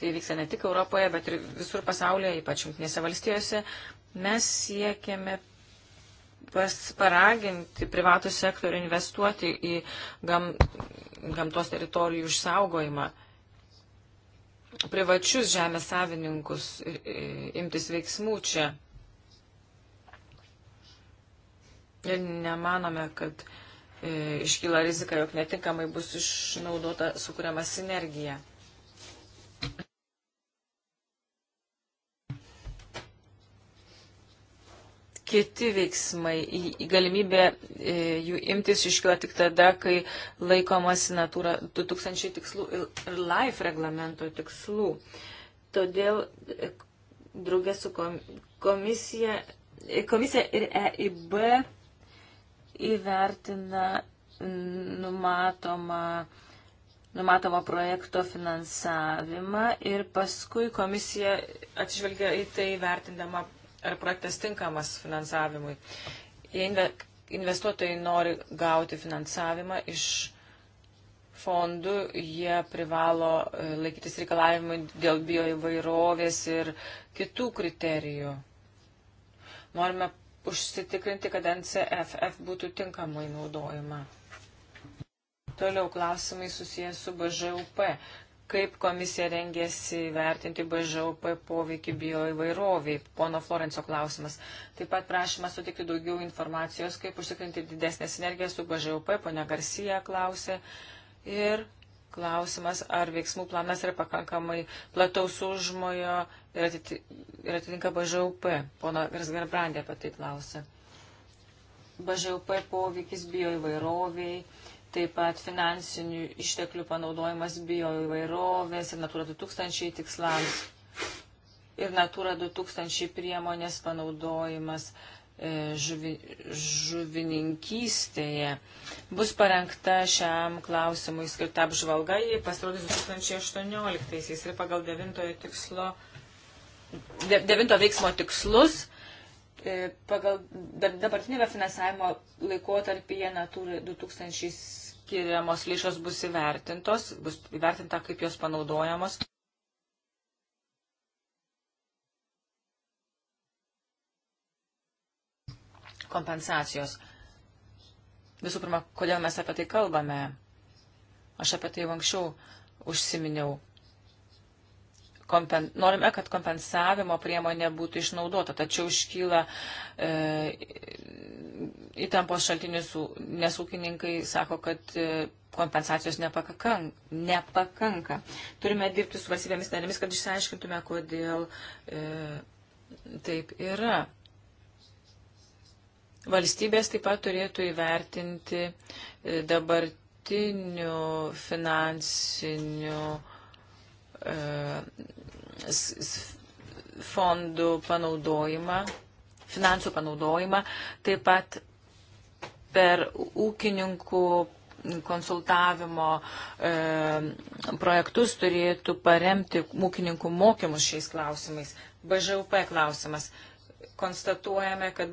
B: Tai vyksta ne tik Europoje, bet ir visur pasaulyje, ypač jungtinėse valstijose. Mes siekiame pas paraginti privatų sektorių investuoti į gam, gamtos teritorijų išsaugojimą, privačius žemės savininkus imtis veiksmų čia. Ir nemanome, kad e, iškyla rizika, jog netinkamai bus išnaudota sukūriama sinergija. kiti veiksmai, galimybė e, jų imtis iškyla tik tada, kai laikomasi Natūra 2000 tikslų ir LIFE reglamento tikslų. Todėl e, draugė su komisija, e, komisija ir EIB įvertina numatomą numatomo projekto finansavimą ir paskui komisija atsižvelgia į tai vertindama ar projektas tinkamas finansavimui. Jei investuotojai nori gauti finansavimą iš fondų, jie privalo e, laikytis reikalavimų dėl bioįvairovės ir kitų kriterijų. Norime užsitikrinti, kad NCFF būtų tinkamai naudojama. Toliau klausimai susijęs su BŽUP kaip komisija rengėsi vertinti BŽUP poveikį bioįvairoviai. Pono Florenco klausimas. Taip pat prašymas sutikti daugiau informacijos, kaip užtikrinti didesnę sinergiją su BŽUP. Pone Garcija klausė. Ir klausimas, ar veiksmų planas yra pakankamai plataus užmojo ir, atiti, ir atitinka BŽUP. Pono Garsgarbrandė apie tai klausė. BŽUP poveikis bioįvairoviai taip pat finansinių išteklių panaudojimas bio įvairovės ir Natura 2000 tikslams ir Natura 2000 priemonės panaudojimas e, žuvi, žuvininkystėje. Bus parengta šiam klausimui skirta apžvalga, jį pasirodys 2018 ir pagal devintojo tikslo, de, devinto veiksmo tikslus E, pagal dabartinėme finansavimo laikotarpyje Natūra 2000 skiriamos lėšos bus įvertintos, bus įvertinta, kaip jos panaudojamos. Kompensacijos. Visų pirma, kodėl mes apie tai kalbame? Aš apie tai jau anksčiau užsiminiau kompen, norime, kad kompensavimo priemonė būtų išnaudota, tačiau iškyla e, įtampos šaltinis, nes ūkininkai sako, kad e, kompensacijos nepakank, nepakanka. Turime dirbti su valstybėmis narėmis, kad išsiaiškintume, kodėl e, taip yra. Valstybės taip pat turėtų įvertinti e, dabartinių finansinių E, fondų panaudojimą, finansų panaudojimą, taip pat per ūkininkų konsultavimo e, projektus turėtų paremti ūkininkų mokymus šiais klausimais. BŽUP klausimas. Konstatuojame, kad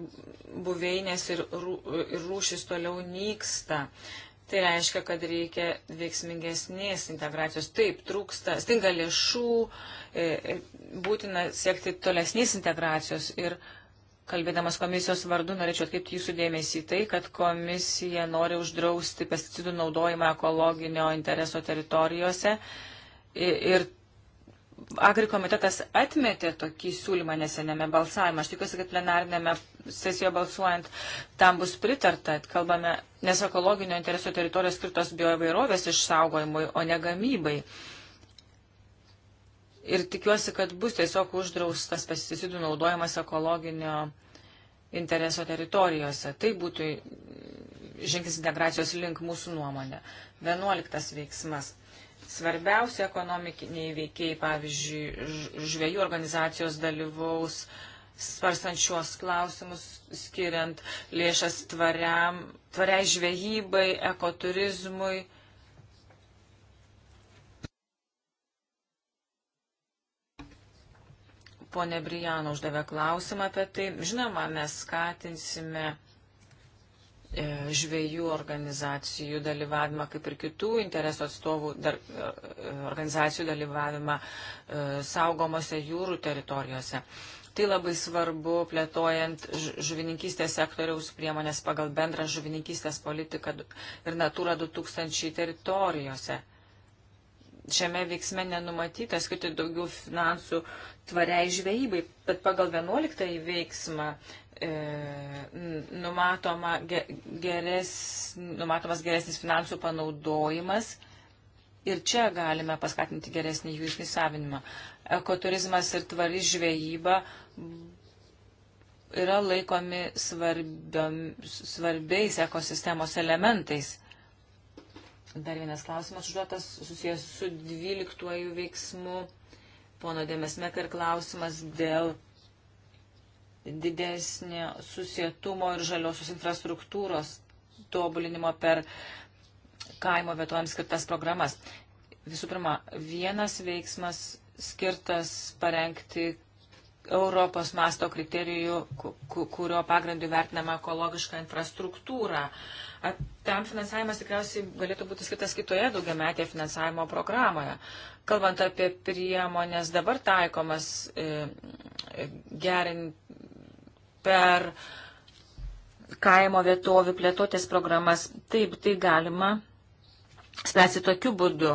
B: buveinės ir, rū, ir rūšis toliau nyksta. E, Tai reiškia, kad reikia veiksmingesnės integracijos. Taip, trūksta, stinga lėšų, e, e, būtina siekti tolesnės integracijos. Ir kalbėdamas komisijos vardu, norėčiau atkreipti jūsų dėmesį į tai, kad komisija nori uždrausti pesticidų naudojimą ekologinio intereso teritorijose. Ir Agri komitetas atmetė tokį siūlymą nesenėme balsavime. Aš tikiuosi, kad plenarinėme sesijoje balsuojant tam bus pritarta. Kalbame, nes ekologinio interesų teritorijos skirtos bioįvairovės išsaugojimui, o ne gamybai. Ir tikiuosi, kad bus tiesiog uždraustas pesticidų naudojimas ekologinio intereso teritorijose. Tai būtų žingsnis integracijos link mūsų nuomonė. Vienuoliktas veiksmas Svarbiausi ekonomikiniai veikiai, pavyzdžiui, žvėjų organizacijos dalyvaus, svarstant šios klausimus, skiriant lėšas tvariam, tvariai žvėjybai, ekoturizmui. Pone Brijano uždavė klausimą apie tai. Žinoma, mes skatinsime E, žvėjų organizacijų dalyvavimą, kaip ir kitų interesų atstovų dar, e, e, organizacijų dalyvavimą saugomose jūrų teritorijose. Tai labai svarbu plėtojant žuvininkystės sektoriaus priemonės pagal bendrą žuvininkystės politiką ir Natūra 2000 teritorijose. Šiame veiksme nenumatyta skirti daugiau finansų tvariai žvejybai, bet pagal 11 veiksmą E, numatoma geres, numatomas geresnis finansų panaudojimas ir čia galime paskatinti geresnį jų išsisavinimą. Ekoturizmas ir tvari žvejyba yra laikomi svarbiam, svarbiais ekosistemos elementais. Dar vienas klausimas užduotas susijęs su dvyliktuoju veiksmu. Pono Dėmesmek ir klausimas dėl didesnio susietumo ir žaliosios infrastruktūros tobulinimo per kaimo vietovėms skirtas programas. Visų pirma, vienas veiksmas skirtas parengti Europos masto kriterijų, kurio pagrindų vertinama ekologiška infrastruktūra. Tam finansavimas tikriausiai galėtų būti skirtas kitoje daugiametėje finansavimo programoje. Kalbant apie priemonės dabar taikomas e, e gerin, per kaimo vietovių plėtotės programas. Taip, tai galima spręsti tokiu būdu.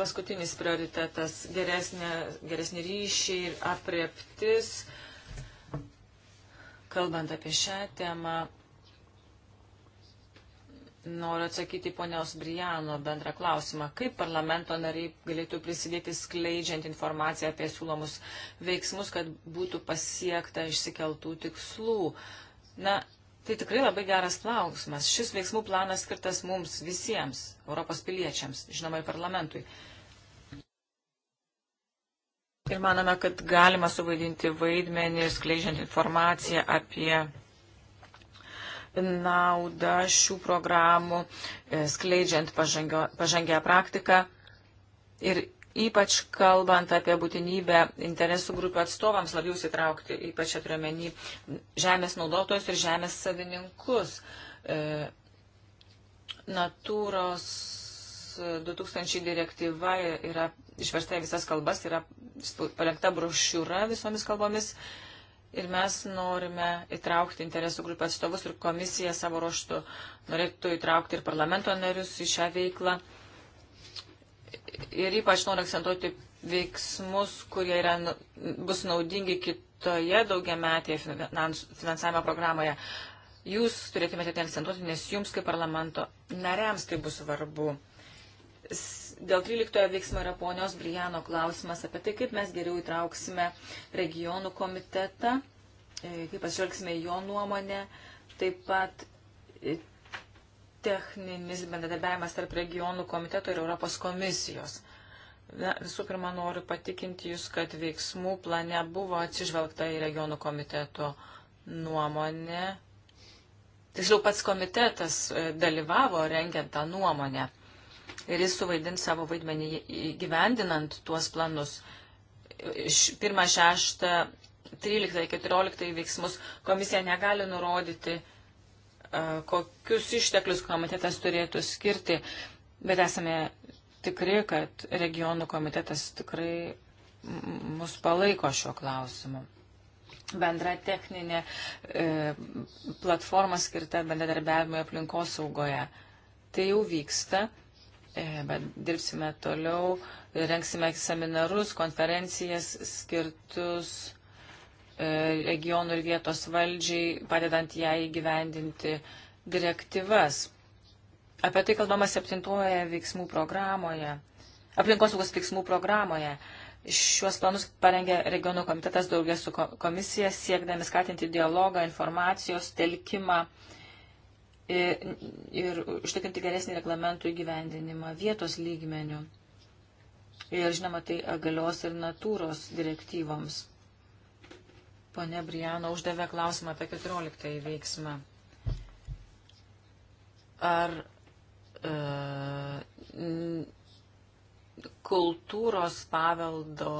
B: Paskutinis prioritetas - geresni ryšiai ir apreptis. Kalbant apie šią temą, Noriu atsakyti ponios Brijano bendrą klausimą. Kaip parlamento nariai galėtų prisidėti skleidžiant informaciją apie siūlomus veiksmus, kad būtų pasiekta išsikeltų tikslų? Na, tai tikrai labai geras klausimas. Šis veiksmų planas skirtas mums visiems, Europos piliečiams, žinoma, ir parlamentui. Ir manome, kad galima suvaidinti vaidmenį skleidžiant informaciją apie naudą šių programų, e, skleidžiant pažangio, pažangę praktiką ir ypač kalbant apie būtinybę interesų grupių atstovams labiau sitraukti, ypač atriuomenį žemės naudotojus ir žemės savininkus. E, Natūros 2000 direktyva yra išversta į visas kalbas, yra parengta brošiūra visomis kalbomis. E, ir mes norime įtraukti interesų grupės atstovus ir komisija savo ruoštų norėtų įtraukti ir parlamento narius į šią veiklą. Ir ypač noriu akcentuoti veiksmus, kurie yra, nu, bus naudingi kitoje daugiametėje finansavimo programoje. Jūs turėtumėte ten tai akcentuoti, nes jums kaip parlamento nariams tai bus svarbu dėl 13 veiksmo yra ponios Brijano klausimas apie tai, kaip mes geriau įtrauksime regionų komitetą, e, kaip pažvelgsime jo nuomonę, taip pat e, techninis bendradarbiavimas tarp regionų komiteto ir Europos komisijos. Na, visų pirma, noriu patikinti Jūs, kad veiksmų plane buvo atsižvelgta į regionų komiteto nuomonę. Tiksliau, pats komitetas e, dalyvavo rengiant tą nuomonę ir jis suvaidins savo vaidmenį gyvendinant tuos planus. Pirmą, šeštą, 13, 14 veiksmus komisija negali nurodyti, kokius išteklius komitetas turėtų skirti, bet esame tikri, kad regionų komitetas tikrai mus palaiko šiuo klausimu. Bendra techninė e, platforma skirta bendradarbiavimui aplinkos saugoje. Tai jau vyksta E, bet dirbsime toliau, renksime seminarus, konferencijas skirtus e, regionų ir vietos valdžiai, padedant ją įgyvendinti direktyvas. Apie tai kalbama septintoje veiksmų programoje, aplinkosaugos veiksmų programoje. Šiuos planus parengė regionų komitetas daugia su komisija, siekdami skatinti dialogą, informacijos telkimą, uh, ir, ir užtikrinti geresnį reglamentų įgyvendinimą vietos lygmenių. Ir žinoma, tai galios ir natūros direktyvoms. Pone Briano uždavė klausimą apie 14 veiksmą. Ar e, kultūros paveldo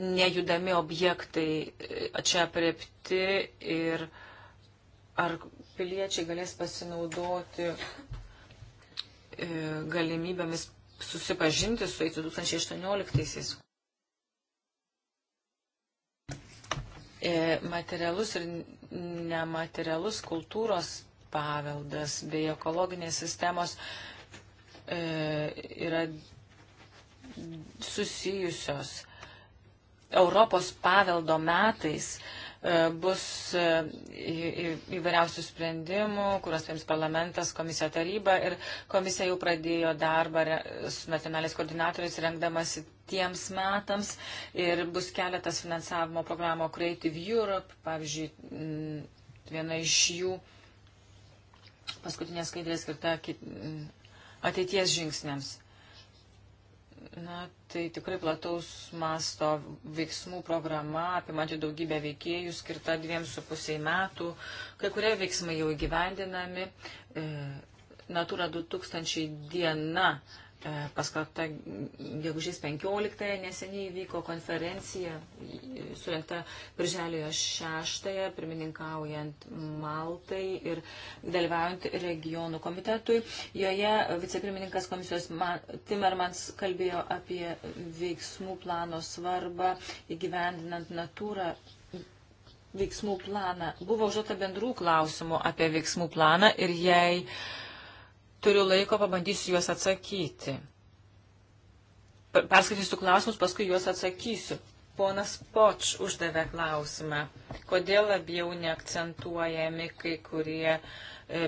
B: nejudami objektai e, čia aprepti ir ar piliečiai galės pasinaudoti e, galimybėmis susipažinti su 2018-aisiais. E, materialus ir nematerialus kultūros paveldas bei ekologinės sistemos e, yra susijusios Europos paveldo metais E, bus e, įvairiausių sprendimų, kuriuos priims parlamentas, komisija taryba ir komisija jau pradėjo darbą su nacionaliais koordinatoriais rengdamas tiems metams ir bus keletas finansavimo programų Creative Europe, pavyzdžiui, viena iš jų paskutinė skaidrė skirta ateities žingsniams. Na, tai tikrai plataus masto veiksmų programa, apimanti daugybę veikėjų, skirta dviem su pusiai metų. Kai kurie veiksmai jau įgyvendinami. E, Natura 2000 diena E, paskelbta gegužės 15-ąją, neseniai vyko konferencija, e, surinkta birželio 6-ąją, pirmininkaujant Maltai ir dalyvaujant regionų komitetui. Joje vicepirmininkas komisijos Timmermans kalbėjo apie veiksmų plano svarbą įgyvendinant natūrą. Veiksmų planą. Buvo užduota bendrų klausimų apie veiksmų planą ir jei uh, turiu laiko, pabandysiu juos atsakyti. Perskaitysiu klausimus, paskui juos atsakysiu. Ponas Poč uždavė klausimą, kodėl labiau neakcentuojami kai kurie e,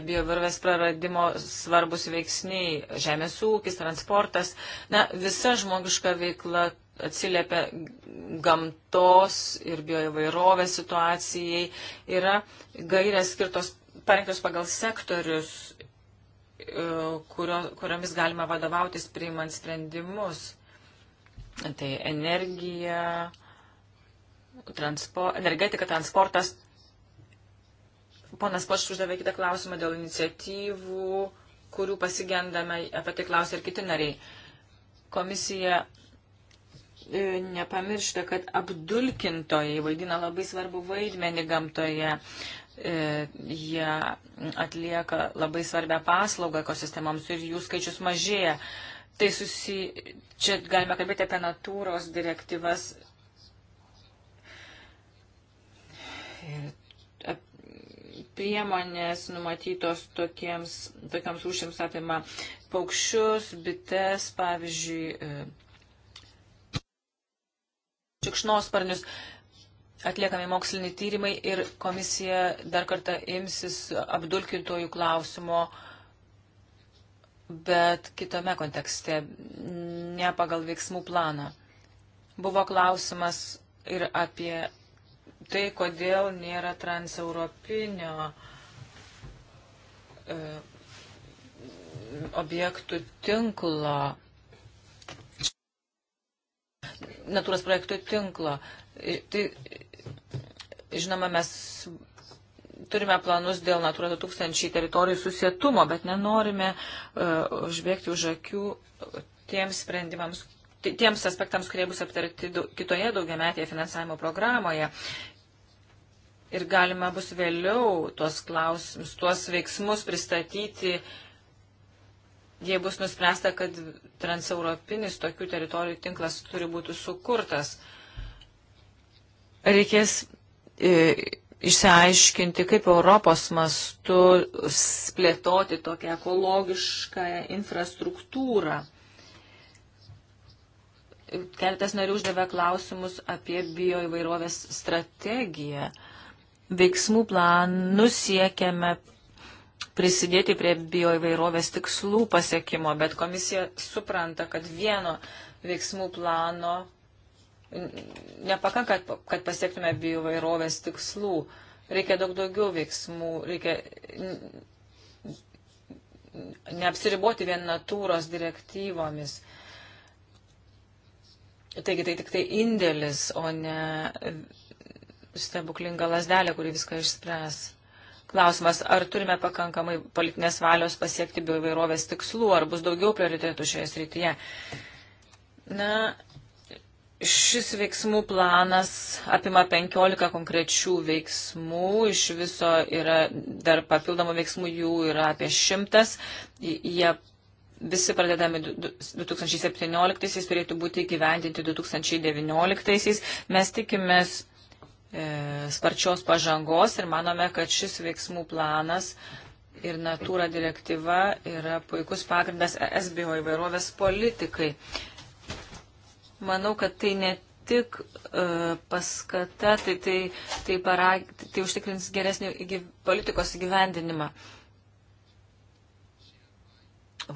B: biovarvės praradimo svarbus veiksniai - žemės ūkis, transportas. Na, visa žmogiška veikla atsiliepia gamtos ir bioįvairovės situacijai. Yra gairės skirtos, parengtos pagal sektorius E, kurio, kuriomis galima vadovautis priimant sprendimus. Tai energija, transpo, energetika, transportas. Ponas Pošas uždavė kitą klausimą dėl iniciatyvų, kurių pasigendame, apie tai klausė ir kiti nariai. Komisija e, nepamiršta, kad apdulkintojai vaidina labai svarbu vaidmenį gamtoje. E, jie atlieka labai svarbę paslaugą ekosistemoms ir jų skaičius mažėja. Tai susi... Čia galime kalbėti apie natūros direktyvas ir e, priemonės numatytos tokiems, tokiams rūšims apima paukščius, bites, pavyzdžiui, čikšnosparnius. E, atliekami moksliniai tyrimai ir komisija dar kartą imsis apdulkintojų klausimo, bet kitame kontekste, ne pagal veiksmų planą. Buvo klausimas ir apie tai, kodėl nėra transeuropinio e, objektų tinklo. Natūros projektų tinklo. Tai Žinoma, mes turime planus dėl Natura 2000 teritorijų susietumo, bet nenorime uh, užbėgti už akių tiems sprendimams, tiems aspektams, kurie bus aptarti du, kitoje daugiametėje finansavimo programoje. Ir galima bus vėliau tuos klausimus, tuos veiksmus pristatyti, jei bus nuspręsta, kad transeuropinis tokių teritorijų tinklas turi būti sukurtas. Reikės E, išsiaiškinti, kaip Europos mastu plėtoti tokią ekologišką infrastruktūrą. Keletas narių uždavė klausimus apie bioįvairovės strategiją. Veiksmų planų siekiame prisidėti prie bioįvairovės tikslų pasiekimo, bet komisija supranta, kad vieno veiksmų plano nepakanka, kad pasiektume biovairovės tikslų. Reikia daug daugiau veiksmų, reikia neapsiriboti vien natūros direktyvomis. Taigi tai tik tai indėlis, o ne stebuklinga lasdelė, kuri viską išspręs. Klausimas, ar turime pakankamai politinės valios pasiekti biovairovės tikslų, ar bus daugiau prioritėtų šioje srityje. Na, Šis veiksmų planas apima 15 konkrečių veiksmų, iš viso yra dar papildomų veiksmų, jų yra apie 100. Jie visi pradedami 2017-aisiais turėtų būti įgyvendinti 2019-aisiais. Mes tikimės e, sparčios pažangos ir manome, kad šis veiksmų planas ir natūra direktyva yra puikus pagrindas e SBO įvairovės politikai. Manau, kad tai ne tik uh, paskata, tai, tai, tai, para, tai užtikrins geresnį įgyv, politikos įgyvendinimą.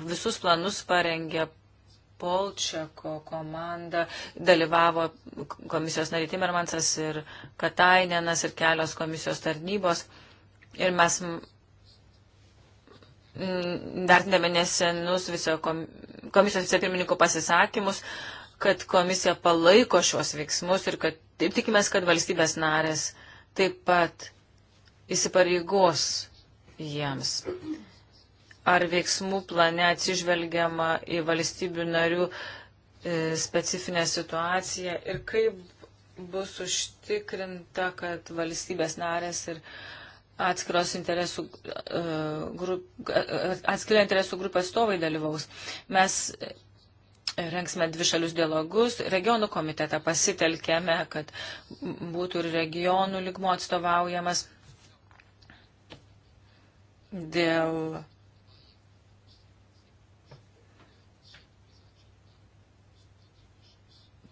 B: Visus planus parengė Polčiako komanda, dalyvavo komisijos nariai Timermansas ir Katainenas ir kelios komisijos tarnybos. Ir mes vertindami nesenus viso komisijos vicepirmininko pasisakymus, uh, kad komisija palaiko šios veiksmus ir kad taip tikimės, kad valstybės narės taip pat įsipareigos jiems. Ar veiksmų plane atsižvelgiama į valstybių narių e, specifinę situaciją ir kaip bus užtikrinta, kad valstybės narės ir atskiros interesų, e, grup, e, atskiria interesų grupės stovai dalyvaus. Mes rengsime dvišalius dialogus. Regionų komitetą pasitelkėme, kad būtų ir regionų ligmo atstovaujamas dėl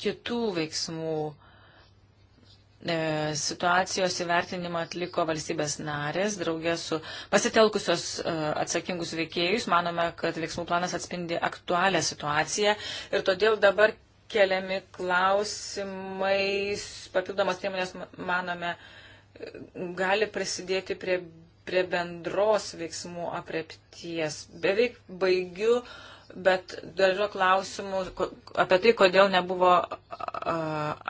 B: kitų veiksmų E, situacijos įvertinimą atliko valstybės narės, draugė su pasitelkusios e, atsakingus veikėjus. Manome, kad veiksmų planas atspindi aktualią situaciją ir todėl dabar keliami klausimai, papildomas priemonės, manome, gali prisidėti prie, prie bendros veiksmų aprepties. Beveik baigiu uh, bet dar yra klausimų apie tai, kodėl nebuvo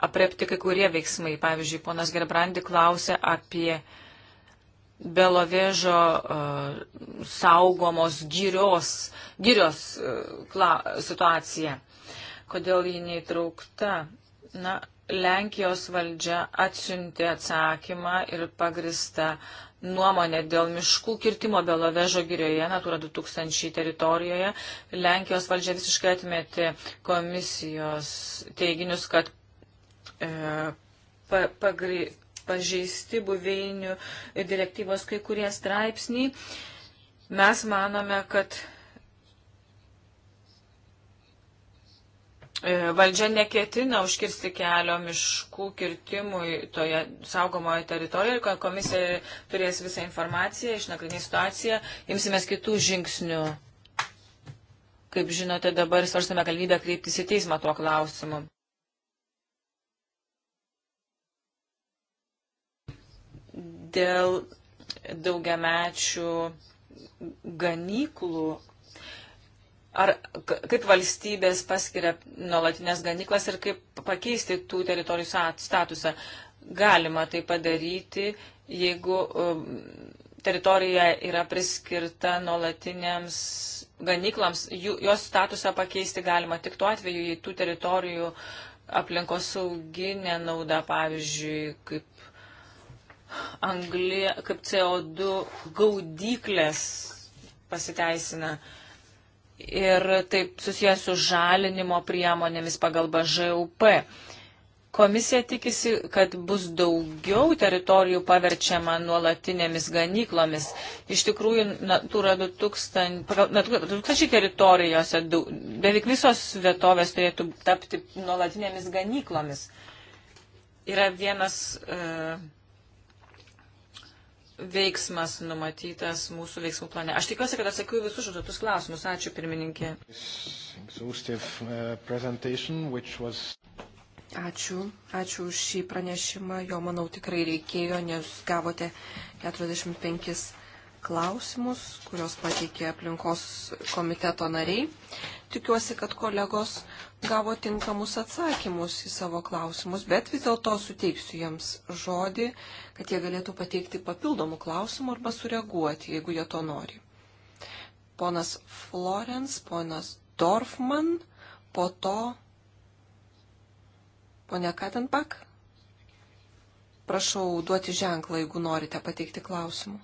B: aprepti kai kurie veiksmai. Pavyzdžiui, ponas Gerbrandi klausė apie Belovežo saugomos gyrios, gyrios kla, situaciją. Kodėl ji neįtraukta? Na, Lenkijos valdžia atsiuntė atsakymą ir pagristą nuomonę dėl miškų kirtimo Belovežo girioje, Natura 2000 teritorijoje. Lenkijos valdžia visiškai atmetė komisijos teiginius, kad e, pa, pagri, pažeisti buveinių direktyvos kai kurie straipsniai. Mes manome, kad E, valdžia neketina užkirsti kelio miškų kirtimui toje saugomoje teritorijoje ir komisija turės visą informaciją, išnagrinės situaciją, imsimės kitų žingsnių. Kaip žinote, dabar svarstame galimybę kreiptis į teismą tuo klausimu. Dėl daugiamečių ganyklų Ar kaip valstybės paskiria nuolatinės ganiklas ir kaip pakeisti tų teritorijų statusą? Galima tai padaryti, jeigu um, teritorija yra priskirta nuolatinėms ganyklams, jų, jos statusą pakeisti galima tik tuo atveju, jei tų teritorijų aplinkos sauginė nauda, pavyzdžiui, kaip, angli, kaip CO2 gaudyklės pasiteisina. Uh, ir taip susijęs su žalinimo priemonėmis pagal BŽUP. Komisija tikisi, kad bus daugiau teritorijų paverčiama nuolatinėmis ganyklomis. Iš tikrųjų, Natura 2000, pagal, natura 2000 teritorijose beveik visos vietovės turėtų tapti nuolatinėmis ganyklomis. Yra vienas. Uh, e, veiksmas numatytas mūsų veiksmų plane. Aš tikiuosi, kad atsakiau visus užduotus klausimus. Ačiū, pirmininkė.
A: Uh, was... Ačiū. Ačiū už šį pranešimą. Jo, manau, tikrai reikėjo, nes gavote 45 klausimus, kurios pateikė aplinkos komiteto nariai. Tikiuosi, kad kolegos gavo tinkamus atsakymus į savo klausimus, bet vis dėlto suteiksiu jiems žodį, kad jie galėtų pateikti papildomų klausimų arba sureaguoti, jeigu jie to nori. Ponas Florence, ponas Dorfman, po to ponia Katenpak. Prašau duoti ženklą, jeigu norite pateikti klausimų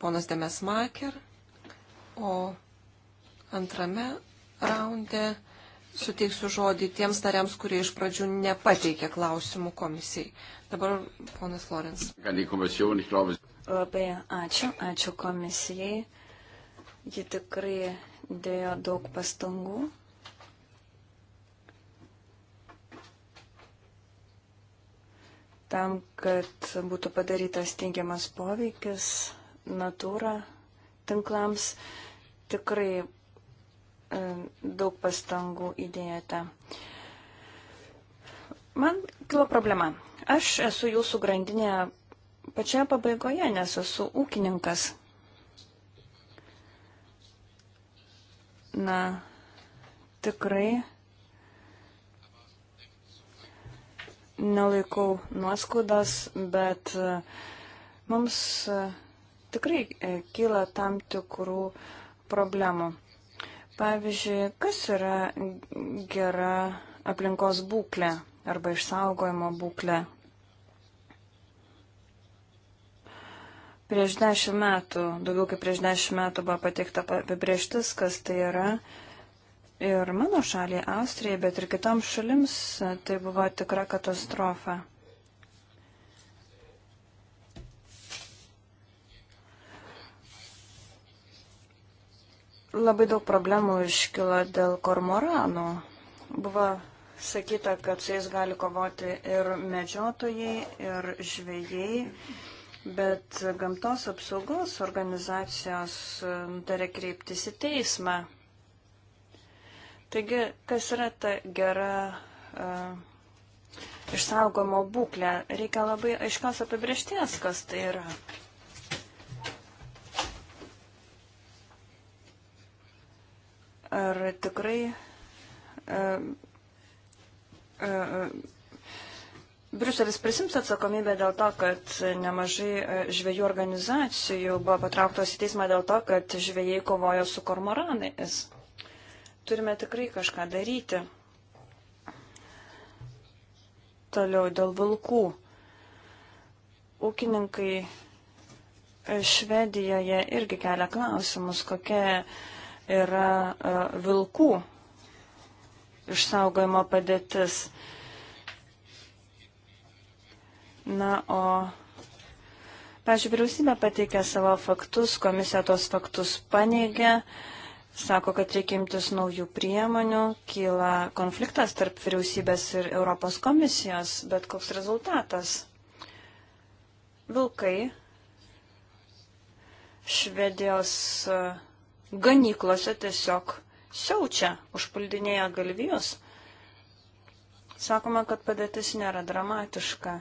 A: ponas Demesmaker, o antrame raunde suteiksiu žodį tiems nariams, kurie iš pradžių nepateikė klausimų komisijai. Dabar ponas Florens. Labai
C: ačiū, ačiū komisijai. Ji tikrai dėjo daug pastangų. Tam, kad būtų padarytas tingiamas poveikis natūra tinklams. Tikrai e, daug pastangų įdėjote. Man kilo problema. Aš esu jūsų grandinėje pačioje pabaigoje, nes esu ūkininkas. Na, tikrai nelaikau nuoskaudas, bet e, mums e, tikrai e, kyla tam tikrų problemų. Pavyzdžiui, kas yra gera aplinkos būklė arba išsaugojimo būklė. Prieš dešimt metų, daugiau kaip prieš dešimt metų buvo pateikta apibrieštis, kas tai yra. Ir mano šaliai, Austrijai, bet ir kitoms šalims tai buvo tikra katastrofa. Labai daug problemų iškilo dėl kormoranų. Buvo sakyta, kad su jais gali kovoti ir medžiotojai, ir žvėjai, bet gamtos apsaugos organizacijos nutarė kreiptis į teismą. Taigi, kas yra ta gera uh, išsaugoma būklė? Reikia labai aiškios apibriešties, kas tai yra. Ar tikrai uh, uh, Briuselis prisims atsakomybę dėl to, kad nemažai e, žvėjų organizacijų buvo patrauktos į teismą dėl to, kad žvėjai kovojo su kormoranais. Turime tikrai kažką daryti. Toliau dėl vilkų. Ūkininkai Švedijoje irgi kelia klausimus, kokia yra e, vilkų išsaugojimo padėtis. Na, o, pažiūrėjau, vyriausybė pateikė savo faktus, komisija tos faktus paneigė, sako, kad reikia imtis naujų priemonių, kyla konfliktas tarp vyriausybės ir Europos komisijos, bet koks rezultatas? Vilkai Švedijos. Uh, ganyklose tiesiog siaučia, užpuldinėja galvijus. Sakoma, kad padėtis nėra dramatiška,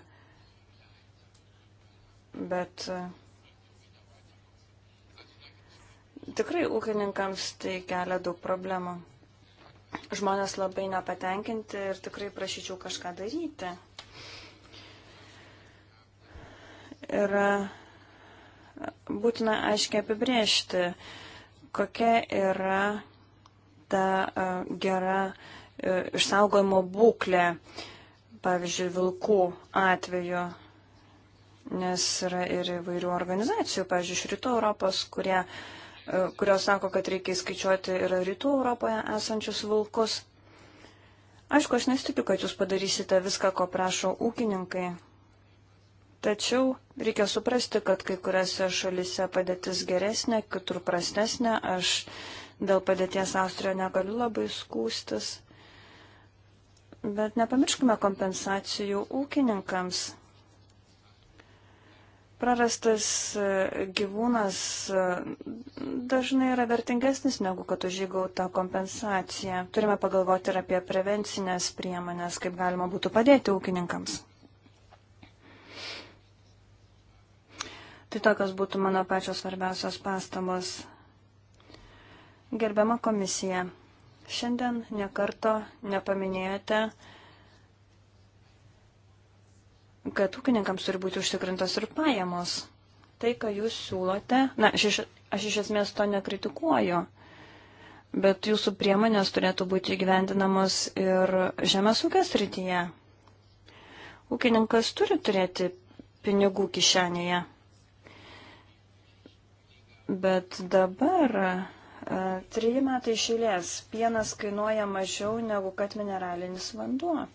C: bet e, tikrai ūkininkams tai kelia daug problemų. Žmonės labai nepatenkinti ir tikrai prašyčiau kažką daryti. Yra e, būtina aiškiai apibriežti, uh, kokia yra ta gera e, išsaugojimo būklė, pavyzdžiui, vilkų atveju, nes yra ir įvairių organizacijų, pavyzdžiui, iš Rytų Europos, kurie, e, kurios sako, kad reikia įskaičiuoti ir Rytų Europoje esančius vilkus. Aišku, aš nesitikiu, kad jūs padarysite viską, ko prašo ūkininkai, Tačiau reikia suprasti, kad kai kuriuose šalise padėtis geresnė, kitur prastesnė. Aš dėl padėties Austrijoje negaliu labai skūstis. Bet nepamirškime kompensacijų ūkininkams. Prarastas e, gyvūnas e, dažnai yra vertingesnis negu kad užžygauta kompensacija. Turime pagalvoti ir apie prevencinės priemonės, kaip galima būtų padėti ūkininkams. Tai tokios būtų mano pačios svarbiausios pastabos. Gerbiama komisija, šiandien nekarto nepaminėjote, kad ūkininkams turi būti užtikrintos ir pajamos. Tai, ką jūs siūlote, na, aš iš, aš iš esmės to nekritikuoju, bet jūsų priemonės turėtų būti įgyvendinamos ir žemės ūkės rytyje. Ūkininkas turi turėti pinigų kišenėje. Bet dabar e, treji metai išėlės pienas kainuoja mažiau negu kad mineralinis vanduo.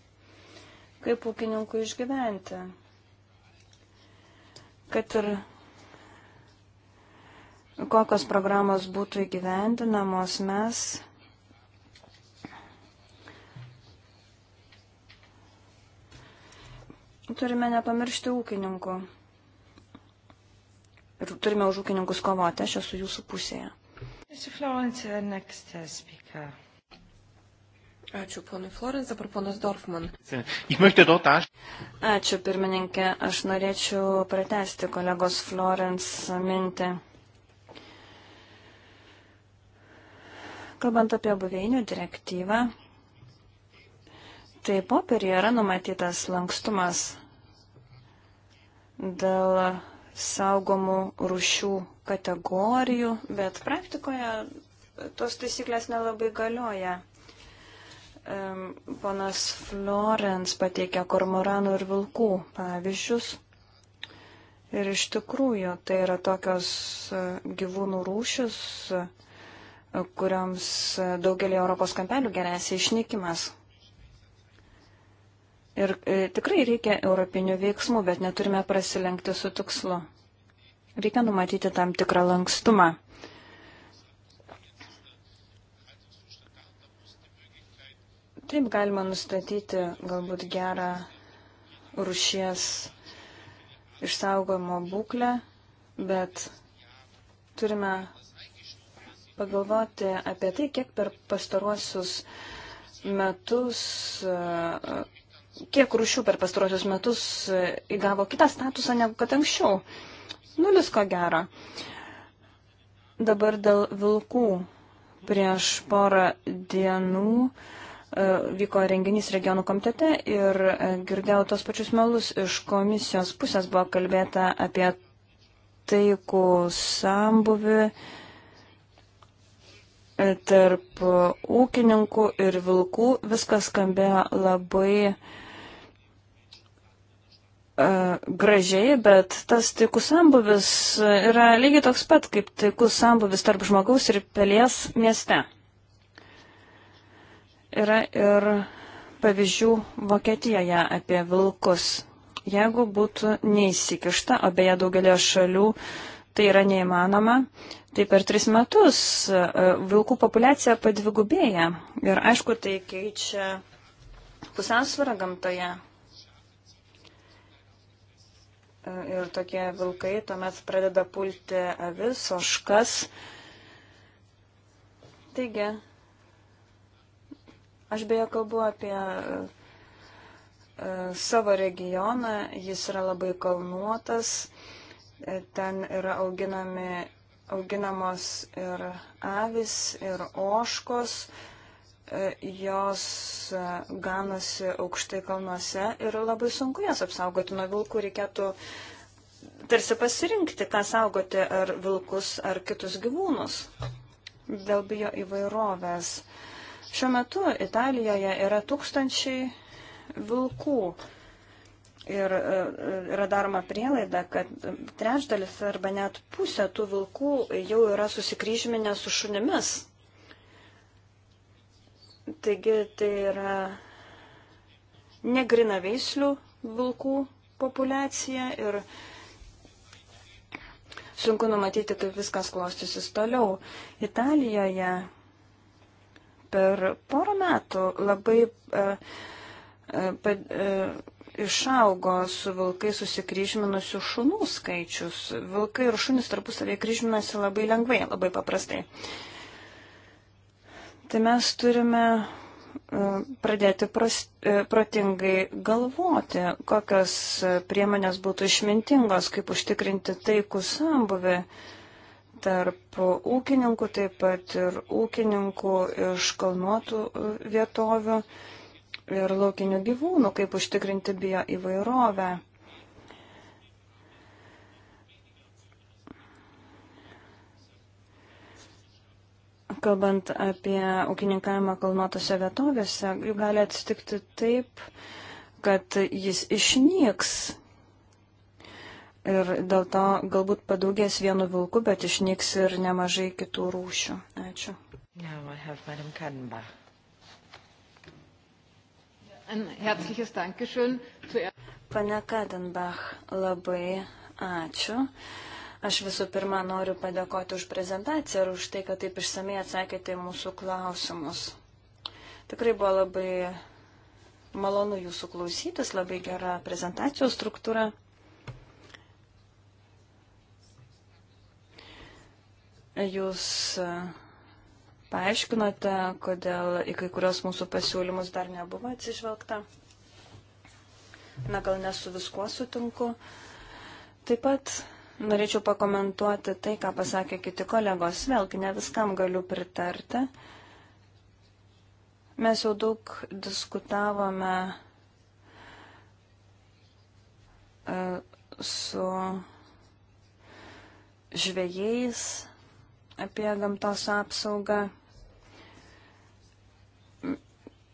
C: Kaip ūkininkų išgyventi? Kad ir kokios programos būtų įgyvendinamos, mes turime nepamiršti ūkininkų ir turime už ūkininkus kovoti. Aš esu jūsų pusėje.
A: Uh, Ačiū, ponui Florence, dabar ponas Dorfman.
C: Ačiū, pirmininkė. Aš norėčiau pratesti kolegos Florence mintį. Kalbant apie buveinių direktyvą, tai popierį yra numatytas lankstumas dėl saugomų rušių kategorijų, bet praktikoje tos taisyklės nelabai galioja. Ponas Florens pateikė kormoranų ir vilkų pavyzdžius. Ir iš tikrųjų tai yra tokios e, gyvūnų rūšis, e, kuriams e, daugelį Europos kampelių grėsia išnykimas. Ir e, tikrai reikia europinių veiksmų, bet neturime prasilenkti su tikslu. Reikia numatyti tam tikrą lankstumą. Taip galima nustatyti galbūt gerą rušies išsaugojimo būklę, bet turime pagalvoti apie tai, kiek per pastaruosius metus uh, kiek rušių per pastarosius metus e, įgavo kitą statusą negu kad anksčiau. Nulis ko gero. Dabar dėl vilkų. Prieš porą dienų e, vyko renginys regionų komitete ir e, girdėjau tos pačius melus iš komisijos pusės buvo kalbėta apie taikų sambuvi tarp ūkininkų ir vilkų. Viskas skambėjo labai uh, E, gražiai, bet tas taikus sambuvis yra lygiai toks pat kaip taikus sambuvis tarp žmogaus ir pelės mieste. Yra ir pavyzdžių Vokietijoje apie vilkus. Jeigu būtų neįsikišta, o beje daugelio šalių tai yra neįmanoma, tai per tris metus e, vilkų populiacija padvigubėja. Ir aišku, tai keičia pusiausvyrą gamtoje ir tokie vilkai tuomet pradeda pulti avis, oškas. Taigi, aš beje kalbu apie e, savo regioną, jis yra labai kalnuotas, e, ten yra auginami, auginamos ir avis, ir oškos jos e, ganosi aukštai kalnuose ir labai sunku jas apsaugoti nuo vilkų, reikėtų tarsi pasirinkti, ką saugoti, ar vilkus, ar kitus gyvūnus dėl bio įvairovės. Šiuo metu Italijoje yra tūkstančiai vilkų ir e, yra daroma prielaida, kad trečdalis arba net pusė tų vilkų jau yra susikryžminę su šunimis. Taigi tai yra negrina veislių vilkų populiacija ir sunku numatyti, kaip viskas klostysis toliau. Italijoje per porą metų labai e, e, e, išaugo su vilkai susikryžminusių šunų skaičius. Vilkai ir šunys tarpusavėje kryžminasi labai lengvai, labai paprastai. E, tai mes turime e, pradėti pros, e, protingai galvoti, kokios e, priemonės būtų išmintingos, kaip užtikrinti taikų sambuvį tarp ūkininkų, taip pat ir ūkininkų iš kalnuotų vietovių ir laukinių gyvūnų, kaip užtikrinti bio įvairovę. kalbant apie ūkininkavimą kalnuotose vietovėse, jų gali atsitikti taip, kad jis išnyks. Ir dėl to galbūt padaugės vienu vilku, bet išnyks ir nemažai kitų rūšių. Ačiū. Pane Kadenbach, labai ačiū. Aš visų pirma noriu padėkoti už prezentaciją ir už tai, kad taip išsamei atsakėte į mūsų klausimus. Tikrai buvo labai malonu jūsų klausytis, labai gera prezentacijos struktūra. Jūs e, paaiškinote, kodėl į kai kurios mūsų pasiūlymus dar nebuvo atsižvelgta. Na, gal nesu viskuo sutinku. Taip pat norėčiau pakomentuoti tai, ką pasakė kiti kolegos. Vėlgi, ne viskam galiu pritarti. Mes jau daug diskutavome e, su žvėjais apie gamtos apsaugą.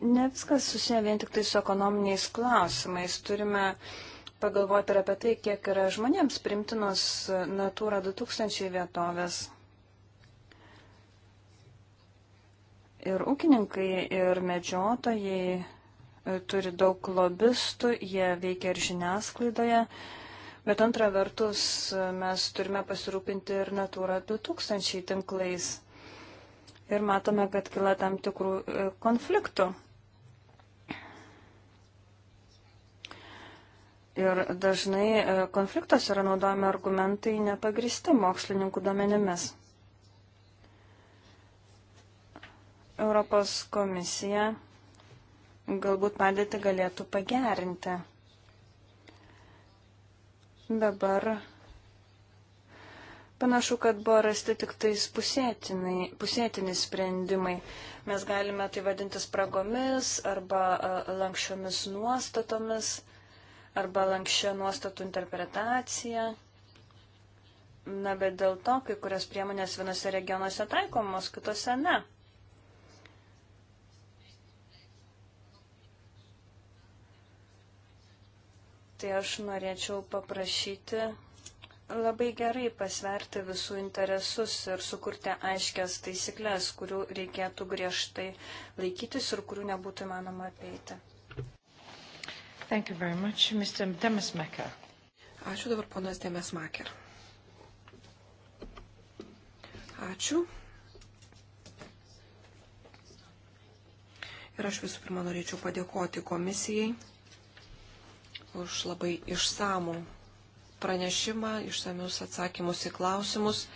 C: Ne viskas susiję vien tik tai su ekonominiais klausimais. Turime uh, pagalvoti ir apie tai, kiek yra žmonėms primtinos Natūra 2000 vietovės. Ir ūkininkai, ir medžiotojai e, turi daug lobistų, jie veikia ir žiniasklaidoje. Bet antra vertus, e, mes turime pasirūpinti ir Natūra 2000 tinklais. Ir matome, kad kila tam tikrų e, konfliktų. Ir dažnai e, konfliktos yra naudojami argumentai nepagristi mokslininkų duomenimis. Europos komisija galbūt padėti galėtų pagerinti. Dabar panašu, kad buvo rasti tik tais pusėtiniai sprendimai. Mes galime tai vadinti spragomis arba e, lankščiomis nuostatomis arba lankščia nuostatų interpretacija. Na, bet dėl to, kai kurios priemonės vienose regionuose taikomos, kitose ne. Tai aš norėčiau paprašyti labai gerai pasverti visų interesus ir sukurti aiškias taisyklės, kurių reikėtų griežtai
A: laikytis ir kurių nebūtų įmanoma apeiti.
C: Thank you very much,
A: Mr. Demesmaker. Ačiū dabar ponas Demesmaker. Ačiū. Ir aš visų pirma norėčiau padėkoti komisijai už labai išsamų pranešimą, išsamius atsakymus į klausimus.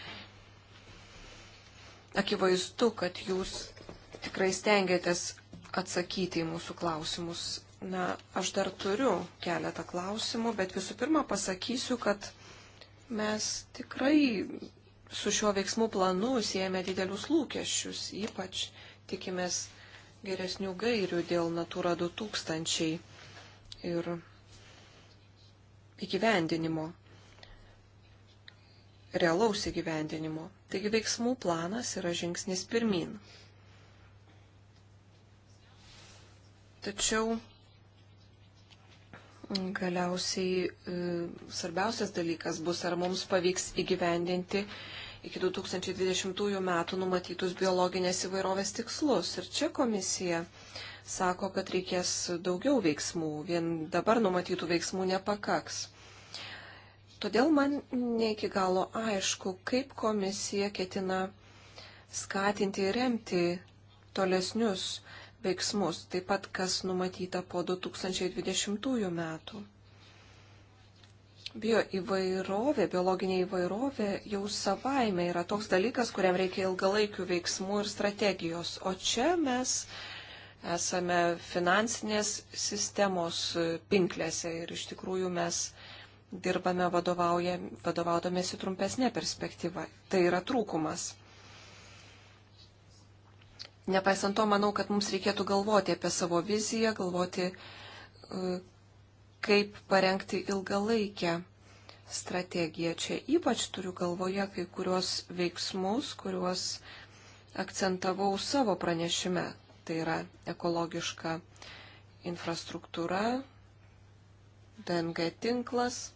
A: Akivaizdu, kad jūs tikrai stengiatės atsakyti į mūsų klausimus Na, aš dar turiu keletą klausimų, bet visų pirma pasakysiu, kad mes tikrai su šiuo veiksmų planu siejame didelius lūkesčius, ypač tikimės geresnių gairių dėl Natura 2000 ir įgyvendinimo, realaus įgyvendinimo. Taigi veiksmų planas yra žingsnis pirmin. Tačiau galiausiai e, svarbiausias dalykas bus, ar mums pavyks įgyvendinti iki 2020 metų numatytus biologinės įvairovės tikslus. Ir čia komisija sako, kad reikės daugiau veiksmų, vien dabar numatytų veiksmų nepakaks. Todėl man ne iki galo aišku, kaip komisija ketina skatinti ir remti tolesnius veiksmus, taip pat kas numatyta po 2020 metų. Bio įvairovė, biologinė įvairovė jau savaime yra toks dalykas, kuriam reikia ilgalaikių veiksmų ir strategijos. O čia mes esame finansinės sistemos pinklėse ir iš tikrųjų mes dirbame vadovaudomėsi trumpesnė perspektyva. Tai yra trūkumas nepaisant to, manau, kad mums reikėtų galvoti apie savo viziją, galvoti, e, kaip parengti ilgalaikę strategiją. Čia ypač turiu galvoje kai kurios veiksmus, kuriuos akcentavau savo pranešime. Tai yra ekologiška infrastruktūra, DNG tinklas.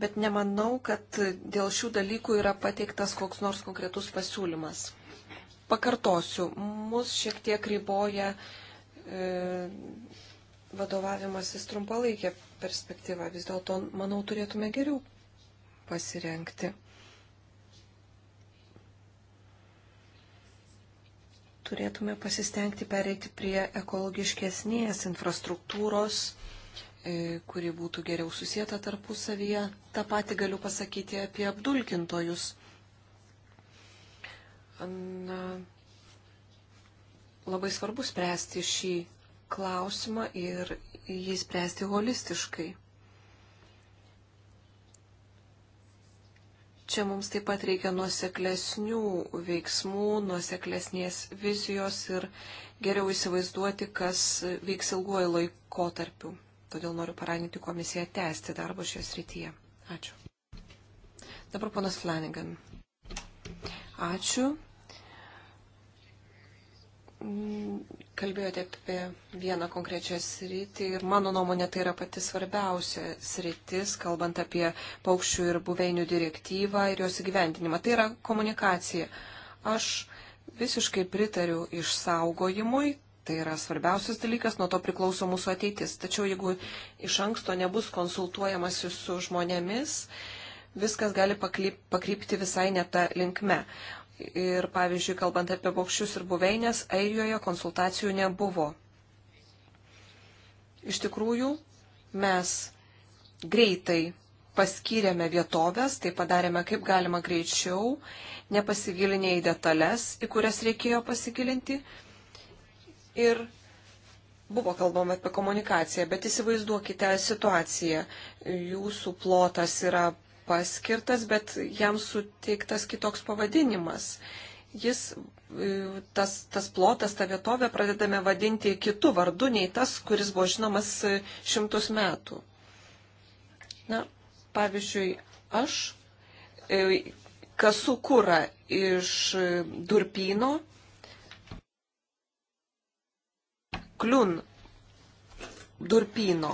A: bet nemanau, kad dėl šių dalykų yra pateiktas koks nors konkretus pasiūlymas. Pakartosiu, mus šiek tiek riboja e, vadovavimasis trumpalaikė perspektyva. Vis dėlto, manau, turėtume geriau pasirenkti. Turėtume pasistengti pereiti prie ekologiškesnės infrastruktūros, E, kuri būtų geriau susijęta tarpusavyje. Ta pati galiu pasakyti apie apdulkintojus. Na, labai svarbu spręsti šį klausimą ir jį spręsti holistiškai. Čia mums taip pat reikia nuoseklesnių veiksmų, nuoseklesnės vizijos ir geriau įsivaizduoti, kas vyks ilguoju laikotarpiu. Todėl noriu paraginti komisiją tęsti darbą šioje srityje. Ačiū. Dabar ponas Flanagan. Ačiū. Kalbėjote apie vieną konkrečią sritį ir mano nuomonė tai yra pati svarbiausia sritis, kalbant apie paukščių ir buveinių direktyvą ir jos įgyvendinimą. Tai yra komunikacija. Aš visiškai pritariu išsaugojimui, Tai yra svarbiausias dalykas, nuo to priklauso mūsų ateitis. Tačiau jeigu iš anksto nebus konsultuojamasi su žmonėmis, viskas gali paklyp, pakrypti visai ne tą linkme. Ir pavyzdžiui, kalbant apie paukščius ir buveinės, Airijoje konsultacijų nebuvo. Iš tikrųjų, mes greitai paskyrėme vietovės, tai padarėme kaip galima greičiau, nepasigilinę į detalės, į kurias reikėjo pasigilinti ir buvo kalbama apie komunikaciją, bet įsivaizduokite situaciją. Jūsų plotas yra paskirtas, bet jam suteiktas kitoks pavadinimas. Jis, e, tas, tas plotas, ta vietovė pradedame vadinti kitų vardų nei tas, kuris buvo žinomas e, šimtus metų. Na, pavyzdžiui, aš e, kasu kūrą iš durpino kliun durpyno.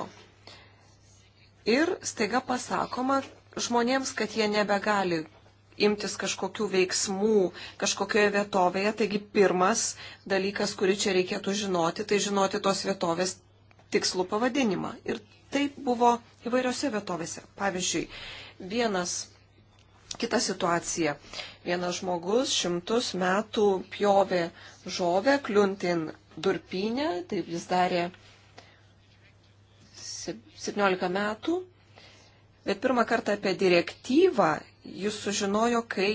A: Ir staiga pasakoma žmonėms, kad jie nebegali imtis kažkokių veiksmų kažkokioje vietovėje. Taigi pirmas dalykas, kurį čia reikėtų žinoti, tai žinoti tos vietovės tikslų pavadinimą. Ir taip buvo įvairiose vietovėse. Pavyzdžiui, vienas Kita situacija. Vienas žmogus šimtus metų pjovė žovę kliuntin durpinę, taip jis darė 17 metų, bet pirmą kartą apie direktyvą jis sužinojo, kai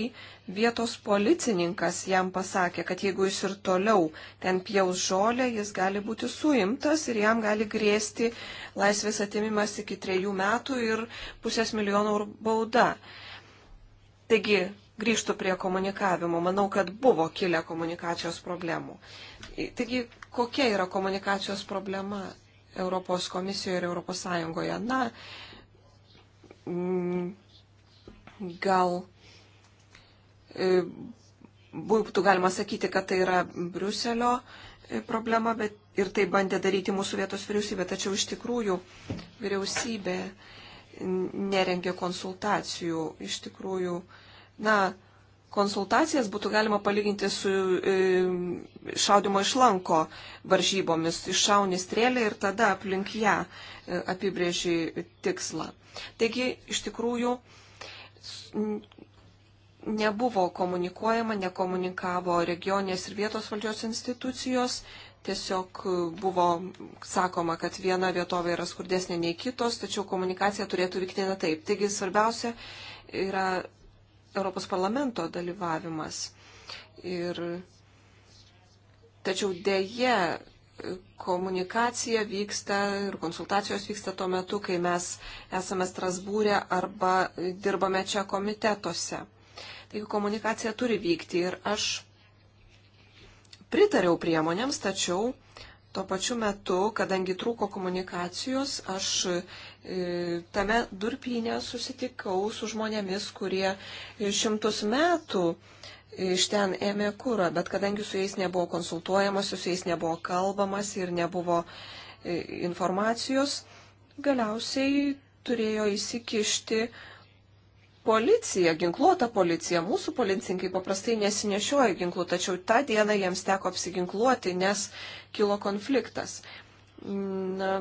A: vietos policininkas jam pasakė, kad jeigu jis ir toliau ten pjaus žolę, jis gali būti suimtas ir jam gali grėsti laisvės atimimas iki trejų metų ir pusės milijono eurų bauda. Taigi grįžtų prie komunikavimo. Manau, kad buvo kilę komunikacijos problemų. Taigi, kokia yra komunikacijos problema Europos komisijoje ir Europos Sąjungoje? Na, mm, gal e, būtų galima sakyti, kad tai yra Briuselio e, problema, bet ir tai bandė daryti mūsų vietos vyriausybė, tačiau iš tikrųjų vyriausybė nerengė konsultacijų, iš tikrųjų Na, konsultacijas būtų galima palyginti su e, šaudimo iš lanko varžybomis. Iššauni strėlę ir tada aplink ją e, apibrėži tikslą. Taigi, iš tikrųjų, nebuvo komunikuojama, nekomunikavo regionės ir vietos valdžios institucijos. Tiesiog e, buvo sakoma, kad viena vietovė yra skurdesnė nei kitos, tačiau komunikacija turėtų vykti ne taip. Taigi svarbiausia yra Europos parlamento dalyvavimas. Ir tačiau dėje komunikacija vyksta ir konsultacijos vyksta tuo metu, kai mes esame Strasbūrė arba dirbame čia komitetuose. Taigi komunikacija turi vykti ir aš pritariau priemonėms, tačiau tuo pačiu metu, kadangi trūko komunikacijos, aš E, tame durpinė susitikau su žmonėmis, kurie šimtus metų iš ten ėmė kūrą, bet kadangi su jais nebuvo konsultuojamas, su jais nebuvo kalbamas ir nebuvo e, informacijos, galiausiai turėjo įsikišti policija, ginkluota policija. Mūsų policininkai paprastai nesinešioja ginklų, tačiau tą dieną jiems teko apsiginkluoti, nes kilo konfliktas. Na,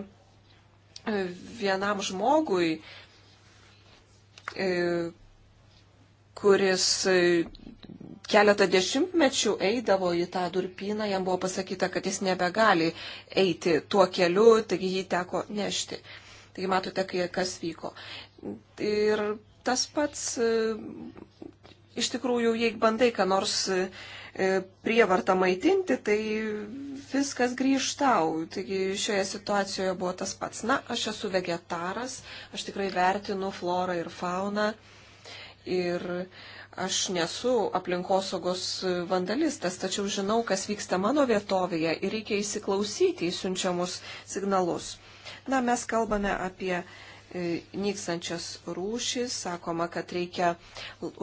A: E, vienam žmogui, e, kuris e, keletą dešimtmečių eidavo į tą durpyną, jam buvo pasakyta, kad jis nebegali eiti tuo keliu, taigi jį teko nešti. Taigi matote, kas vyko. Ir tas pats, iš tikrųjų, jeigu bandai ką nors E, prievartą maitinti, tai viskas grįžtau. Taigi šioje situacijoje buvo tas pats. Na, aš esu vegetaras, aš tikrai vertinu florą ir fauną. Ir aš nesu aplinkosaugos vandalistas, tačiau žinau, kas vyksta mano vietovėje ir reikia įsiklausyti į siunčiamus signalus. Na, mes kalbame apie E, nykstančias rūšis, sakoma, kad reikia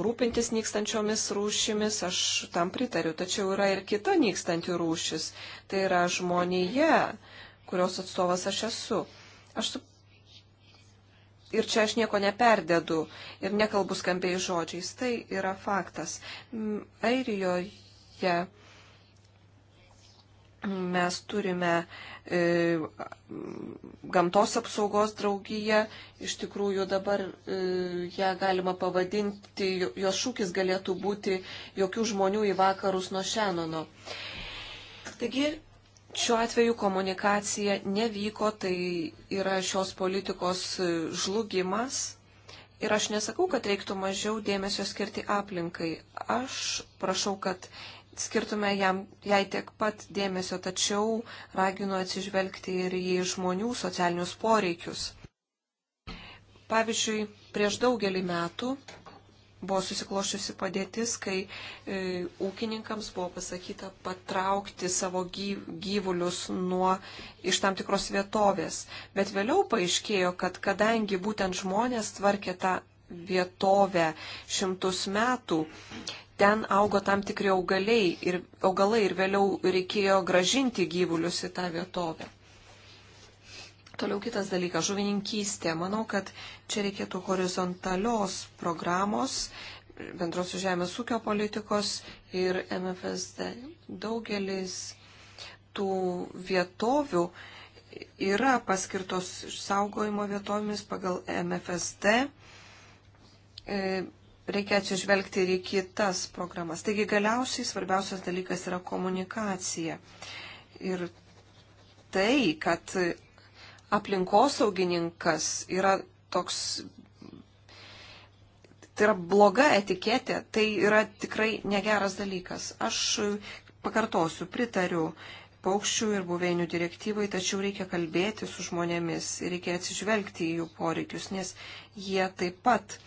A: rūpintis nykstančiomis rūšimis, aš tam pritariu, tačiau yra ir kita nykstanti rūšis, tai yra žmonėje, kurios atstovas aš esu. Aš su... Ir čia aš nieko neperdedu ir nekalbu skambiai žodžiais, tai yra faktas. Airijoje mes turime e, gamtos apsaugos draugiją, iš tikrųjų dabar e, ją galima pavadinti, jos šūkis galėtų būti jokių žmonių į vakarus nuo Šenono. Taigi, šiuo atveju komunikacija nevyko, tai yra šios politikos e, žlugimas. Ir aš nesakau, kad reiktų mažiau dėmesio skirti aplinkai. Aš prašau, kad skirtume jam, jai tiek pat dėmesio, tačiau raginu atsižvelgti ir į žmonių socialinius poreikius. Pavyzdžiui, prieš daugelį metų buvo susiklošiusi padėtis, kai e, ūkininkams buvo pasakyta patraukti savo gyv, gyvulius nuo iš tam tikros vietovės. Bet vėliau paaiškėjo, kad kadangi būtent žmonės tvarkė tą vietovę šimtus metų, ten augo tam tikri augaliai ir, augalai ir vėliau reikėjo gražinti gyvulius į tą vietovę. Toliau kitas dalykas - žuvininkystė. Manau, kad čia reikėtų horizontalios programos, bendros žemės ūkio politikos ir MFSD. Daugelis tų vietovių yra paskirtos saugojimo vietomis pagal MFSD e, reikia atsižvelgti ir į kitas programas. Taigi galiausiai svarbiausias dalykas yra komunikacija. Ir tai, kad aplinkosaugininkas yra toks. Tai yra bloga etiketė, tai yra tikrai negeras dalykas. Aš pakartosiu, pritariu paukščių ir buveinių direktyvai, tačiau reikia kalbėti su žmonėmis, reikia atsižvelgti į jų poreikius, nes jie taip pat uh,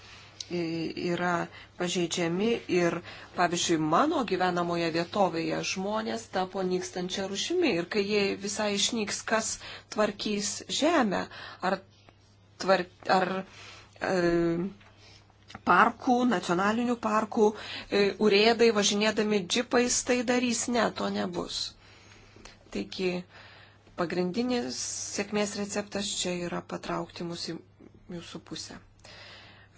A: yra pažeidžiami ir, pavyzdžiui, mano gyvenamoje vietovėje žmonės tapo nykstančia rušimi ir kai jie visai išnyks, kas tvarkys žemę, ar, tvar, ar e, parkų, nacionalinių parkų, e, urėdai važinėdami džipais tai darys, ne, to nebus. Taigi, pagrindinis sėkmės receptas čia yra patraukti mūsų į jūsų pusę.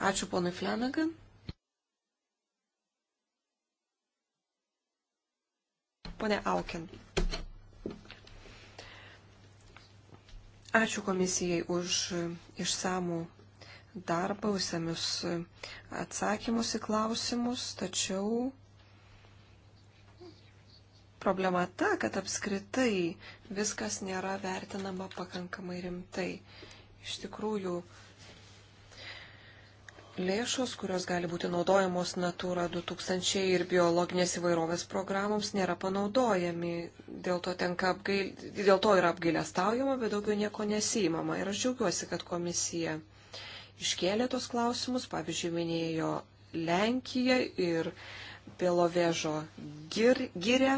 A: Ačiū ponui Flanagan. Pone Aukin. Ačiū komisijai už išsamų darbą, užsamius atsakymus į klausimus, tačiau problema ta, kad apskritai viskas nėra vertinama pakankamai rimtai. Iš tikrųjų, lėšos, kurios gali būti naudojamos Natura 2000 ir biologinės įvairovės programoms, nėra panaudojami. Dėl to, apgail... Dėl to yra apgailestaujama, bet daugiau nieko nesijimama. Ir aš džiaugiuosi, kad komisija iškėlė tos klausimus, pavyzdžiui, minėjo Lenkiją ir Belovežo gir... girę.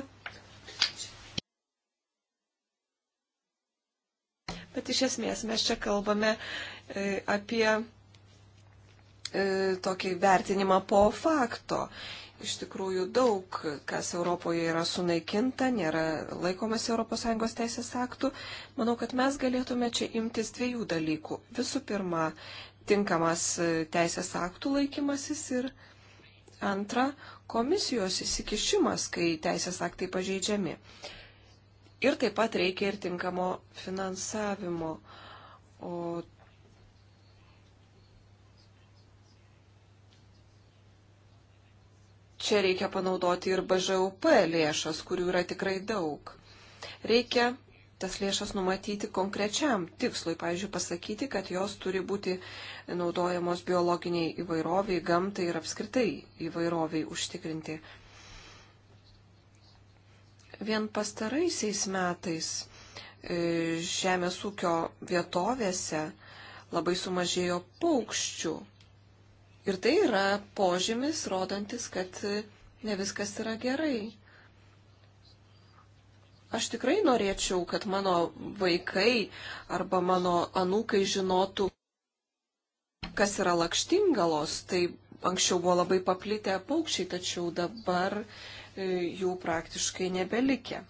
A: Bet iš esmės mes čia kalbame e, apie E, tokį vertinimą po fakto. Iš tikrųjų daug, kas Europoje yra sunaikinta, nėra laikomas ES teisės aktų. Manau, kad mes galėtume čia imtis dviejų dalykų. Visų pirma, tinkamas e, teisės aktų laikymasis ir antra, komisijos įsikišimas, kai teisės aktai pažeidžiami. Ir taip pat reikia ir tinkamo finansavimo. O Čia reikia panaudoti ir BŽUP lėšas, kurių yra tikrai daug. Reikia tas lėšas numatyti konkrečiam tikslui, pavyzdžiui, pasakyti, kad jos turi būti naudojamos biologiniai įvairoviai, gamtai ir apskritai įvairoviai užtikrinti. Vien pastaraisiais metais e, žemės ūkio vietovėse labai sumažėjo paukščių Ir tai yra požymis, rodantis, kad ne viskas yra gerai. Aš tikrai norėčiau, kad mano vaikai arba mano anūkai žinotų, kas yra lakštingalos. Tai anksčiau buvo labai paplitę paukščiai, tačiau dabar e, jų praktiškai nebelikė.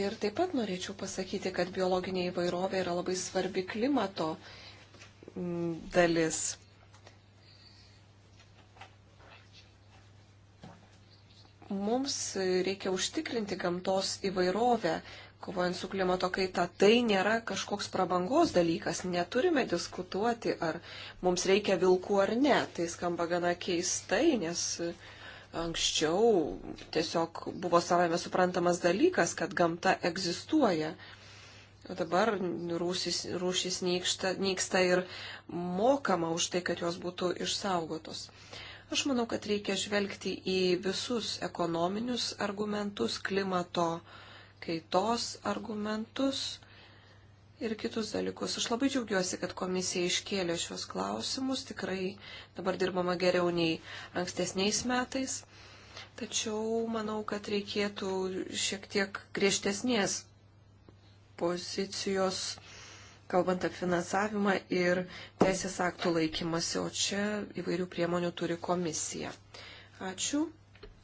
A: Ir taip pat norėčiau pasakyti, kad biologinė įvairovė yra labai svarbi klimato įvairovė dalis. Mums reikia užtikrinti gamtos įvairovę, kovojant su klimato kaita. Tai nėra kažkoks prabangos dalykas. Neturime diskutuoti, ar mums reikia vilkų ar ne. Tai skamba gana keistai, nes anksčiau tiesiog buvo savame suprantamas dalykas, kad gamta egzistuoja. Dabar rūšys, rūšys nyksta, nyksta ir mokama už tai, kad jos būtų išsaugotos. Aš manau, kad reikia žvelgti į visus ekonominius argumentus, klimato kaitos argumentus ir kitus dalykus. Aš labai džiaugiuosi, kad komisija iškėlė šios klausimus, tikrai dabar dirbama geriau nei ankstesniais metais. Tačiau manau, kad reikėtų šiek tiek griežtesnės pozicijos, kalbant apie finansavimą ir teisės aktų laikymasi, o čia įvairių priemonių turi komisija. Ačiū.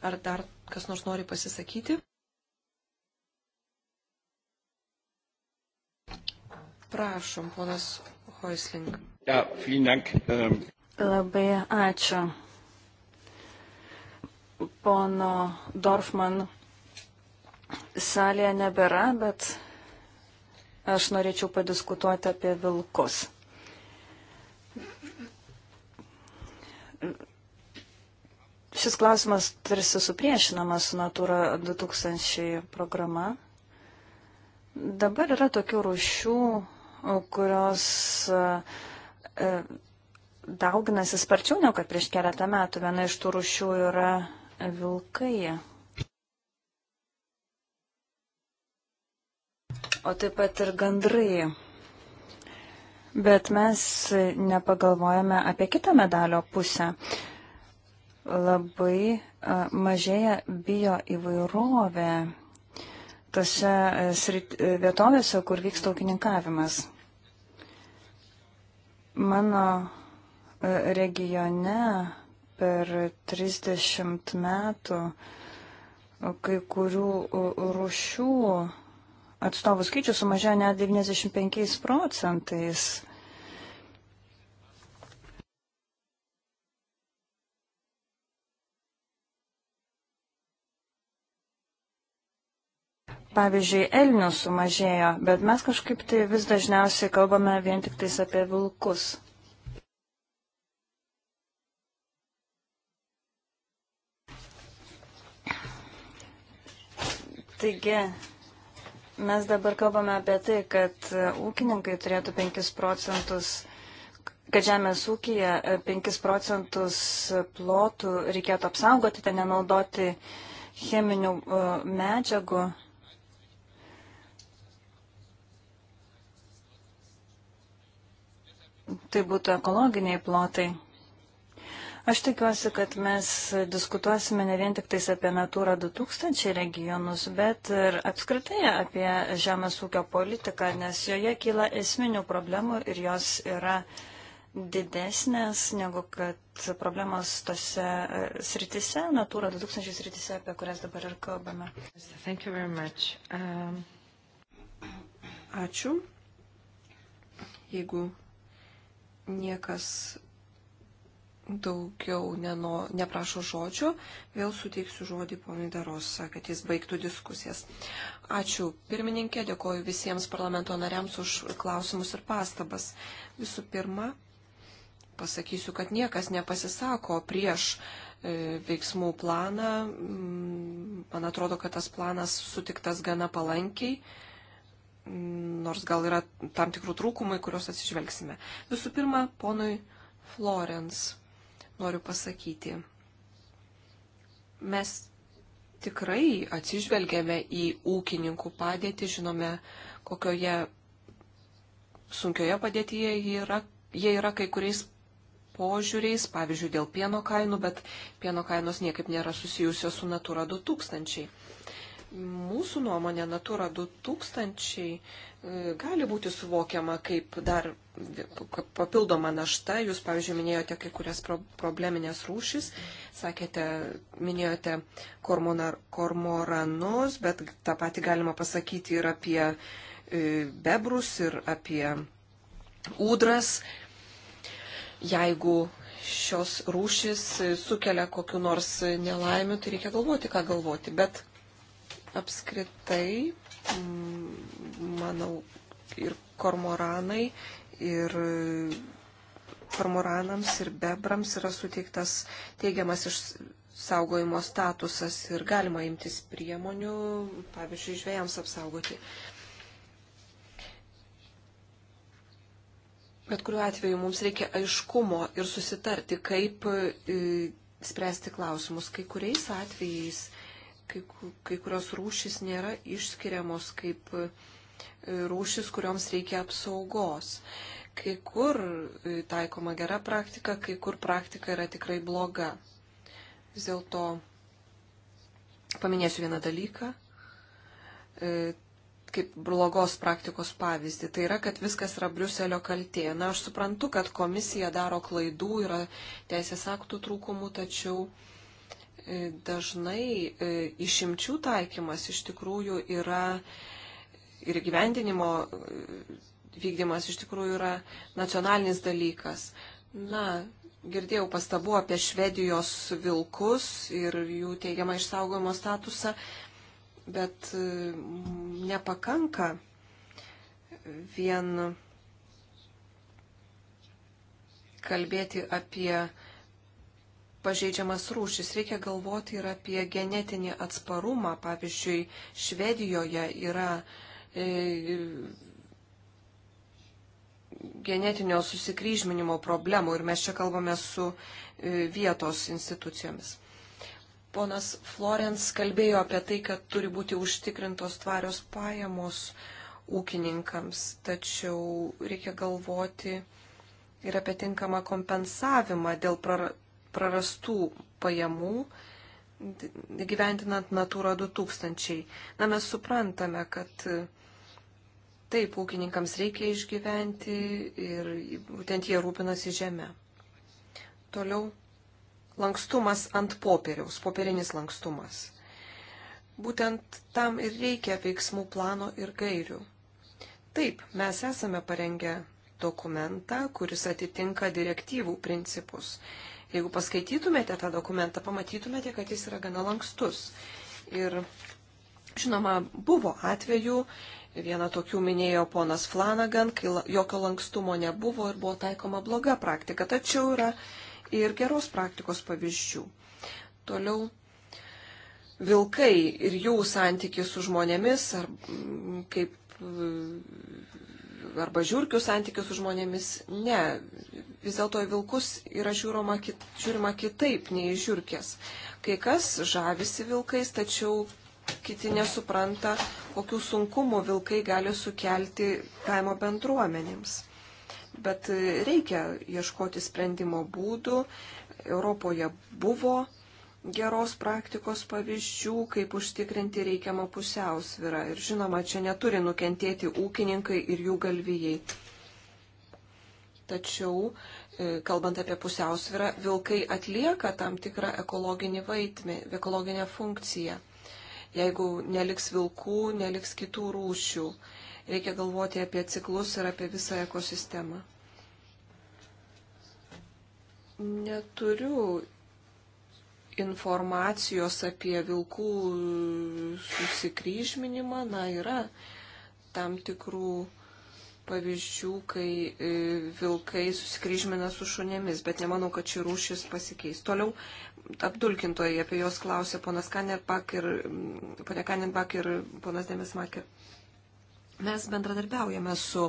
A: Ar dar kas nors nori pasisakyti? Prašom, ponas Hoisling.
B: Ja, dank. Um...
C: Labai ačiū. Pono Dorfman salėje nebėra, bet aš norėčiau padiskutuoti apie vilkus. Šis klausimas tarsi supriešinamas su Natura 2000 programa. Dabar yra tokių rūšių, kurios e, dauginasi sparčiau negu kad prieš keletą metų. Viena iš tų rūšių yra vilkai. o taip pat ir gandrai. Bet mes nepagalvojame apie kitą medalio pusę. Labai mažėja bio įvairovė tose vietovėse, kur vyksta ūkininkavimas. Mano regione per 30 metų kai kurių rušių atstovų skaičius sumažėjo net 95 procentais. Pavyzdžiui, elnių sumažėjo, bet mes kažkaip tai vis dažniausiai kalbame vien tik tais apie vilkus. Taigi, Mes dabar kalbame apie tai, kad ūkininkai turėtų 5 procentus, kad žemės ūkija e, 5 procentus plotų reikėtų apsaugoti, ten nenaudoti cheminių e, medžiagų. Tai būtų ekologiniai plotai. Aš tikiuosi, kad mes diskutuosime ne vien tik tais apie Natūra 2000 regionus, bet ir apskritai apie žemės ūkio politiką, nes joje kyla esminių problemų ir jos yra didesnės negu kad problemos tose e, sritise, Natūra 2000 sritise, apie kurias dabar ir kalbame. Um...
A: Ačiū. Jeigu niekas daugiau neno, neprašo žodžio, vėl suteiksiu žodį ponui Darosa, kad jis baigtų diskusijas. Ačiū pirmininkė, dėkoju visiems parlamento nariams už klausimus ir pastabas. Visų pirma, pasakysiu, kad niekas nepasisako prieš e, veiksmų planą. Mm, man atrodo, kad tas planas sutiktas gana palankiai mm, nors gal yra tam tikrų trūkumai, kuriuos atsižvelgsime. Visų pirma, ponui Florence noriu pasakyti. Mes tikrai atsižvelgėme į ūkininkų padėtį, žinome, kokioje sunkioje padėtyje jie yra, jie yra kai kuriais požiūriais, pavyzdžiui, dėl pieno kainų, bet pieno kainos niekaip nėra susijusios su Natura 2000. Mūsų nuomonė Natura 2000 e, gali būti suvokiama kaip dar papildoma našta. Jūs, pavyzdžiui, minėjote kai kurias probleminės rūšis, sakėte, minėjote kormoranus, bet tą patį galima pasakyti ir apie e, bebrus, ir apie ūdras. Jeigu šios rūšis sukelia kokiu nors nelaimiu, tai reikia galvoti, ką galvoti. Bet apskritai, manau, ir kormoranai, ir kormoranams, ir bebrams yra suteiktas teigiamas išsaugojimo statusas ir galima imtis priemonių, pavyzdžiui, žvėjams apsaugoti. Bet kuriuo atveju mums reikia aiškumo ir susitarti, kaip e, spręsti klausimus. Kai kuriais atvejais kai, kai kurios rūšis nėra išskiriamos kaip e, rūšis, kurioms reikia apsaugos. Kai kur e, taikoma gera praktika, kai kur praktika yra tikrai bloga. Vis dėlto paminėsiu vieną dalyką, e, kaip blogos praktikos pavyzdį. Tai yra, kad viskas yra Briuselio kaltė. Na, aš suprantu, kad komisija daro klaidų, yra teisės aktų trūkumų, tačiau uh, E, dažnai e, išimčių taikymas iš tikrųjų yra ir gyvendinimo e, vykdymas iš tikrųjų yra nacionalinis dalykas. Na, girdėjau pastabu apie Švedijos vilkus ir jų teigiamą išsaugojimo statusą, bet nepakanka vien kalbėti apie pažeidžiamas rūšis. Reikia galvoti ir apie genetinį atsparumą. Pavyzdžiui, Švedijoje yra e, genetinio susikryžminimo problemų ir mes čia kalbame su e, vietos institucijomis. Ponas Florence kalbėjo apie tai, kad turi būti užtikrintos tvarios pajamos ūkininkams, tačiau reikia galvoti ir apie tinkamą kompensavimą dėl praradimų prarastų pajamų gyventinant Natūra 2000. Na, mes suprantame, kad e, taip, ūkininkams reikia išgyventi ir būtent jie rūpinasi žemę. Toliau lankstumas ant popieriaus, popierinis lankstumas. Būtent tam ir reikia veiksmų plano ir gairių. Taip, mes esame parengę dokumentą, kuris atitinka direktyvų principus. Jeigu paskaitytumėte tą dokumentą, pamatytumėte, kad jis yra gana lankstus. Ir žinoma, buvo atvejų, vieną tokių minėjo ponas Flanagan, kai jokio lankstumo nebuvo ir buvo taikoma bloga praktika, tačiau yra ir geros praktikos pavyzdžių. Toliau vilkai ir jų santykis su žmonėmis, ar kaip arba žiūrkių santykius su žmonėmis. Ne, vis dėlto į vilkus yra žiūroma, kit, žiūrima kitaip nei į žiūrkės. Kai kas žavisi vilkais, tačiau kiti nesupranta, kokių sunkumų vilkai gali sukelti kaimo bendruomenėms. Bet reikia ieškoti sprendimo būdų. Europoje buvo geros praktikos pavyzdžių, kaip užtikrinti reikiamą pusiausvyrą. Ir žinoma, čia neturi nukentėti ūkininkai ir jų galvijai. Tačiau, e, kalbant apie pusiausvyrą, vilkai atlieka tam tikrą ekologinį vaidmenį, ekologinę funkciją. Jeigu neliks vilkų, neliks kitų rūšių, reikia galvoti apie ciklus ir apie visą ekosistemą. Neturiu informacijos apie vilkų susikryžminimą, na, yra tam tikrų pavyzdžių, kai e, vilkai susikryžmina su šunėmis, bet nemanau, kad ši rūšis pasikeis. Toliau apdulkintojai apie juos klausė ponas Kanerbak ir, ponė Kanerbak ir ponas Demismakė. Mes bendradarbiaujame su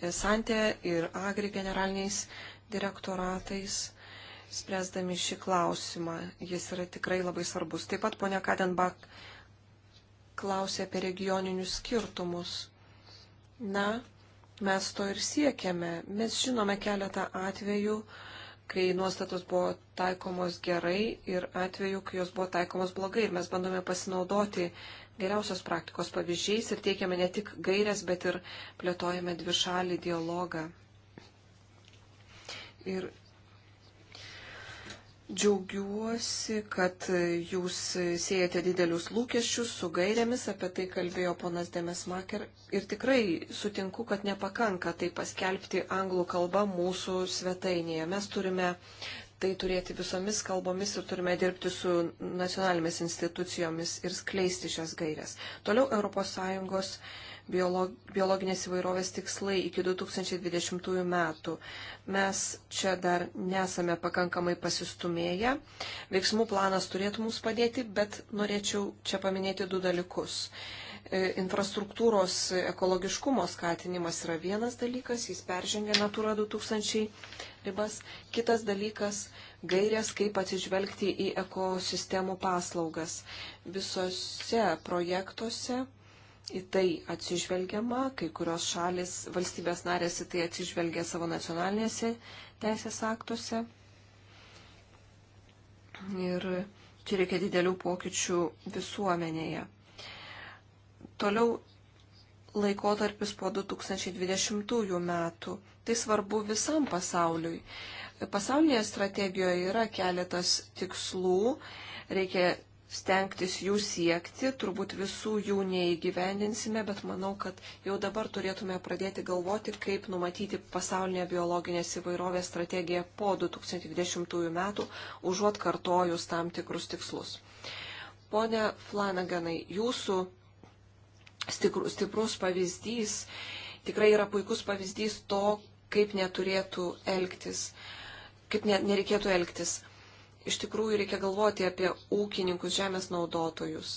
A: e, Santė ir Agri generaliniais direktoratais spręsdami šį klausimą. Jis yra tikrai labai svarbus. Taip pat ponia Kadenbach klausė apie regioninius skirtumus. Na, mes to ir siekiame. Mes žinome keletą atvejų, kai nuostatos buvo taikomos gerai ir atvejų, kai jos buvo taikomos blogai. Ir mes bandome pasinaudoti geriausios praktikos pavyzdžiais ir teikiame ne tik gairias, bet ir plėtojame dvišalį dialogą. Ir Džiaugiuosi, kad jūs siejate didelius lūkesčius su gairėmis, apie tai kalbėjo ponas Demesmaker. Ir tikrai sutinku, kad nepakanka tai paskelbti anglų kalbą mūsų svetainėje. Mes turime tai turėti visomis kalbomis ir turime dirbti su nacionalinėmis institucijomis ir skleisti šias gairias. Toliau ES biolog, biologinės įvairovės tikslai iki 2020 metų. Mes čia dar nesame pakankamai pasistumėję. Veiksmų planas turėtų mums padėti, bet norėčiau čia paminėti du dalykus. E, infrastruktūros ekologiškumo skatinimas yra vienas dalykas, jis peržengia Natura 2000 ribas. Kitas dalykas - gairės, kaip atsižvelgti į ekosistemų paslaugas. Visose projektuose į tai atsižvelgiama, kai kurios šalis, valstybės narės į tai atsižvelgia savo nacionalinėse teisės aktuose. Ir čia reikia didelių pokyčių visuomenėje. Toliau laikotarpis po 2020 metų. Tai svarbu visam pasauliui. Pasaulinėje strategijoje yra keletas tikslų, reikia stengtis jų siekti, turbūt visų jų neįgyvendinsime, bet manau, kad jau dabar turėtume pradėti galvoti, kaip numatyti pasaulinę biologinės įvairovės strategiją po 2020 metų, užuot kartojus tam tikrus tikslus. Pone Flanaganai, jūsų stiprus pavyzdys, tikrai yra puikus pavyzdys to, kaip neturėtų elgtis, kaip ne, nereikėtų elgtis. Iš tikrųjų reikia galvoti apie ūkininkus, žemės naudotojus.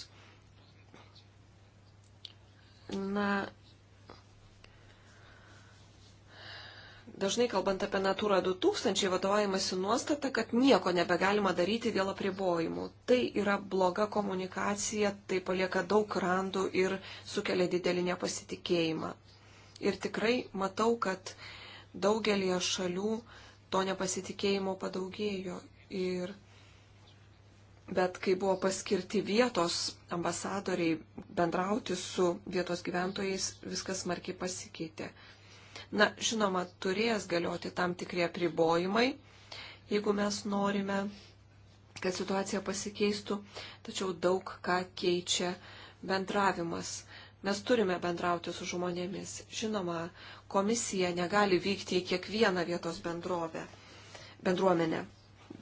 A: Na, dažnai kalbant apie Natūrą 2000 vadovaujamasi nuostata, kad nieko nebegalima daryti dėl apribojimų. Tai yra bloga komunikacija, tai palieka daug randų ir sukelia didelį nepasitikėjimą. Ir tikrai matau, kad daugelie šalių to nepasitikėjimo padaugėjo. Ir Bet kai buvo paskirti vietos ambasadoriai bendrauti su vietos gyventojais, viskas smarkiai pasikeitė. Na, žinoma, turės galioti tam tikrie apribojimai, jeigu mes norime, kad situacija pasikeistų, tačiau daug ką keičia bendravimas. Mes turime bendrauti su žmonėmis. Žinoma, komisija negali vykti į kiekvieną vietos bendrovę, bendruomenę.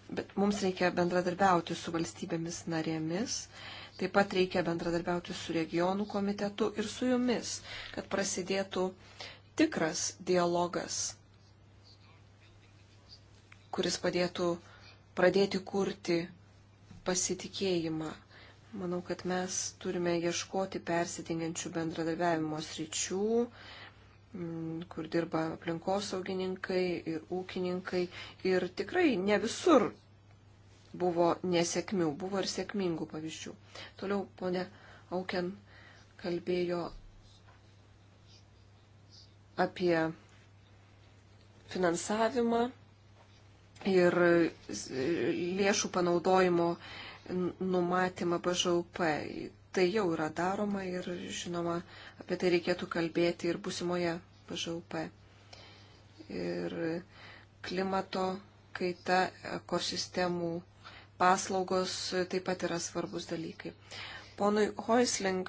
A: Bet mums reikia bendradarbiauti su valstybėmis narėmis. Taip pat reikia bendradarbiauti su regionų komitetu ir su jumis, kad prasidėtų uh, tikras dialogas, kuris padėtų pradėti kurti pasitikėjimą. Manau, kad mes turime ieškoti persitingiančių bendradarbiavimo sričių, mm, kur dirba aplinkosaugininkai ir ūkininkai. Ir tikrai ne visur buvo nesėkmių, buvo ir sėkmingų pavyzdžių. Toliau ponė Auken kalbėjo apie finansavimą ir lėšų panaudojimo numatymą BŽUP. Tai jau yra daroma ir, žinoma, apie tai reikėtų kalbėti ir busimoje BŽUP. Ir klimato kaita, ekosistemų paslaugos taip pat yra svarbus dalykai. Ponui Hoisling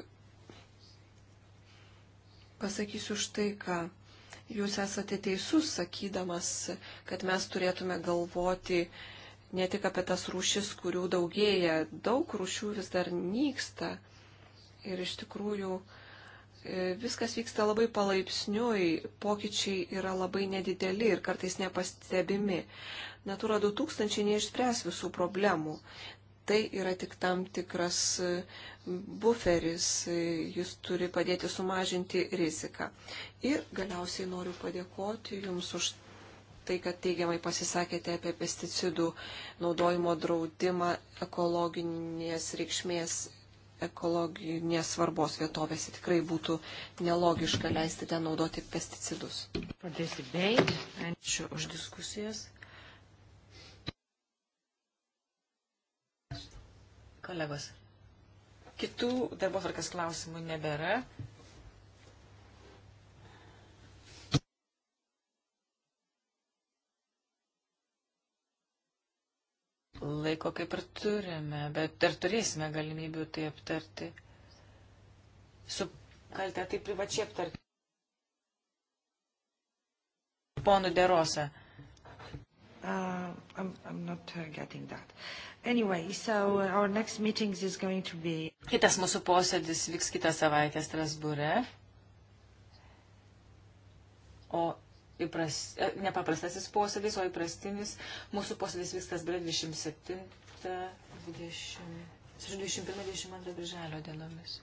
A: pasakysiu štai ką. Jūs esate teisus, sakydamas, kad mes turėtume galvoti ne tik apie tas rūšis, kurių daugėja, daug rūšių vis dar nyksta. Ir iš tikrųjų e, viskas vyksta labai palaipsniui, pokyčiai yra labai nedideli ir kartais nepastebimi. Natura 2000 neišspręs visų problemų, tai yra tik tam tikras e, buferis, e, jis turi padėti sumažinti riziką. Ir galiausiai noriu padėkoti Jums už tai, kad teigiamai pasisakėte apie pesticidų naudojimo draudimą ekologinės reikšmės, ekologinės svarbos vietovėse. Tikrai būtų nelogiška leisti ten naudoti
B: pesticidus. Ačiū už diskusijas. Kolegos, kitų darbo tvarkės klausimų nebėra. Laiko kaip ir turime, bet ar turėsime galimybių tai aptarti? Su kaltę tai privačiai aptarti. Ponu Derosą. Uh,
C: I'm, I'm not uh, getting that. Anyway, so uh, our next meetings is going to be...
B: Kitas mūsų posėdis vyks kitą savaitę Strasbūre. O įpras, e, nepaprastasis posėdis, o įprastinis mūsų posėdis vyks Strasbūre 27, 20, 21, 22 birželio dienomis.